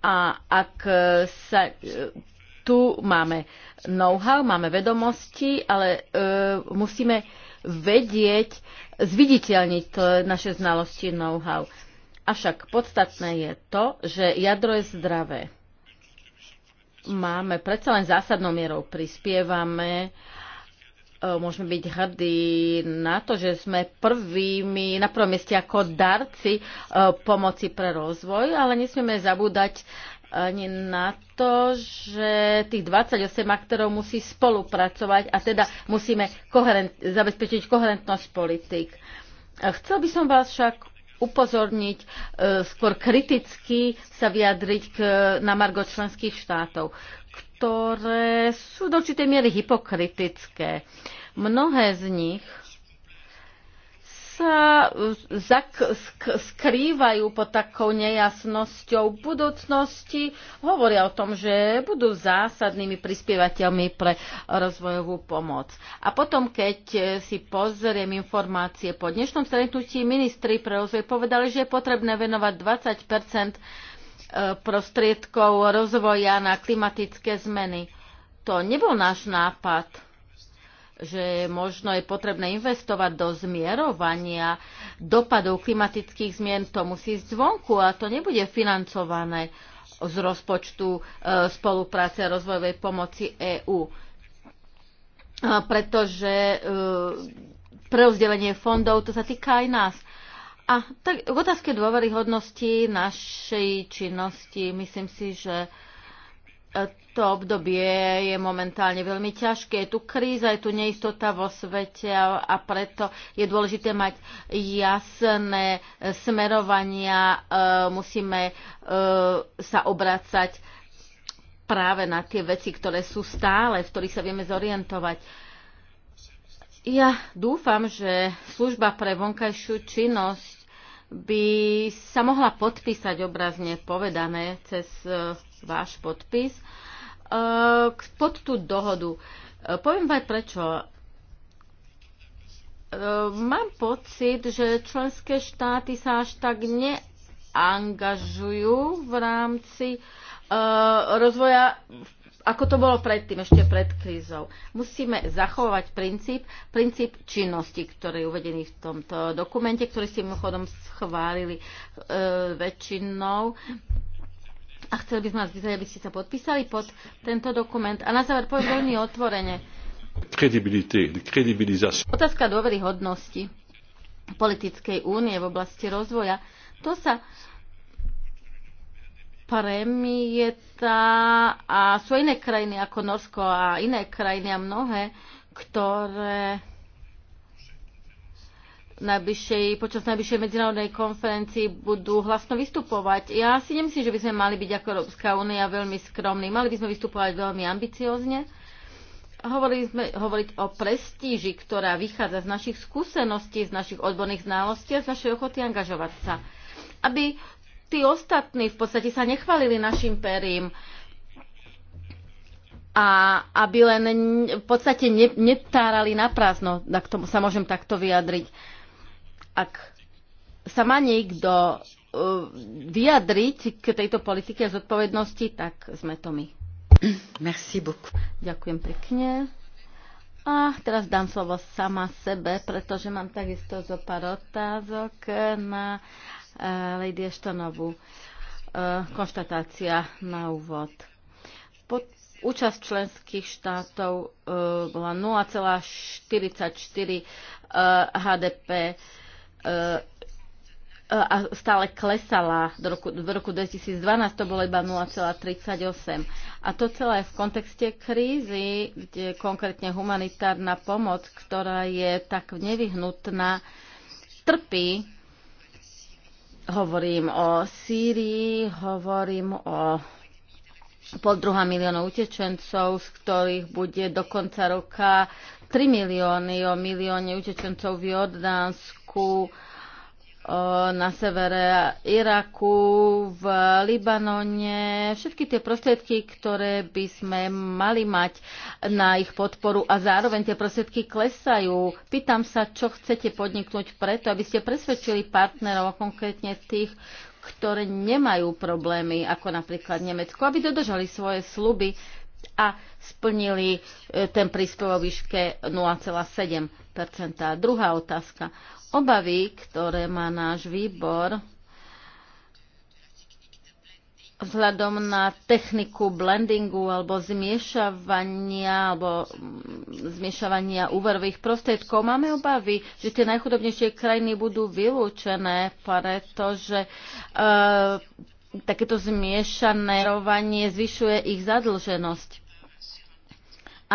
a ak e, sa e, tu máme know-how, máme vedomosti, ale e, musíme vedieť, zviditeľniť to naše znalosti know-how. Avšak podstatné je to, že jadro je zdravé. Máme predsa len zásadnou mierou prispievame uh, Eh, môžeme byť hrdí na to, že sme prvými, na prvom mieste ako darci eh, pomoci pre rozvoj, ale nesmieme zabúdať ani na to, že tých 28 aktérov musí spolupracovať a teda musíme koherent, zabezpečiť koherentnosť politik. Eh, chcel by som vás však upozorniť, skôr kriticky sa vyjadriť k, na margo členských štátov ktoré sú do určitej miery hypokritické. Mnohé z nich sa e, zak- sk- skrývajú pod takou nejasnosťou budúcnosti. Hovoria o tom, že budú zásadnými prispievateľmi pre rozvojovú pomoc. A potom, keď e, si pozriem informácie po dnešnom stretnutí, ministri pre rozvoj povedali, že je potrebné venovať 20 E, prostriedkov rozvoja na klimatické zmeny. To nebol náš nápad, že možno je potrebné investovať do zmierovania dopadov klimatických zmien. To musí ísť zvonku a to nebude financované z rozpočtu e, spolupráce a rozvojovej pomoci EÚ. E, pretože preozdelenie fondov, to sa týka aj nás. A tak v otázke dôveryhodnosti našej činnosti myslím si, že e, to obdobie je momentálne veľmi ťažké. Je tu kríza, je tu neistota vo svete a, preto je dôležité mať jasné e, smerovania. E, musíme sa obracať práve na tie veci, ktoré sú stále, v ktorých sa vieme zorientovať ja dúfam, že služba pre vonkajšiu činnosť by sa mohla podpísať obrazne povedané cez eh, váš podpis eh, pod tú dohodu. Eh, poviem aj prečo. Mám pocit, že členské štáty sa až tak neangažujú v rámci rozvoja ako to bolo predtým, ešte pred krízou. Musíme zachovať princíp, princíp činnosti, ktorý je uvedený v tomto dokumente, ktorý si mimochodom schválili e, väčšinou. A chceli by sme vás vyzvať, aby ste sa podpísali pod tento dokument. A na záver poviem veľmi otvorene. Otázka dôveryhodnosti politickej únie v oblasti rozvoja. To sa premieta a sú iné krajiny ako Norsko a iné krajiny a mnohé, ktoré najbližšej, počas najbližšej medzinárodnej konferencii budú hlasno vystupovať. Ja si nemyslím, že by sme mali byť ako Európska únia veľmi skromní. Mali by sme vystupovať veľmi ambiciozne. Hovorili sme hovoriť o prestíži, ktorá vychádza z našich skúseností, z našich odborných znalostí a z našej ochoty angažovať sa. Aby tí ostatní v podstate sa nechválili našim perím a aby len v podstate ne, netárali na prázdno, tak tomu sa môžem takto vyjadriť. Ak sa má niekto e, vyjadriť k tejto politike a zodpovednosti, tak sme to my. Merci beaucoup. Ďakujem pekne. A teraz dám slovo sama sebe, pretože mám takisto zo pár otázok na Eh, Lady Eštonovú. Eh, konštatácia na úvod. Pod účasť členských štátov eh, bola 0,44 HDP a stále klesala. Do roku, v roku 2012 to bolo iba 0,38. A to celé v kontexte krízy, kde konkrétne humanitárna pomoc, ktorá je tak nevyhnutná, trpí Hovorím o Sýrii, hovorím o pol druhá miliónov utečencov, z ktorých bude do konca roka 3 milióny, o milióne utečencov v Jordánsku, na severe Iraku, v Libanone, všetky tie prostriedky, ktoré by sme mali mať na ich podporu a zároveň tie prostriedky klesajú. Pýtam sa, čo chcete podniknúť preto, aby ste presvedčili partnerov, konkrétne tých, ktoré nemajú problémy, ako napríklad Nemecko, aby dodržali svoje sluby a splnili e, ten príspevok výške 0,7 Druhá otázka obavy, ktoré má náš výbor vzhľadom na techniku blendingu alebo zmiešavania alebo mm, zmiešavania úverových prostriedkov. Máme obavy, že tie najchudobnejšie krajiny budú vylúčené, pretože e, takéto zmiešané rovanie zvyšuje ich zadlženosť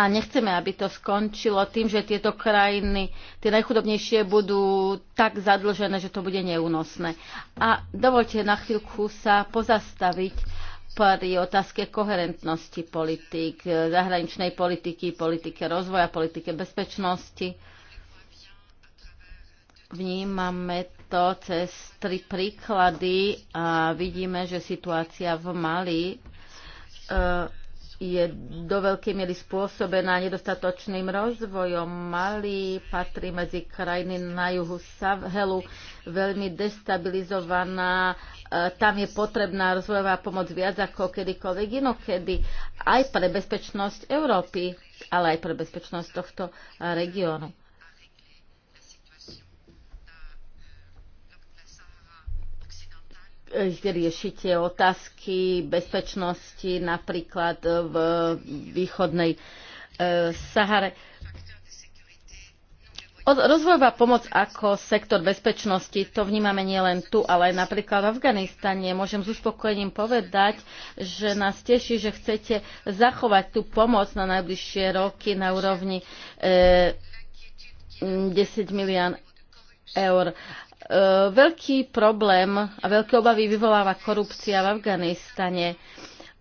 a nechceme, aby to skončilo tým, že tieto krajiny, tie najchudobnejšie, budú tak zadlžené, že to bude neúnosné. A dovolte na chvíľku sa pozastaviť pri otázke koherentnosti politik, zahraničnej politiky, politike rozvoja, politike bezpečnosti. Vnímame to cez tri príklady a vidíme, že situácia v Mali eh, je do veľkej miery spôsobená nedostatočným rozvojom. Mali patrí medzi krajiny na juhu Sahelu, veľmi destabilizovaná. E, tam je potrebná rozvojová pomoc viac ako kedykoľvek inokedy, aj pre bezpečnosť Európy, ale aj pre bezpečnosť tohto regiónu. E, riešite otázky bezpečnosti napríklad v východnej e, Sahare. Rozvojová pomoc ako sektor bezpečnosti, to vnímame nielen tu, ale aj napríklad v Afganistane. Môžem s uspokojením povedať, že nás teší, že chcete zachovať tú pomoc na najbližšie roky na úrovni eh, 10 milión eur. E, veľký problém a veľké obavy vyvoláva korupcia v Afganistane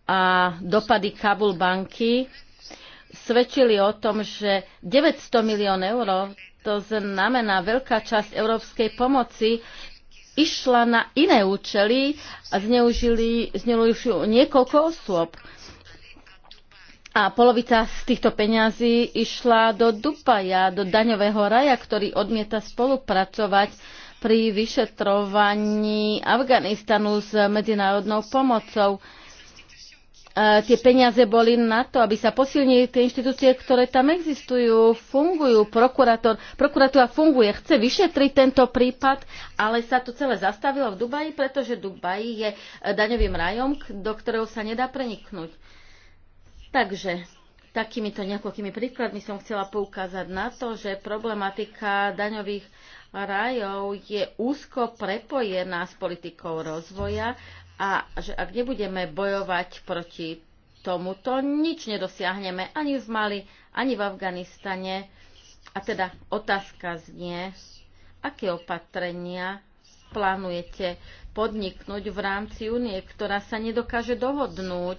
a dopady Kabul banky svedčili o tom, že 900 milión eur, to znamená veľká časť európskej pomoci, išla na iné účely a zneužili, zneužili niekoľko osôb. A polovica z týchto peňazí išla do Dupaja, do daňového raja, ktorý odmieta spolupracovať pri vyšetrovaní Afganistanu s medzinárodnou pomocou. E, tie peniaze boli na to, aby sa posilnili tie inštitúcie, ktoré tam existujú, fungujú. Prokurátor, prokuratúra funguje, chce vyšetriť tento prípad, ale sa to celé zastavilo v Dubaji, pretože Dubaj je e, daňovým rajom, do ktorého sa nedá preniknúť. Takže takýmito nejakými príkladmi som chcela poukázať na to, že problematika daňových rajov je úzko prepojená s politikou rozvoja a že ak nebudeme bojovať proti tomuto, nič nedosiahneme ani v Mali, ani v Afganistane. A teda otázka znie, aké opatrenia plánujete podniknúť v rámci únie, ktorá sa nedokáže dohodnúť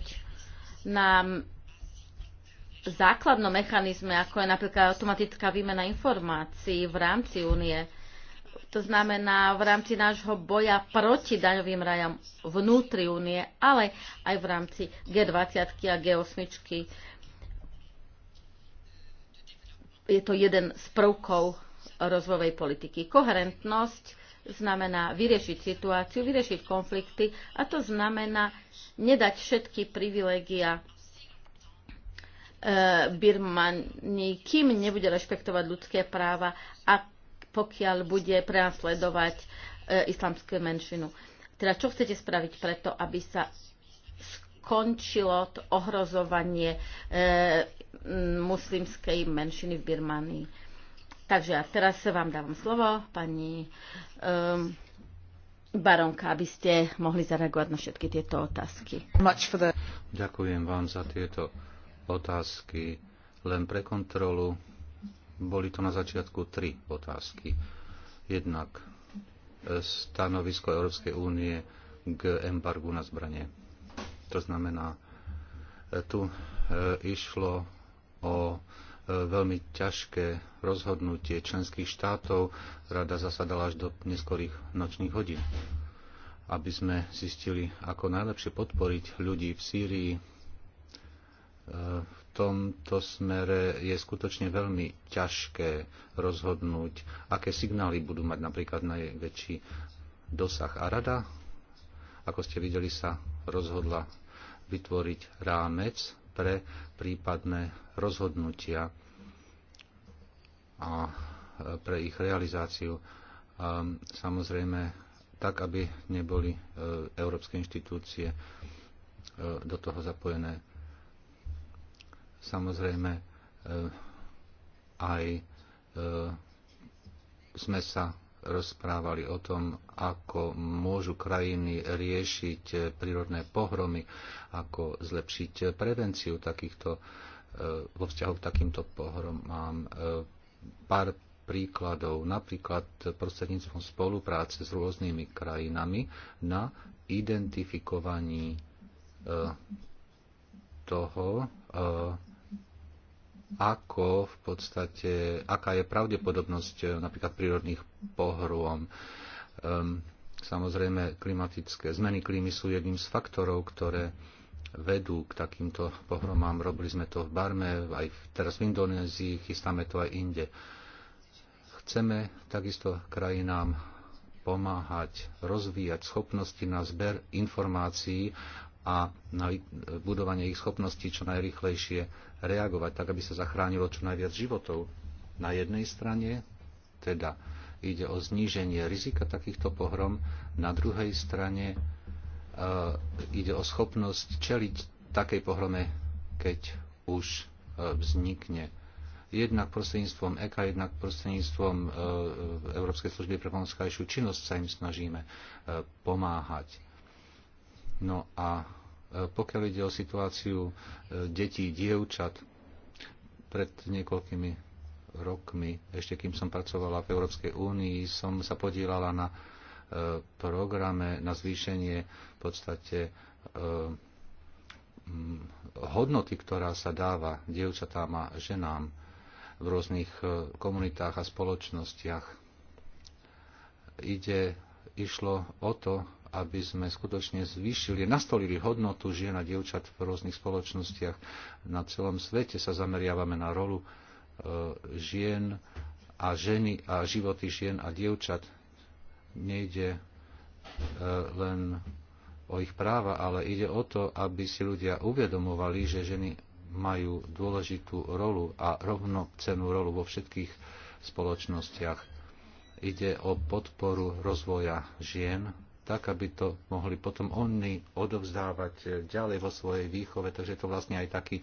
na základnom mechanizme, ako je napríklad automatická výmena informácií v rámci únie to znamená v rámci nášho boja proti daňovým rajam vnútri únie, ale aj v rámci G20 a G8. Je to jeden z prvkov rozvojovej politiky. Koherentnosť znamená vyriešiť situáciu, vyriešiť konflikty a to znamená nedať všetky privilégia e, Birmani, kým nebude rešpektovať ľudské práva pokiaľ bude prenasledovať e, islamskú menšinu. Teda čo chcete spraviť preto, aby sa skončilo to ohrozovanie e, muslimskej menšiny v Birmanii. Takže ja teraz vám dávam slovo, pani e, Baronka, aby ste mohli zareagovať na všetky tieto otázky. Ďakujem vám za tieto otázky. Len pre kontrolu boli to na začiatku tri otázky. Jednak e, stanovisko Európskej únie k embargu na zbranie. To znamená, e, tu e, išlo o veľmi ťažké rozhodnutie členských štátov. Rada zasadala až do neskorých nočných hodín, aby sme zistili, ako najlepšie podporiť ľudí v Sýrii v tomto smere je skutočne veľmi ťažké rozhodnúť, aké signály budú mať napríklad najväčší dosah. A rada, ako ste videli, sa rozhodla vytvoriť rámec pre prípadné rozhodnutia a e, pre ich realizáciu. Samozrejme, tak, aby neboli e, európske inštitúcie e, do toho zapojené Samozrejme e, aj e, sme sa rozprávali o tom, ako môžu krajiny riešiť e, prírodné pohromy, ako zlepšiť prevenciu takýchto, vo vzťahu k takýmto pohromám. Pár príkladov, napríklad prostredníctvom spolupráce s rôznymi krajinami na identifikovaní toho, ako v podstate, aká je pravdepodobnosť eh, napríklad prírodných pohrôm. Um, ehm, samozrejme, klimatické zmeny klímy sú jedným z faktorov, ktoré vedú k takýmto pohromám. Robili sme to v Barme, aj teraz v Indonézii, chystáme to aj inde. Chceme takisto krajinám pomáhať rozvíjať schopnosti na zber informácií a na budovanie ich schopností čo najrychlejšie reagovať, tak aby sa zachránilo čo najviac životov. Na jednej strane teda ide o zníženie rizika takýchto pohrom, na druhej strane e, ide o schopnosť čeliť takej pohrome, keď už e, vznikne. Jednak prostredníctvom EKA, jednak prostredníctvom e, Európskej služby pre pomoc činnosť sa im snažíme e, pomáhať No a e, pokiaľ ide o situáciu e, detí, dievčat, pred niekoľkými rokmi, ešte kým som pracovala v Európskej únii, som sa podielala na e, programe na zvýšenie v podstate hodnoty, ktorá sa dáva dievčatám a ženám v rôznych komunitách a spoločnostiach. Ide, išlo o to, aby sme skutočne zvýšili, nastolili hodnotu žien a dievčat v rôznych spoločnostiach. Na celom svete sa zameriavame na rolu e, žien a ženy a životy žien a dievčat. Nejde e, len o ich práva, ale ide o to, aby si ľudia uvedomovali, že ženy majú dôležitú rolu a rovnocenú rolu vo všetkých spoločnostiach. Ide o podporu rozvoja žien tak aby to mohli potom oni odovzdávať ďalej vo svojej výchove. Takže je to vlastne aj taký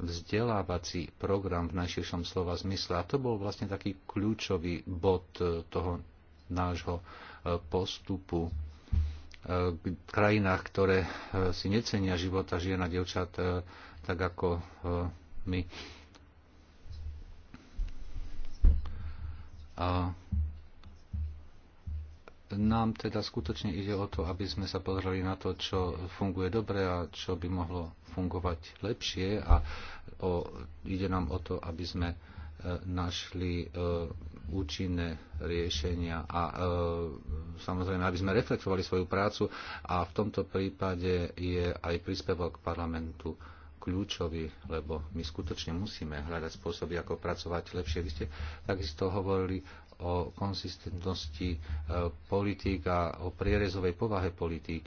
vzdelávací program v najširšom slova zmysle. A to bol vlastne taký kľúčový bod e, toho nášho e, postupu v e, krajinách, ktoré si necenia života žien a devčat tak ako my. A nám teda skutočne ide o to, aby sme sa pozreli na to, čo funguje dobre a čo by mohlo fungovať lepšie a o, ide nám o to, aby sme e, našli e, účinné riešenia a e, samozrejme, aby sme reflektovali svoju prácu a v tomto prípade je aj príspevok parlamentu kľúčový, lebo my skutočne musíme hľadať spôsoby, ako pracovať lepšie. Vy ste takisto hovorili o konsistentnosti e, politík a o prierezovej povahe politík.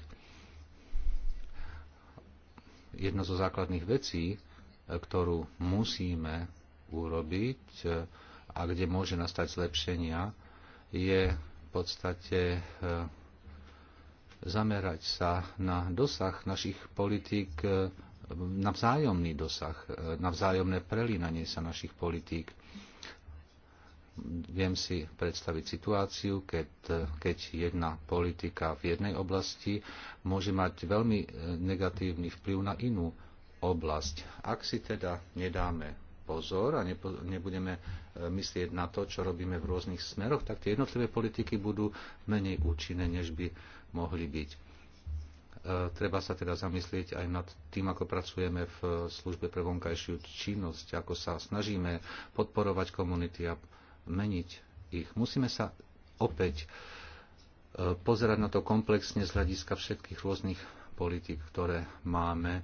Jedno zo základných vecí, e, ktorú musíme urobiť e, a kde môže nastať zlepšenia, je v podstate zamerať sa na dosah našich politík, na vzájomný dosah, na vzájomné prelínanie sa našich politík viem si predstaviť situáciu, keď, keď jedna politika v jednej oblasti môže mať veľmi e, negatívny vplyv na inú oblasť. Ak si teda nedáme pozor a nepo, nebudeme e, myslieť na to, čo robíme v rôznych smeroch, tak tie jednotlivé politiky budú menej účinné, než by mohli byť. E, treba sa teda zamyslieť aj nad tým, ako pracujeme v službe pre vonkajšiu činnosť, ako sa snažíme podporovať komunity a meniť ich. Musíme sa opäť e, pozerať na to komplexne z hľadiska všetkých rôznych politik, ktoré máme. E,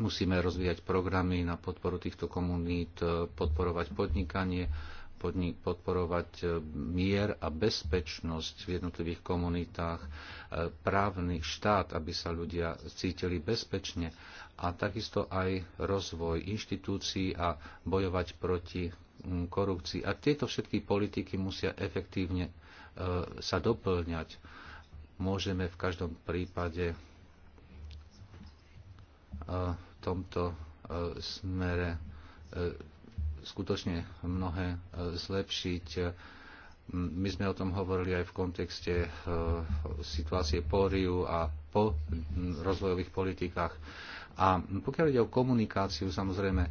musíme rozvíjať programy na podporu týchto komunít, e, podporovať podnikanie, podnik, podporovať e, mier a bezpečnosť v jednotlivých komunitách, e, právny štát, aby sa ľudia cítili bezpečne a takisto aj rozvoj inštitúcií a bojovať proti korupcii. A tieto všetky politiky musia efektívne e, sa doplňať. Môžeme v každom prípade v tomto smere skutočne mnohé e, zlepšiť. E, my sme o tom hovorili aj v kontexte e, situácie po Riu a po rozvojových politikách. A pokiaľ ide o komunikáciu, samozrejme,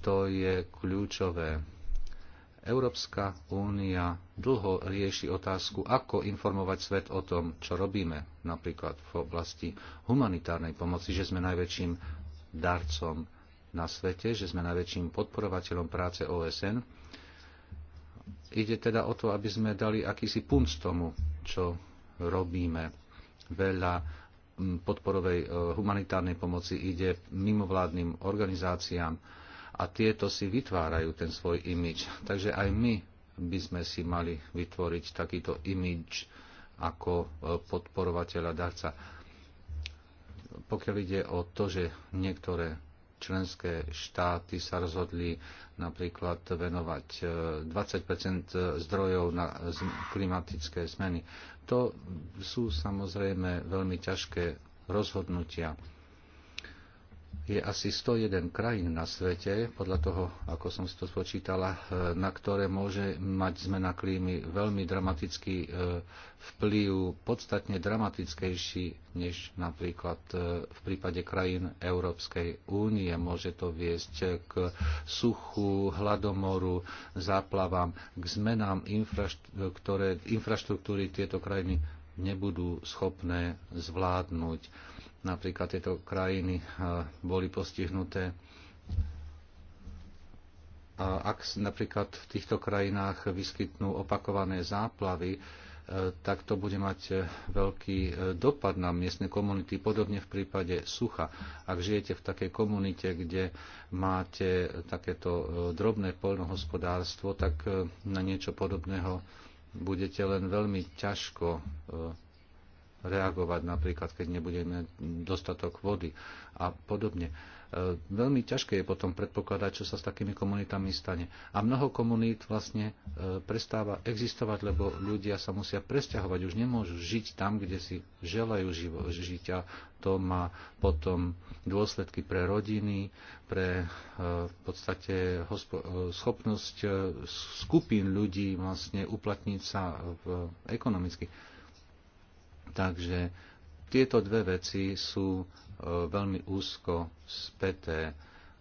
to je kľúčové. Európska únia dlho rieši otázku, ako informovať svet o tom, čo robíme, napríklad v oblasti humanitárnej pomoci, že sme najväčším darcom na svete, že sme najväčším podporovateľom práce OSN. Ide teda o to, aby sme dali akýsi punc tomu, čo robíme. Veľa podporovej e, humanitárnej pomoci ide mimovládnym organizáciám a tieto si vytvárajú ten svoj imič. Takže aj my by sme si mali vytvoriť takýto imič ako e, podporovateľa darca pokiaľ ide o to, že niektoré členské štáty sa rozhodli napríklad venovať 20 e, zdrojov na klimatické zmeny. To sú samozrejme veľmi ťažké rozhodnutia je asi 101 krajín na svete, podľa toho, ako som si to spočítala, eh, na ktoré môže mať zmena klímy veľmi dramatický eh, vplyv, podstatne dramatickejší než napríklad eh, v prípade krajín Európskej únie. Môže to viesť k suchu, hladomoru, záplavám, k zmenám, ktoré infraštruktúry tieto krajiny nebudú schopné zvládnuť Napríklad tieto krajiny eh, boli postihnuté. A ak napríklad v týchto krajinách vyskytnú opakované záplavy, eh, tak to bude mať eh, veľký dopad na miestne komunity, podobne v prípade sucha. Ak žijete v takej komunite, kde máte takéto drobné poľnohospodárstvo, tak na niečo podobného budete len veľmi ťažko reagovať, napríklad keď nebudeme dostatok vody a podobne. E, veľmi ťažké je potom predpokladať, čo sa s takými komunitami stane. A mnoho komunít vlastne e, prestáva existovať, lebo ľudia sa musia presťahovať, už nemôžu žiť tam, kde si želajú živo, žiť a to má potom dôsledky pre rodiny, pre e, v podstate schopnosť skupín ľudí vlastne uplatniť sa v, ekonomicky. Takže tieto dve veci sú e, veľmi úzko späté.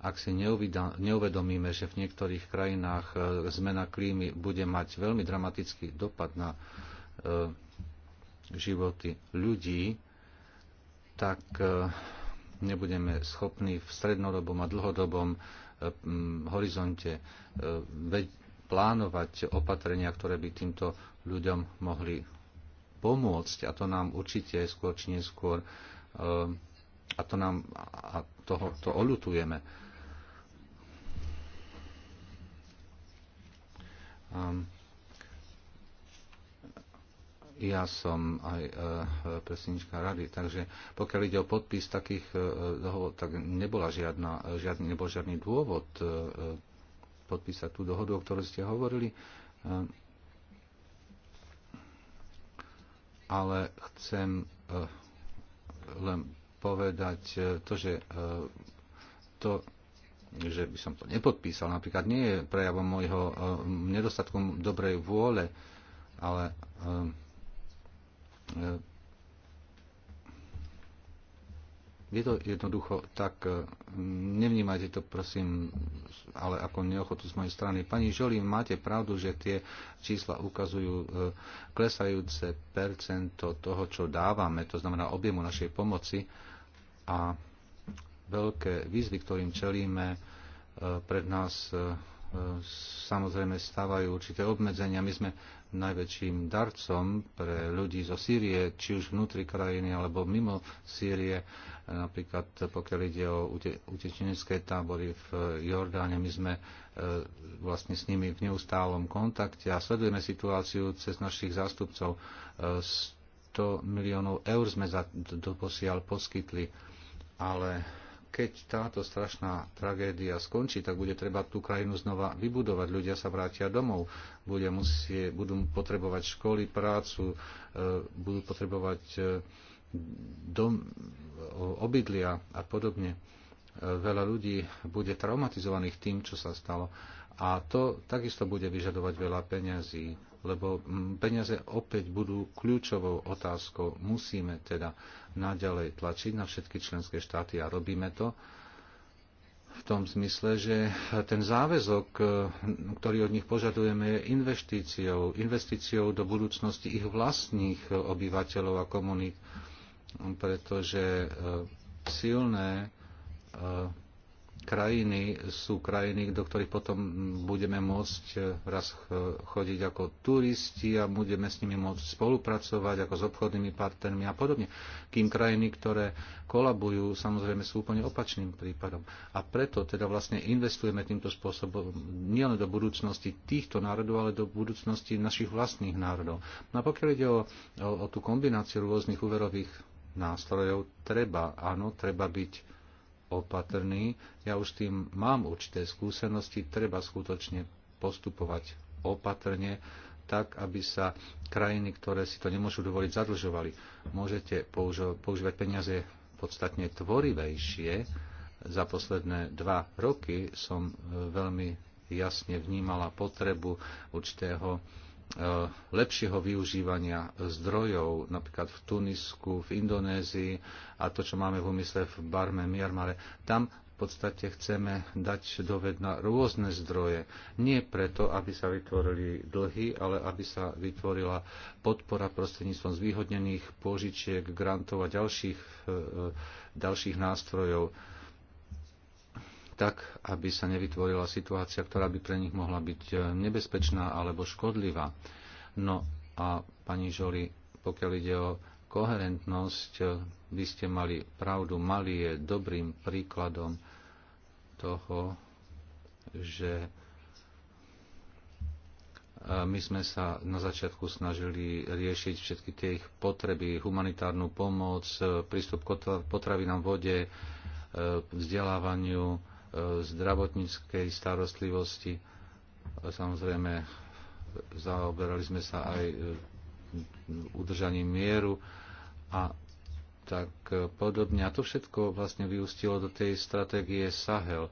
Ak si neuvedomíme, že v niektorých krajinách e, zmena klímy bude mať veľmi dramatický dopad na e, životy ľudí, tak nebudeme schopní v strednodobom a dlhodobom horizonte plánovať opatrenia, ktoré by týmto ľuďom mohli pomôcť a to nám určite skôr či neskôr ehm, a to nám a toho, to olutujeme. Ehm, ja som aj e, predsednička rady, takže pokiaľ ide o podpis takých eh, dohovor, tak nebola žiadna, eh, žiadny, nebol žiadny dôvod podpísať tú dohodu, o ktorej ste hovorili. Ehm, ale chcem eh, len povedať eh, to, že eh, to, že by som to nepodpísal, napríklad nie je prejavom môjho nedostatkom dobrej vôle, ale Je to jednoducho tak, e, nevnímajte to prosím, ale ako neochotu z mojej strany. Pani Žolí, máte pravdu, že tie čísla ukazujú e, klesajúce percento toho, čo dávame, to znamená objemu našej pomoci a veľké výzvy, ktorým čelíme, e, pred nás samozrejme stávajú určité obmedzenia. My sme najväčším darcom pre ľudí zo Sýrie, či už vnútri krajiny alebo mimo Sýrie. Napríklad pokiaľ ide o utečenecké tábory v Jordáne, my sme e, vlastne s nimi v neustálom kontakte a sledujeme situáciu cez našich zástupcov. 100 e, miliónov eur sme za doposiaľ poskytli, ale keď táto strašná tragédia skončí, tak bude treba tú krajinu znova vybudovať. Ľudia sa vrátia domov, bude musie, budú potrebovať školy, prácu, e, budú potrebovať e, dom, obydlia a podobne. E, veľa ľudí bude traumatizovaných tým, čo sa stalo. A to takisto bude vyžadovať veľa peňazí, lebo peniaze opäť budú kľúčovou otázkou. Musíme teda naďalej tlačiť na všetky členské štáty a robíme to v tom zmysle, že ten záväzok, e, ktorý od nich požadujeme, je investíciou, investíciou do budúcnosti ich vlastných obyvateľov a komunít, pretože e, silné e, krajiny sú krajiny, do ktorých potom budeme môcť eh, raz eh, chodiť ako turisti a budeme s nimi môcť spolupracovať ako s obchodnými partnermi a podobne. Kým krajiny, ktoré kolabujú, samozrejme sú úplne opačným prípadom. A preto teda vlastne investujeme týmto spôsobom nielen do budúcnosti týchto národov, ale do budúcnosti našich vlastných národov. No a pokiaľ ide o, o, o tú kombináciu rôznych úverových nástrojov, treba, áno, treba byť opatrný. Ja už tým mám určité skúsenosti, treba skutočne postupovať opatrne, tak, aby sa krajiny, ktoré si to nemôžu dovoliť, zadlžovali. Môžete používať peniaze podstatne tvorivejšie. Za posledné dva roky som e, veľmi jasne vnímala potrebu určitého E, lepšieho využívania zdrojov, napríklad v Tunisku, v Indonézii a to, čo máme v úmysle v Barme, Miarmare, tam v podstate chceme dať doved na rôzne zdroje. Nie preto, aby sa vytvorili dlhy, ale aby sa vytvorila podpora prostredníctvom zvýhodnených pôžičiek, grantov a ďalších, e, e, ďalších nástrojov tak aby sa nevytvorila situácia, ktorá by pre nich mohla byť e, nebezpečná alebo škodlivá. No a pani Žoli, pokiaľ ide o koherentnosť, e, vy ste mali pravdu, Mali je dobrým príkladom toho, že e, my sme sa na začiatku snažili riešiť všetky tie ich potreby, humanitárnu pomoc, prístup k potravinám, vode, vzdelávaniu, zdravotníckej starostlivosti. Samozrejme, zaoberali sme sa aj e, udržaním mieru a tak e, podobne. A to všetko vlastne vyústilo do tej stratégie Sahel.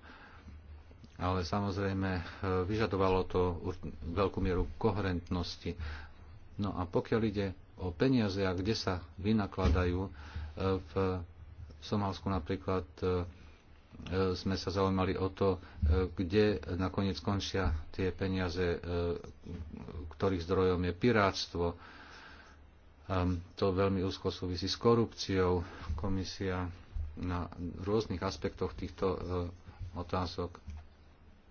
Ale samozrejme, e, vyžadovalo to veľkú mieru koherentnosti. No a pokiaľ ide o peniaze a kde sa vynakladajú, v Somálsku napríklad E, sme sa zaujímali o to, e, kde nakoniec končia tie peniaze, e, ktorých zdrojom je pirátstvo. Ehm, to veľmi úzko súvisí s korupciou. Komisia na rôznych aspektoch týchto otázok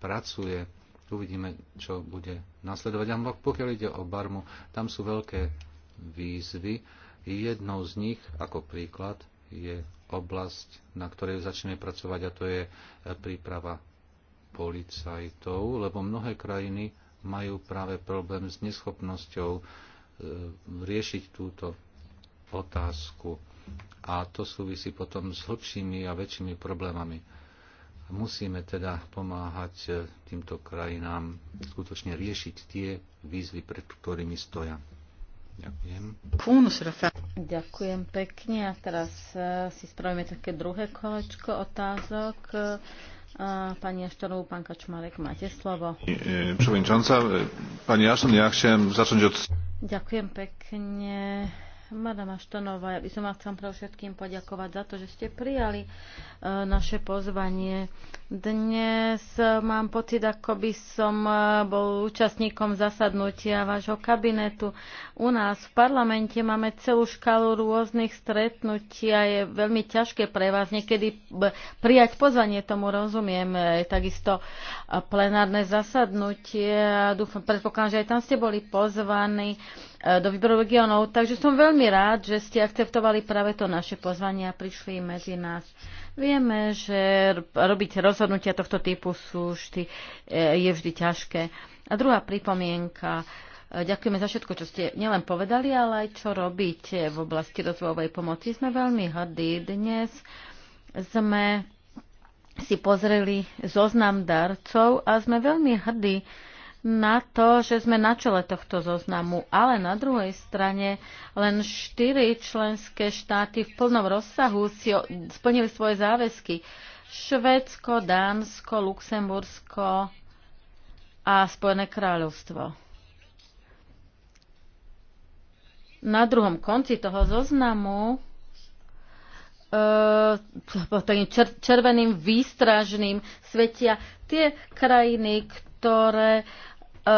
pracuje. Uvidíme, čo bude nasledovať. A pokiaľ ide o Barmu, tam sú veľké výzvy. Jednou z nich, ako príklad, je oblasť, na ktorej začneme pracovať a to je e, príprava policajtov, lebo mnohé krajiny majú práve problém s neschopnosťou e, riešiť túto otázku. A to súvisí potom s hlbšími a väčšími problémami. Musíme teda pomáhať e, týmto krajinám skutočne riešiť tie výzvy, pred ktorými stoja. Ďakujem. Ďakujem pekne a teraz e, si spravíme také druhé kolečko otázok. E, pani Eštorovú, pán Kačmarek, máte slovo. E, pani Aszton, ja chcem začať od... Ďakujem pekne. Madama Štonová, ja by som vám chcem pre všetkým poďakovať za to, že ste prijali e, naše pozvanie. Dnes mám pocit, ako by som e, bol účastníkom zasadnutia vášho kabinetu. U nás v parlamente máme celú škálu rôznych stretnutí a je veľmi ťažké pre vás niekedy prijať pozvanie, tomu rozumiem. E, je takisto plenárne zasadnutie a dúfam, predpokladám, že aj tam ste boli pozvaní. E, do výboru regionov. Takže som veľmi rád, že ste akceptovali práve to naše pozvanie a prišli medzi nás. Vieme, že robiť rozhodnutia tohto typu sú vždy, e, je vždy ťažké. A druhá pripomienka. E, ďakujeme za všetko, čo ste nielen povedali, ale aj čo robíte v oblasti rozvojovej pomoci. Sme veľmi hrdí. Dnes sme si pozreli zoznam darcov a sme veľmi hrdí, na to, že sme na čele tohto zoznamu, ale na druhej strane len štyri členské štáty v plnom rozsahu si splnili svoje záväzky. Švedsko, Dánsko, Luxembursko a Spojené kráľovstvo. Na druhom konci toho zoznamu eh, červeným výstražným svetia tie krajiny, ktoré E,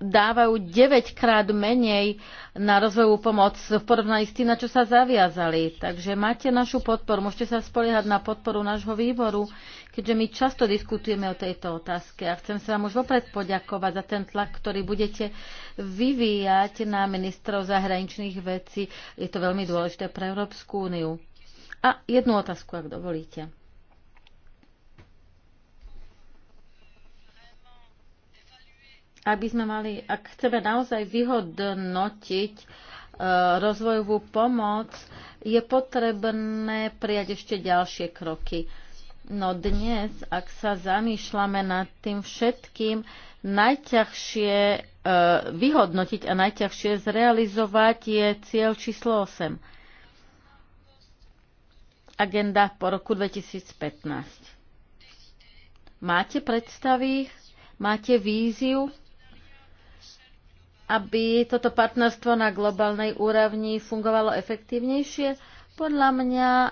dávajú 9 krát menej na rozvojovú pomoc v porovnaní s tým, na čo sa zaviazali. Takže máte našu podporu, môžete sa spoliehať na podporu nášho výboru, keďže my často diskutujeme o tejto otázke a chcem sa vám už vopred poďakovať za ten tlak, ktorý budete vyvíjať na ministrov zahraničných vecí. Je to veľmi dôležité pre Európsku úniu. A jednu otázku, ak dovolíte. aby sme mali, ak chceme naozaj vyhodnotiť e, rozvojovú pomoc, je potrebné prijať ešte ďalšie kroky. No dnes, ak sa zamýšľame nad tým všetkým, najťažšie e, vyhodnotiť a najťažšie zrealizovať je cieľ číslo 8. Agenda po roku 2015. Máte predstavy? Máte víziu? aby toto partnerstvo na globálnej úrovni fungovalo efektívnejšie? Podľa mňa e,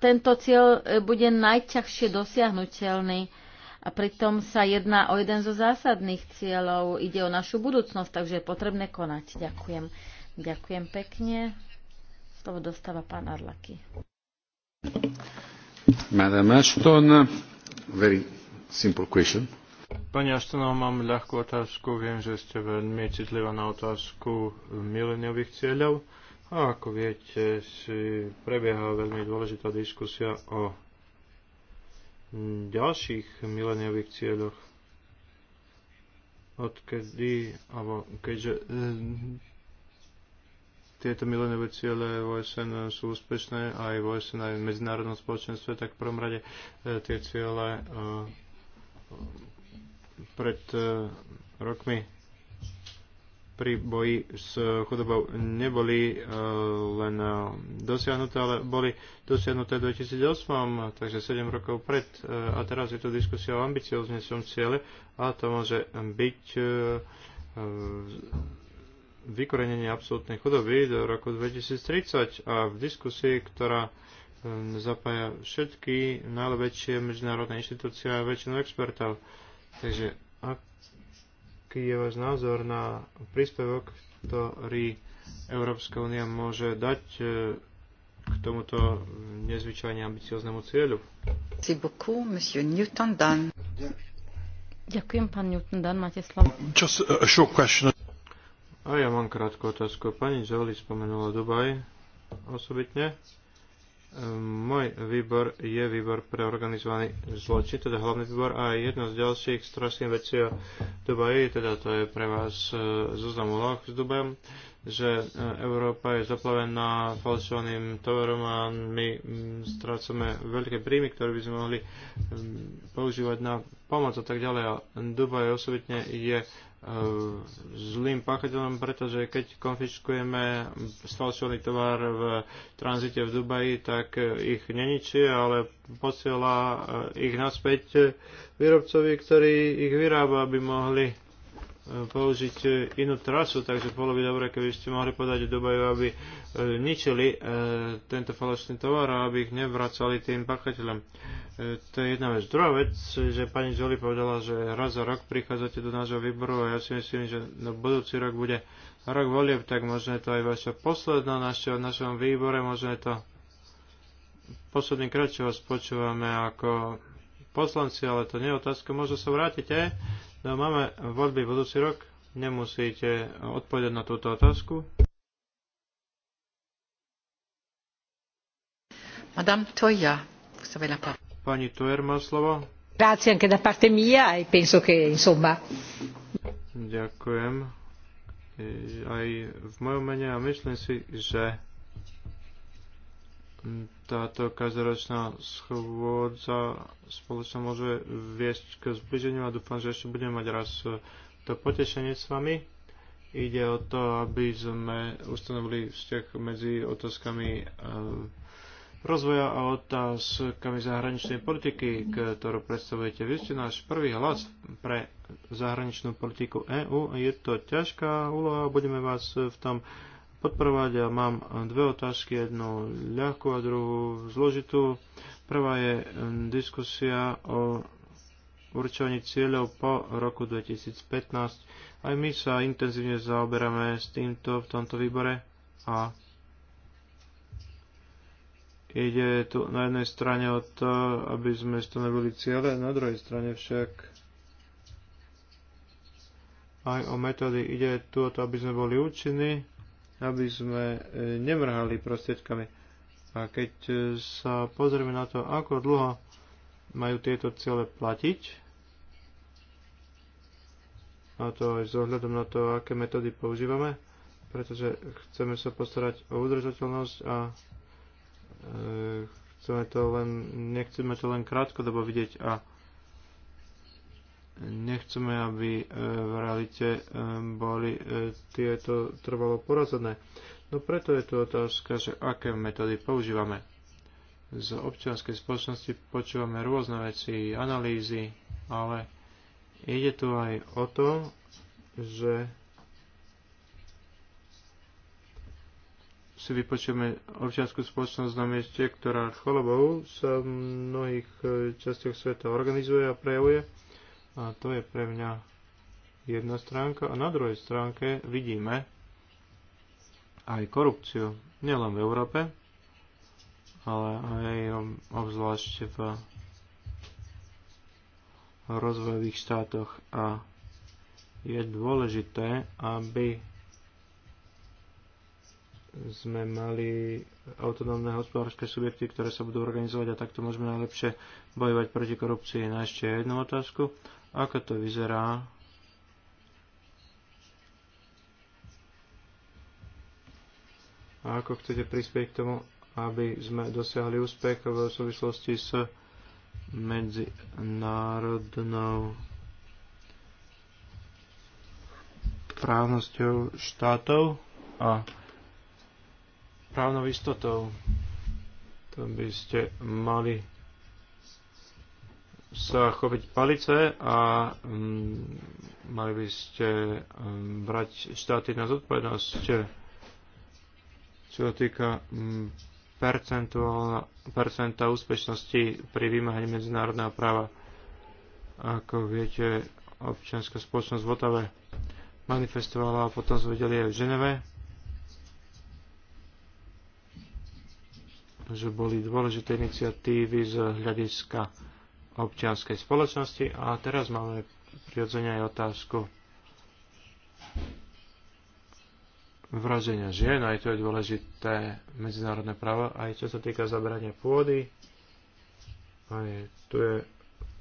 tento cieľ e, bude najťažšie dosiahnutelný a pritom sa jedná o jeden zo zásadných cieľov. Ide o našu budúcnosť, takže je potrebné konať. Ďakujem. Ďakujem pekne. Slovo dostáva pán Arlaky. Madame Ashton, very simple question. Pani Aštanová, mám ľahkú otázku. Viem, že ste veľmi citlivá na otázku mileniových cieľov. A ako viete, si prebieha veľmi dôležitá diskusia o ďalších mileniových cieľoch. Odkedy, alebo keďže eh, tieto milenové ciele OSN sú úspešné, aj v OSN, aj v medzinárodnom spoločenstve, tak v prvom rade eh, tie ciele eh, pred e, rokmi pri boji s chudobou neboli e, len e, dosiahnuté, ale boli dosiahnuté v 2008, takže 7 rokov pred. A teraz je tu diskusia o ambicioznejšom ciele a to môže byť vykorenenie absolútnej chudoby do roku 2030 a v diskusii, ktorá zapája všetky najväčšie medzinárodné inštitúcie a väčšinu expertov Takže aký je váš názor na príspevok, ktorý Európska únia môže dať e, k tomuto nezvyčajne ambicioznému cieľu? Ďakujem, pán Newton Dan, máte slovo. Just a short question. A ja mám krátku otázku. Pani Zoli spomenula Dubaj osobitne. Môj výbor je výbor pre organizovaný zločin, teda hlavný výbor a jedna z ďalších strašných vecí o Dubaji, teda to je pre vás e, zoznam úloh s Dubajom, že e, Európa je zaplavená falšovaným tovarom a my mm, strácame veľké príjmy, ktoré by sme mohli mm, používať na pomoc a tak ďalej. A Dubaj osobitne je E, zlým páchateľom, pretože keď konfiškujeme sfalšovaný tovar v tranzite v Dubaji, tak ich neničí, ale posiela e, ich naspäť výrobcovi, ktorý ich vyrába, aby mohli použiť e, inú trasu, takže bolo by dobré, keby ste mohli podať do Dubaju, aby e, ničili e, tento falošný tovar a aby ich nevracali tým pachateľom. To je jedna vec. Druhá vec, že pani Zoli povedala, že raz za rok prichádzate do nášho výboru a ja si myslím, že na budúci rok bude rok volieb, tak možno je to aj vaša posledná návšteva v našom výbore, možno je to posledný krát, čo vás počúvame ako poslanci, ale to nie je otázka, možno sa vrátite No, máme voľby budúci rok, nemusíte odpovedať na túto otázku. Madame Toya, vous avez la parole. Pani Toer má slovo. Grazie anche da parte mia e penso che insomma... Ďakujem. E, aj v mojom mene a myslím si, že táto každoročná schôdza spoločne môže viesť k zbliženiu a dúfam, že ešte budeme mať raz e, to potešenie s vami. Ide o to, aby sme ustanovili vzťah medzi otázkami e, rozvoja a otázkami zahraničnej politiky, ktorú predstavujete. Vy ste náš prvý hlas pre zahraničnú politiku EÚ. Je to ťažká úloha, budeme vás v tom podporovať a mám dve otázky, jednu ľahkú a druhú zložitú. Prvá je hm, diskusia o určovaní cieľov po roku 2015. Aj my sa intenzívne zaoberáme s týmto v tomto výbore a ide tu na jednej strane o to, aby sme stanovili cieľe, na druhej strane však aj o metódy. Ide tu o to, aby sme boli účinní aby sme e, nemrhali prostriedkami. A keď e, sa pozrieme na to, ako dlho majú tieto ciele platiť, a to aj s ohľadom na to, aké metódy používame, pretože chceme sa postarať o udržateľnosť a e, chceme to len, nechceme to len krátkodobo vidieť a Nechceme, aby e, v realite e, boli e, tieto trvalo porazené. No preto je tu otázka, že aké metódy používame. Z občianskej spoločnosti počúvame rôzne veci, analýzy, ale ide tu aj o to, že si vypočujeme občianskú spoločnosť na mieste, ktorá chvala sa v mnohých častiach sveta organizuje a prejavuje a to je pre mňa jedna stránka. A na druhej stránke vidíme aj korupciu. Nielen v Európe, ale aj obzvlášť v rozvojových štátoch. A je dôležité, aby sme mali autonómne hospodárske subjekty, ktoré sa budú organizovať a takto môžeme najlepšie bojovať proti korupcii. Na ešte jednu otázku. Ako to vyzerá a ako chcete prispieť k tomu, aby sme dosiahli úspech v súvislosti s medzinárodnou právnosťou štátov a právnou istotou. To by ste mali sa chopiť palice a um, mali by ste um, brať štáty na zodpovednosť, čo sa týka um, percenta úspešnosti pri vymáhaní medzinárodného práva. Ako viete, občianská spoločnosť v Otave manifestovala a potom sme videli aj v Ženeve, že boli dôležité iniciatívy z hľadiska občianskej spoločnosti. A teraz máme prirodzene aj otázku vraženia žien, aj to je dôležité medzinárodné právo, aj čo sa týka zabrania pôdy, aj tu je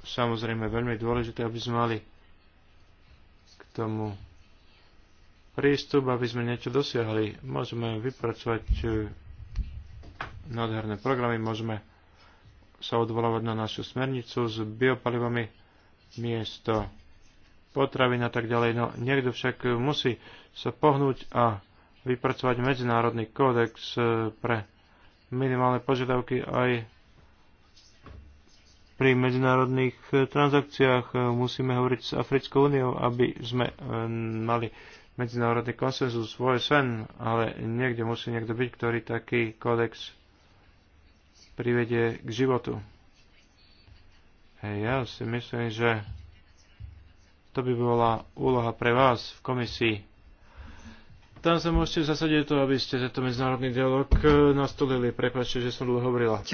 samozrejme veľmi dôležité, aby sme mali k tomu prístup, aby sme niečo dosiahli. Môžeme vypracovať eh, nádherné programy, môžeme sa odvolávať na našu smernicu s biopalivami miesto potravín a tak ďalej. No niekto však musí sa pohnúť a vypracovať medzinárodný kódex e, pre minimálne požiadavky aj pri medzinárodných e, transakciách. E, musíme hovoriť s Africkou úniou, aby sme mali medzinárodný konsenzus svoj sen, ale niekde musí niekto byť, ktorý taký kódex privedie k životu. Hej, ja si myslím, že to by bola úloha pre vás v komisii. Tam sa môžete zasadiť to, aby ste tento medzinárodný dialog e, nastolili. Prepačte, že som dlho hovorila.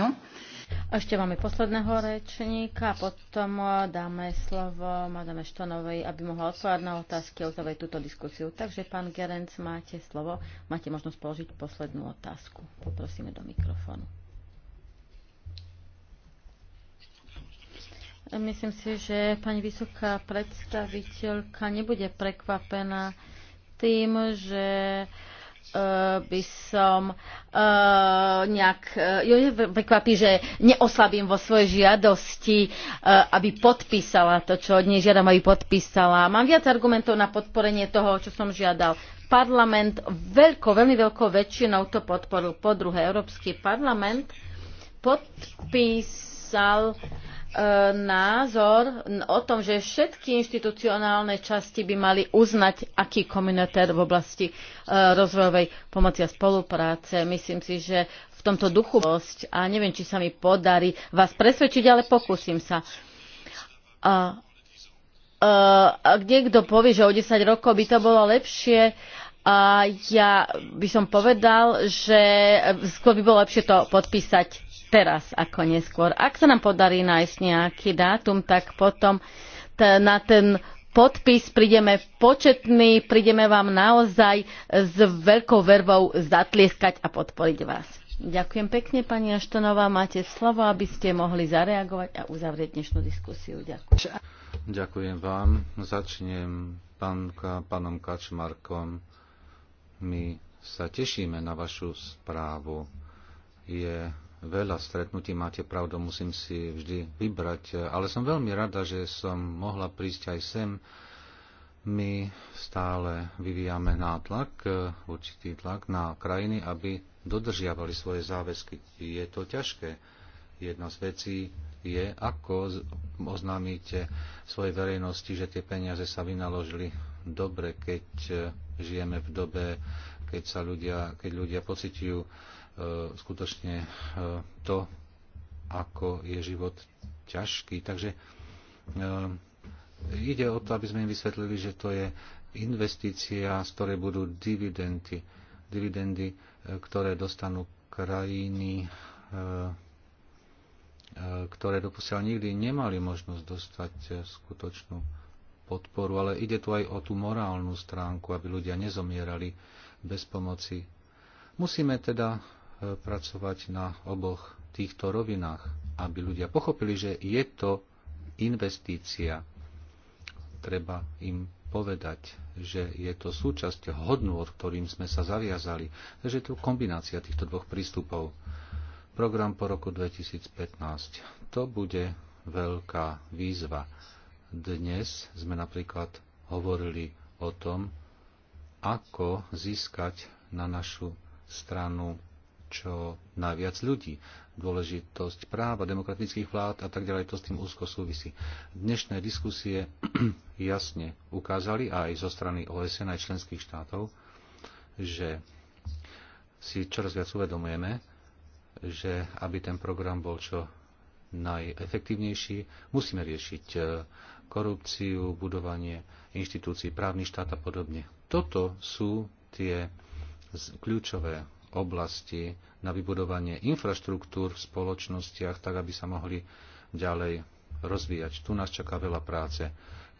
Ešte máme posledného rečníka, potom e, dáme slovo madame Štonovej, aby mohla odpovedať na otázky a uzavrieť túto diskusiu. Takže, pán Gerenc, máte slovo, máte možnosť položiť poslednú otázku. Poprosíme do mikrofónu. Myslím si, že pani vysoká predstaviteľka nebude prekvapená tým, že e, by som e, nejak... E, jo, prekvapí, že neoslabím vo svojej žiadosti, aby podpísala to, čo od nej žiadam, aby podpísala. Mám viac argumentov na podporenie toho, čo som žiadal. Parlament veľkou, veľmi veľkou väčšinou to podporil. Po druhé, Európsky parlament podpísal E, názor o tom, že všetky inštitucionálne časti by mali uznať, aký komunitér v oblasti e, rozvojovej pomoci a spolupráce. Myslím si, že v tomto duchu a neviem, či sa mi podarí vás presvedčiť, ale pokúsim sa. A, e, a, kde kto povie, že o 10 rokov by to bolo lepšie, a ja by som povedal, že skôr by bolo lepšie to podpísať teraz ako neskôr. Ak sa nám podarí nájsť nejaký dátum, tak potom na ten podpis prídeme početný, prídeme vám naozaj s veľkou vervou zatlieskať a podporiť vás. Ďakujem pekne, pani Aštonová. Máte slovo, aby ste mohli zareagovať a uzavrieť dnešnú diskusiu. Ďakujem. Ďakujem vám. Začnem pánka, pánom Kačmarkom. My sa tešíme na vašu správu. Je veľa stretnutí, máte pravdu, musím si vždy vybrať, ale som veľmi rada, že som mohla prísť aj sem. My stále vyvíjame nátlak, určitý tlak na krajiny, aby dodržiavali svoje záväzky. Je to ťažké. Jedna z vecí je, ako oznámite svojej verejnosti, že tie peniaze sa vynaložili dobre, keď eh, žijeme v dobe, keď sa ľudia, keď ľudia pocitujú E, skutočne e, to, ako je život ťažký. Takže e, ide o to, aby sme im vysvetlili, že to je investícia, z ktorej budú dividendy, dividendy ktoré dostanú krajiny, ktoré doposiaľ nikdy nemali možnosť dostať skutočnú podporu, ale ide tu aj o tú morálnu stránku, aby ľudia nezomierali bez pomoci. Musíme teda pracovať na oboch týchto rovinách, aby ľudia pochopili, že je to investícia. Treba im povedať, že je to súčasť hodnôt, ktorým sme sa zaviazali. Takže je to kombinácia týchto dvoch prístupov. Program po roku 2015. To bude veľká výzva. Dnes sme napríklad hovorili o tom, ako získať na našu stranu čo najviac ľudí, dôležitosť práva, demokratických vlád a tak ďalej, to s tým úzko súvisí. Dnešné diskusie jasne ukázali aj zo strany OSN aj členských štátov, že si čoraz viac uvedomujeme, že aby ten program bol čo najefektívnejší, musíme riešiť e, korupciu, budovanie inštitúcií, právny štát a podobne. Toto sú tie kľúčové oblasti na vybudovanie infraštruktúr v spoločnostiach, tak aby sa mohli ďalej rozvíjať. Tu nás čaká veľa práce.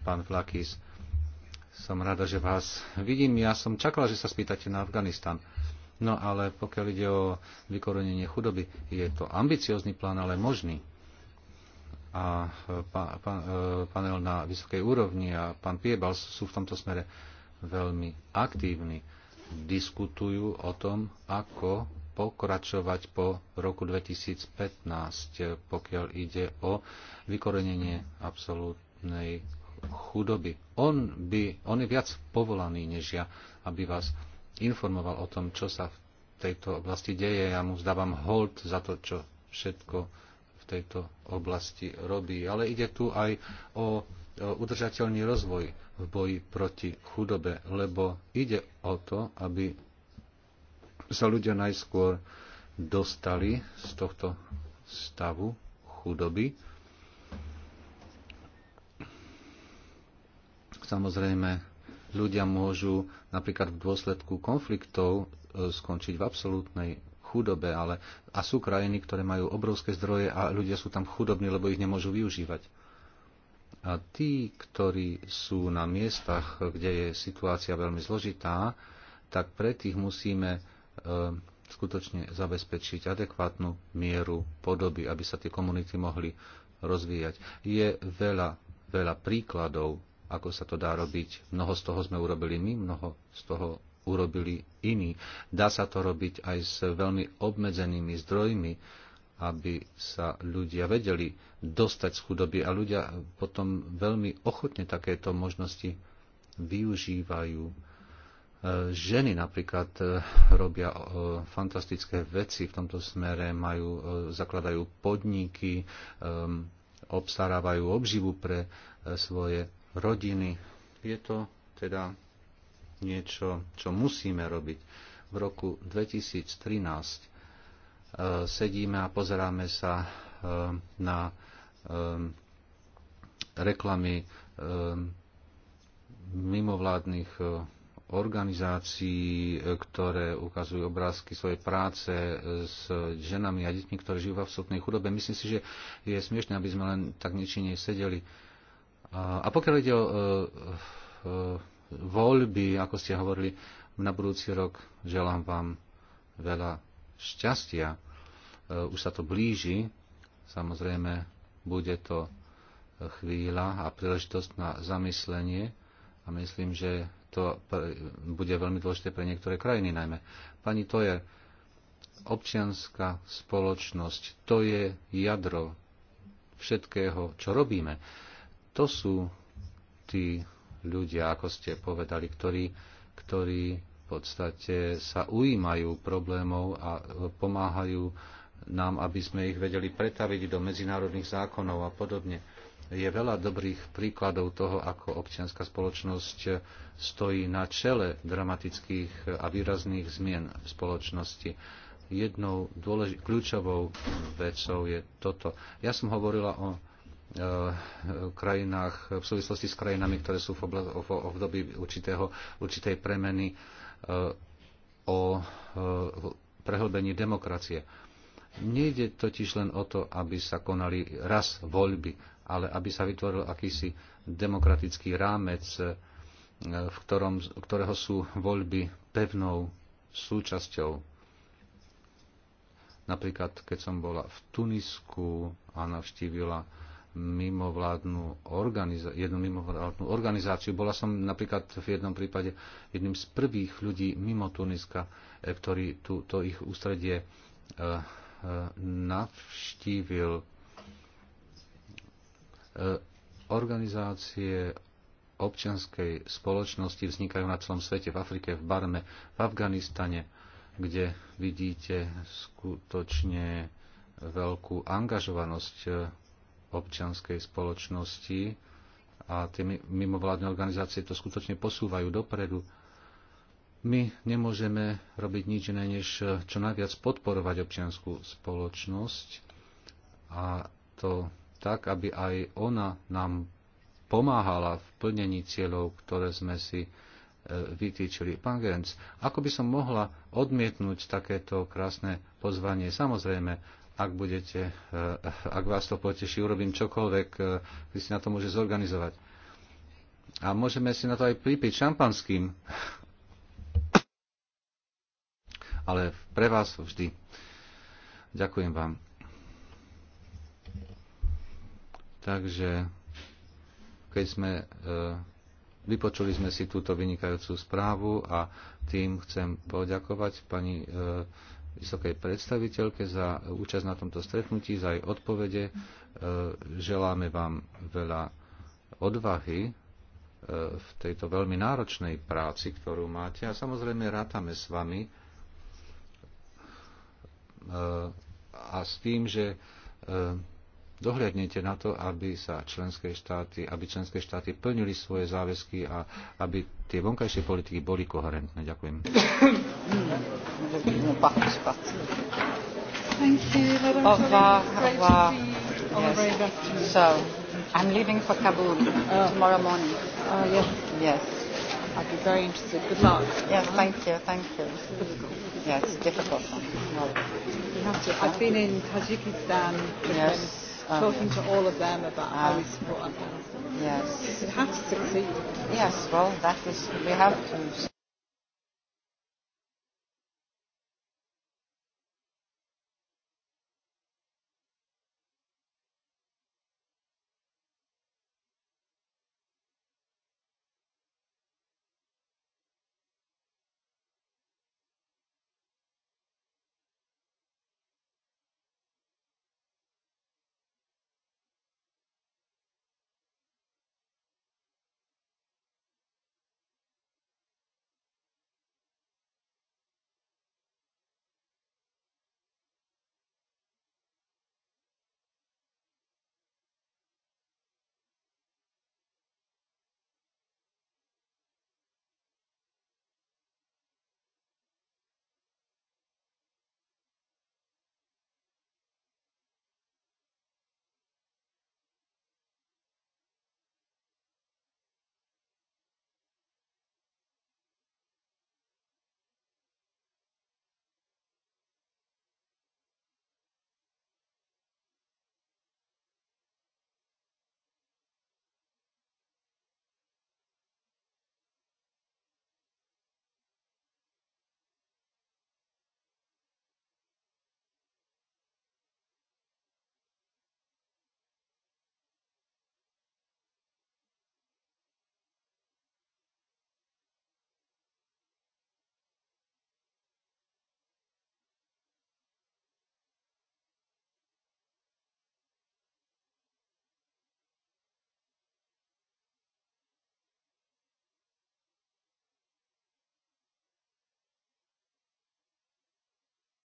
Pán Flakis, som rada, že vás vidím. Ja som čakala, že sa spýtate na Afganistan. No ale pokiaľ ide o vykorenenie chudoby, je to ambiciózny plán, ale možný. A pa, pa, e, panel na vysokej úrovni a pán Piebal sú v tomto smere veľmi aktívni diskutujú o tom, ako pokračovať po roku 2015, pokiaľ ide o vykorenenie absolútnej chudoby. On, by, on je viac povolaný než ja, aby vás informoval o tom, čo sa v tejto oblasti deje. Ja mu zdávam hold za to, čo všetko v tejto oblasti robí. Ale ide tu aj o udržateľný rozvoj v boji proti chudobe, lebo ide o to, aby sa ľudia najskôr dostali z tohto stavu chudoby. Samozrejme, ľudia môžu napríklad v dôsledku konfliktov e, skončiť v absolútnej chudobe, ale a sú krajiny, ktoré majú obrovské zdroje a ľudia sú tam chudobní, lebo ich nemôžu využívať. A tí, ktorí sú na miestach, kde je situácia veľmi zložitá, tak pre tých musíme e, skutočne zabezpečiť adekvátnu mieru podoby, aby sa tie komunity mohli rozvíjať. Je veľa, veľa príkladov, ako sa to dá robiť. Mnoho z toho sme urobili my, mnoho z toho urobili iní. Dá sa to robiť aj s veľmi obmedzenými zdrojmi aby sa ľudia vedeli dostať z chudoby a ľudia potom veľmi ochotne takéto možnosti využívajú. E, ženy napríklad e, robia e, fantastické veci v tomto smere, majú, zakladajú podniky, obstarávajú obživu pre svoje rodiny. Je to teda niečo, čo musíme robiť. V roku 2013 E, sedíme a pozeráme sa e, na e, reklamy mimovládnych organizácií, ktoré ukazujú obrázky svojej práce s ženami a deťmi, ktoré žijú v absolútnej chudobe. Myslím si, že je smiešne, aby sme len tak nečine sedeli. A pokiaľ ide o voľby, ako ste hovorili, na budúci rok želám vám veľa šťastia E, už sa to blíži. Samozrejme, bude to e, chvíľa a príležitosť na zamyslenie a myslím, že to bude veľmi dôležité pre niektoré krajiny najmä. Pani je občianská spoločnosť, to je jadro všetkého, čo robíme. To sú tí ľudia, ako ste povedali, ktorí, ktorí v podstate sa ujímajú problémov a pomáhajú nám, aby sme ich vedeli pretaviť do medzinárodných zákonov a podobne. Je veľa dobrých príkladov toho, ako občianská spoločnosť stojí na čele dramatických a výrazných zmien v spoločnosti. Jednou dôlež- kľúčovou vecou je toto. Ja som hovorila o eh, krajinách, v súvislosti s krajinami, ktoré sú v, obla- v období určitého, určitej premeny eh, o eh, prehlbení demokracie. Nejde totiž len o to, aby sa konali raz voľby, ale aby sa vytvoril akýsi demokratický rámec, e, v ktorom, ktorého sú voľby pevnou súčasťou. Napríklad, keď som bola v Tunisku a navštívila mimovládnu organiza- jednu mimovládnu organizáciu. Bola som napríklad v jednom prípade jedným z prvých ľudí mimo Tuniska, e, ktorí to ich ústredie e, navštívil eh, organizácie občianskej spoločnosti vznikajú na celom svete, v Afrike, v Barme, v Afganistane, kde vidíte skutočne veľkú angažovanosť eh, občianskej spoločnosti a tie mimovládne organizácie to skutočne posúvajú dopredu. My nemôžeme robiť nič iné, než eh, čo najviac podporovať občianskú spoločnosť a to tak, aby aj ona nám pomáhala v plnení cieľov, ktoré sme si eh, vytýčili. Pán Gerenc, ako by som mohla odmietnúť takéto krásne pozvanie? Samozrejme, ak budete, eh, ak vás to poteší, urobím čokoľvek, vy si na to môže zorganizovať. A môžeme si na to aj pripiť šampanským, ale pre vás vždy. Ďakujem vám. Takže keď sme e, Vypočuli sme si túto vynikajúcu správu a tým chcem poďakovať pani e, vysokej predstaviteľke za účasť na tomto stretnutí, za jej odpovede. E, želáme vám veľa odvahy v tejto veľmi náročnej práci, ktorú máte a samozrejme rátame s vami a s tým, že e, dohľadnete na to, aby sa členské štáty, aby členské štáty plnili svoje záväzky a aby tie vonkajšie politiky boli koherentné. Ďakujem. Thank you. Au revoir. Au Yes. So, I'm leaving for Kabul uh, tomorrow morning. Uh, yes. Yes. I'd be very interested. Good luck. Yes, thank you, thank you. It's difficult. Yeah, it's difficult. you have to. I've been in Tajikistan with yes. them, um, talking to all of them about ah. how we uh, support Afghanistan. Yes. It has to succeed. Yes, well, that is, we have to.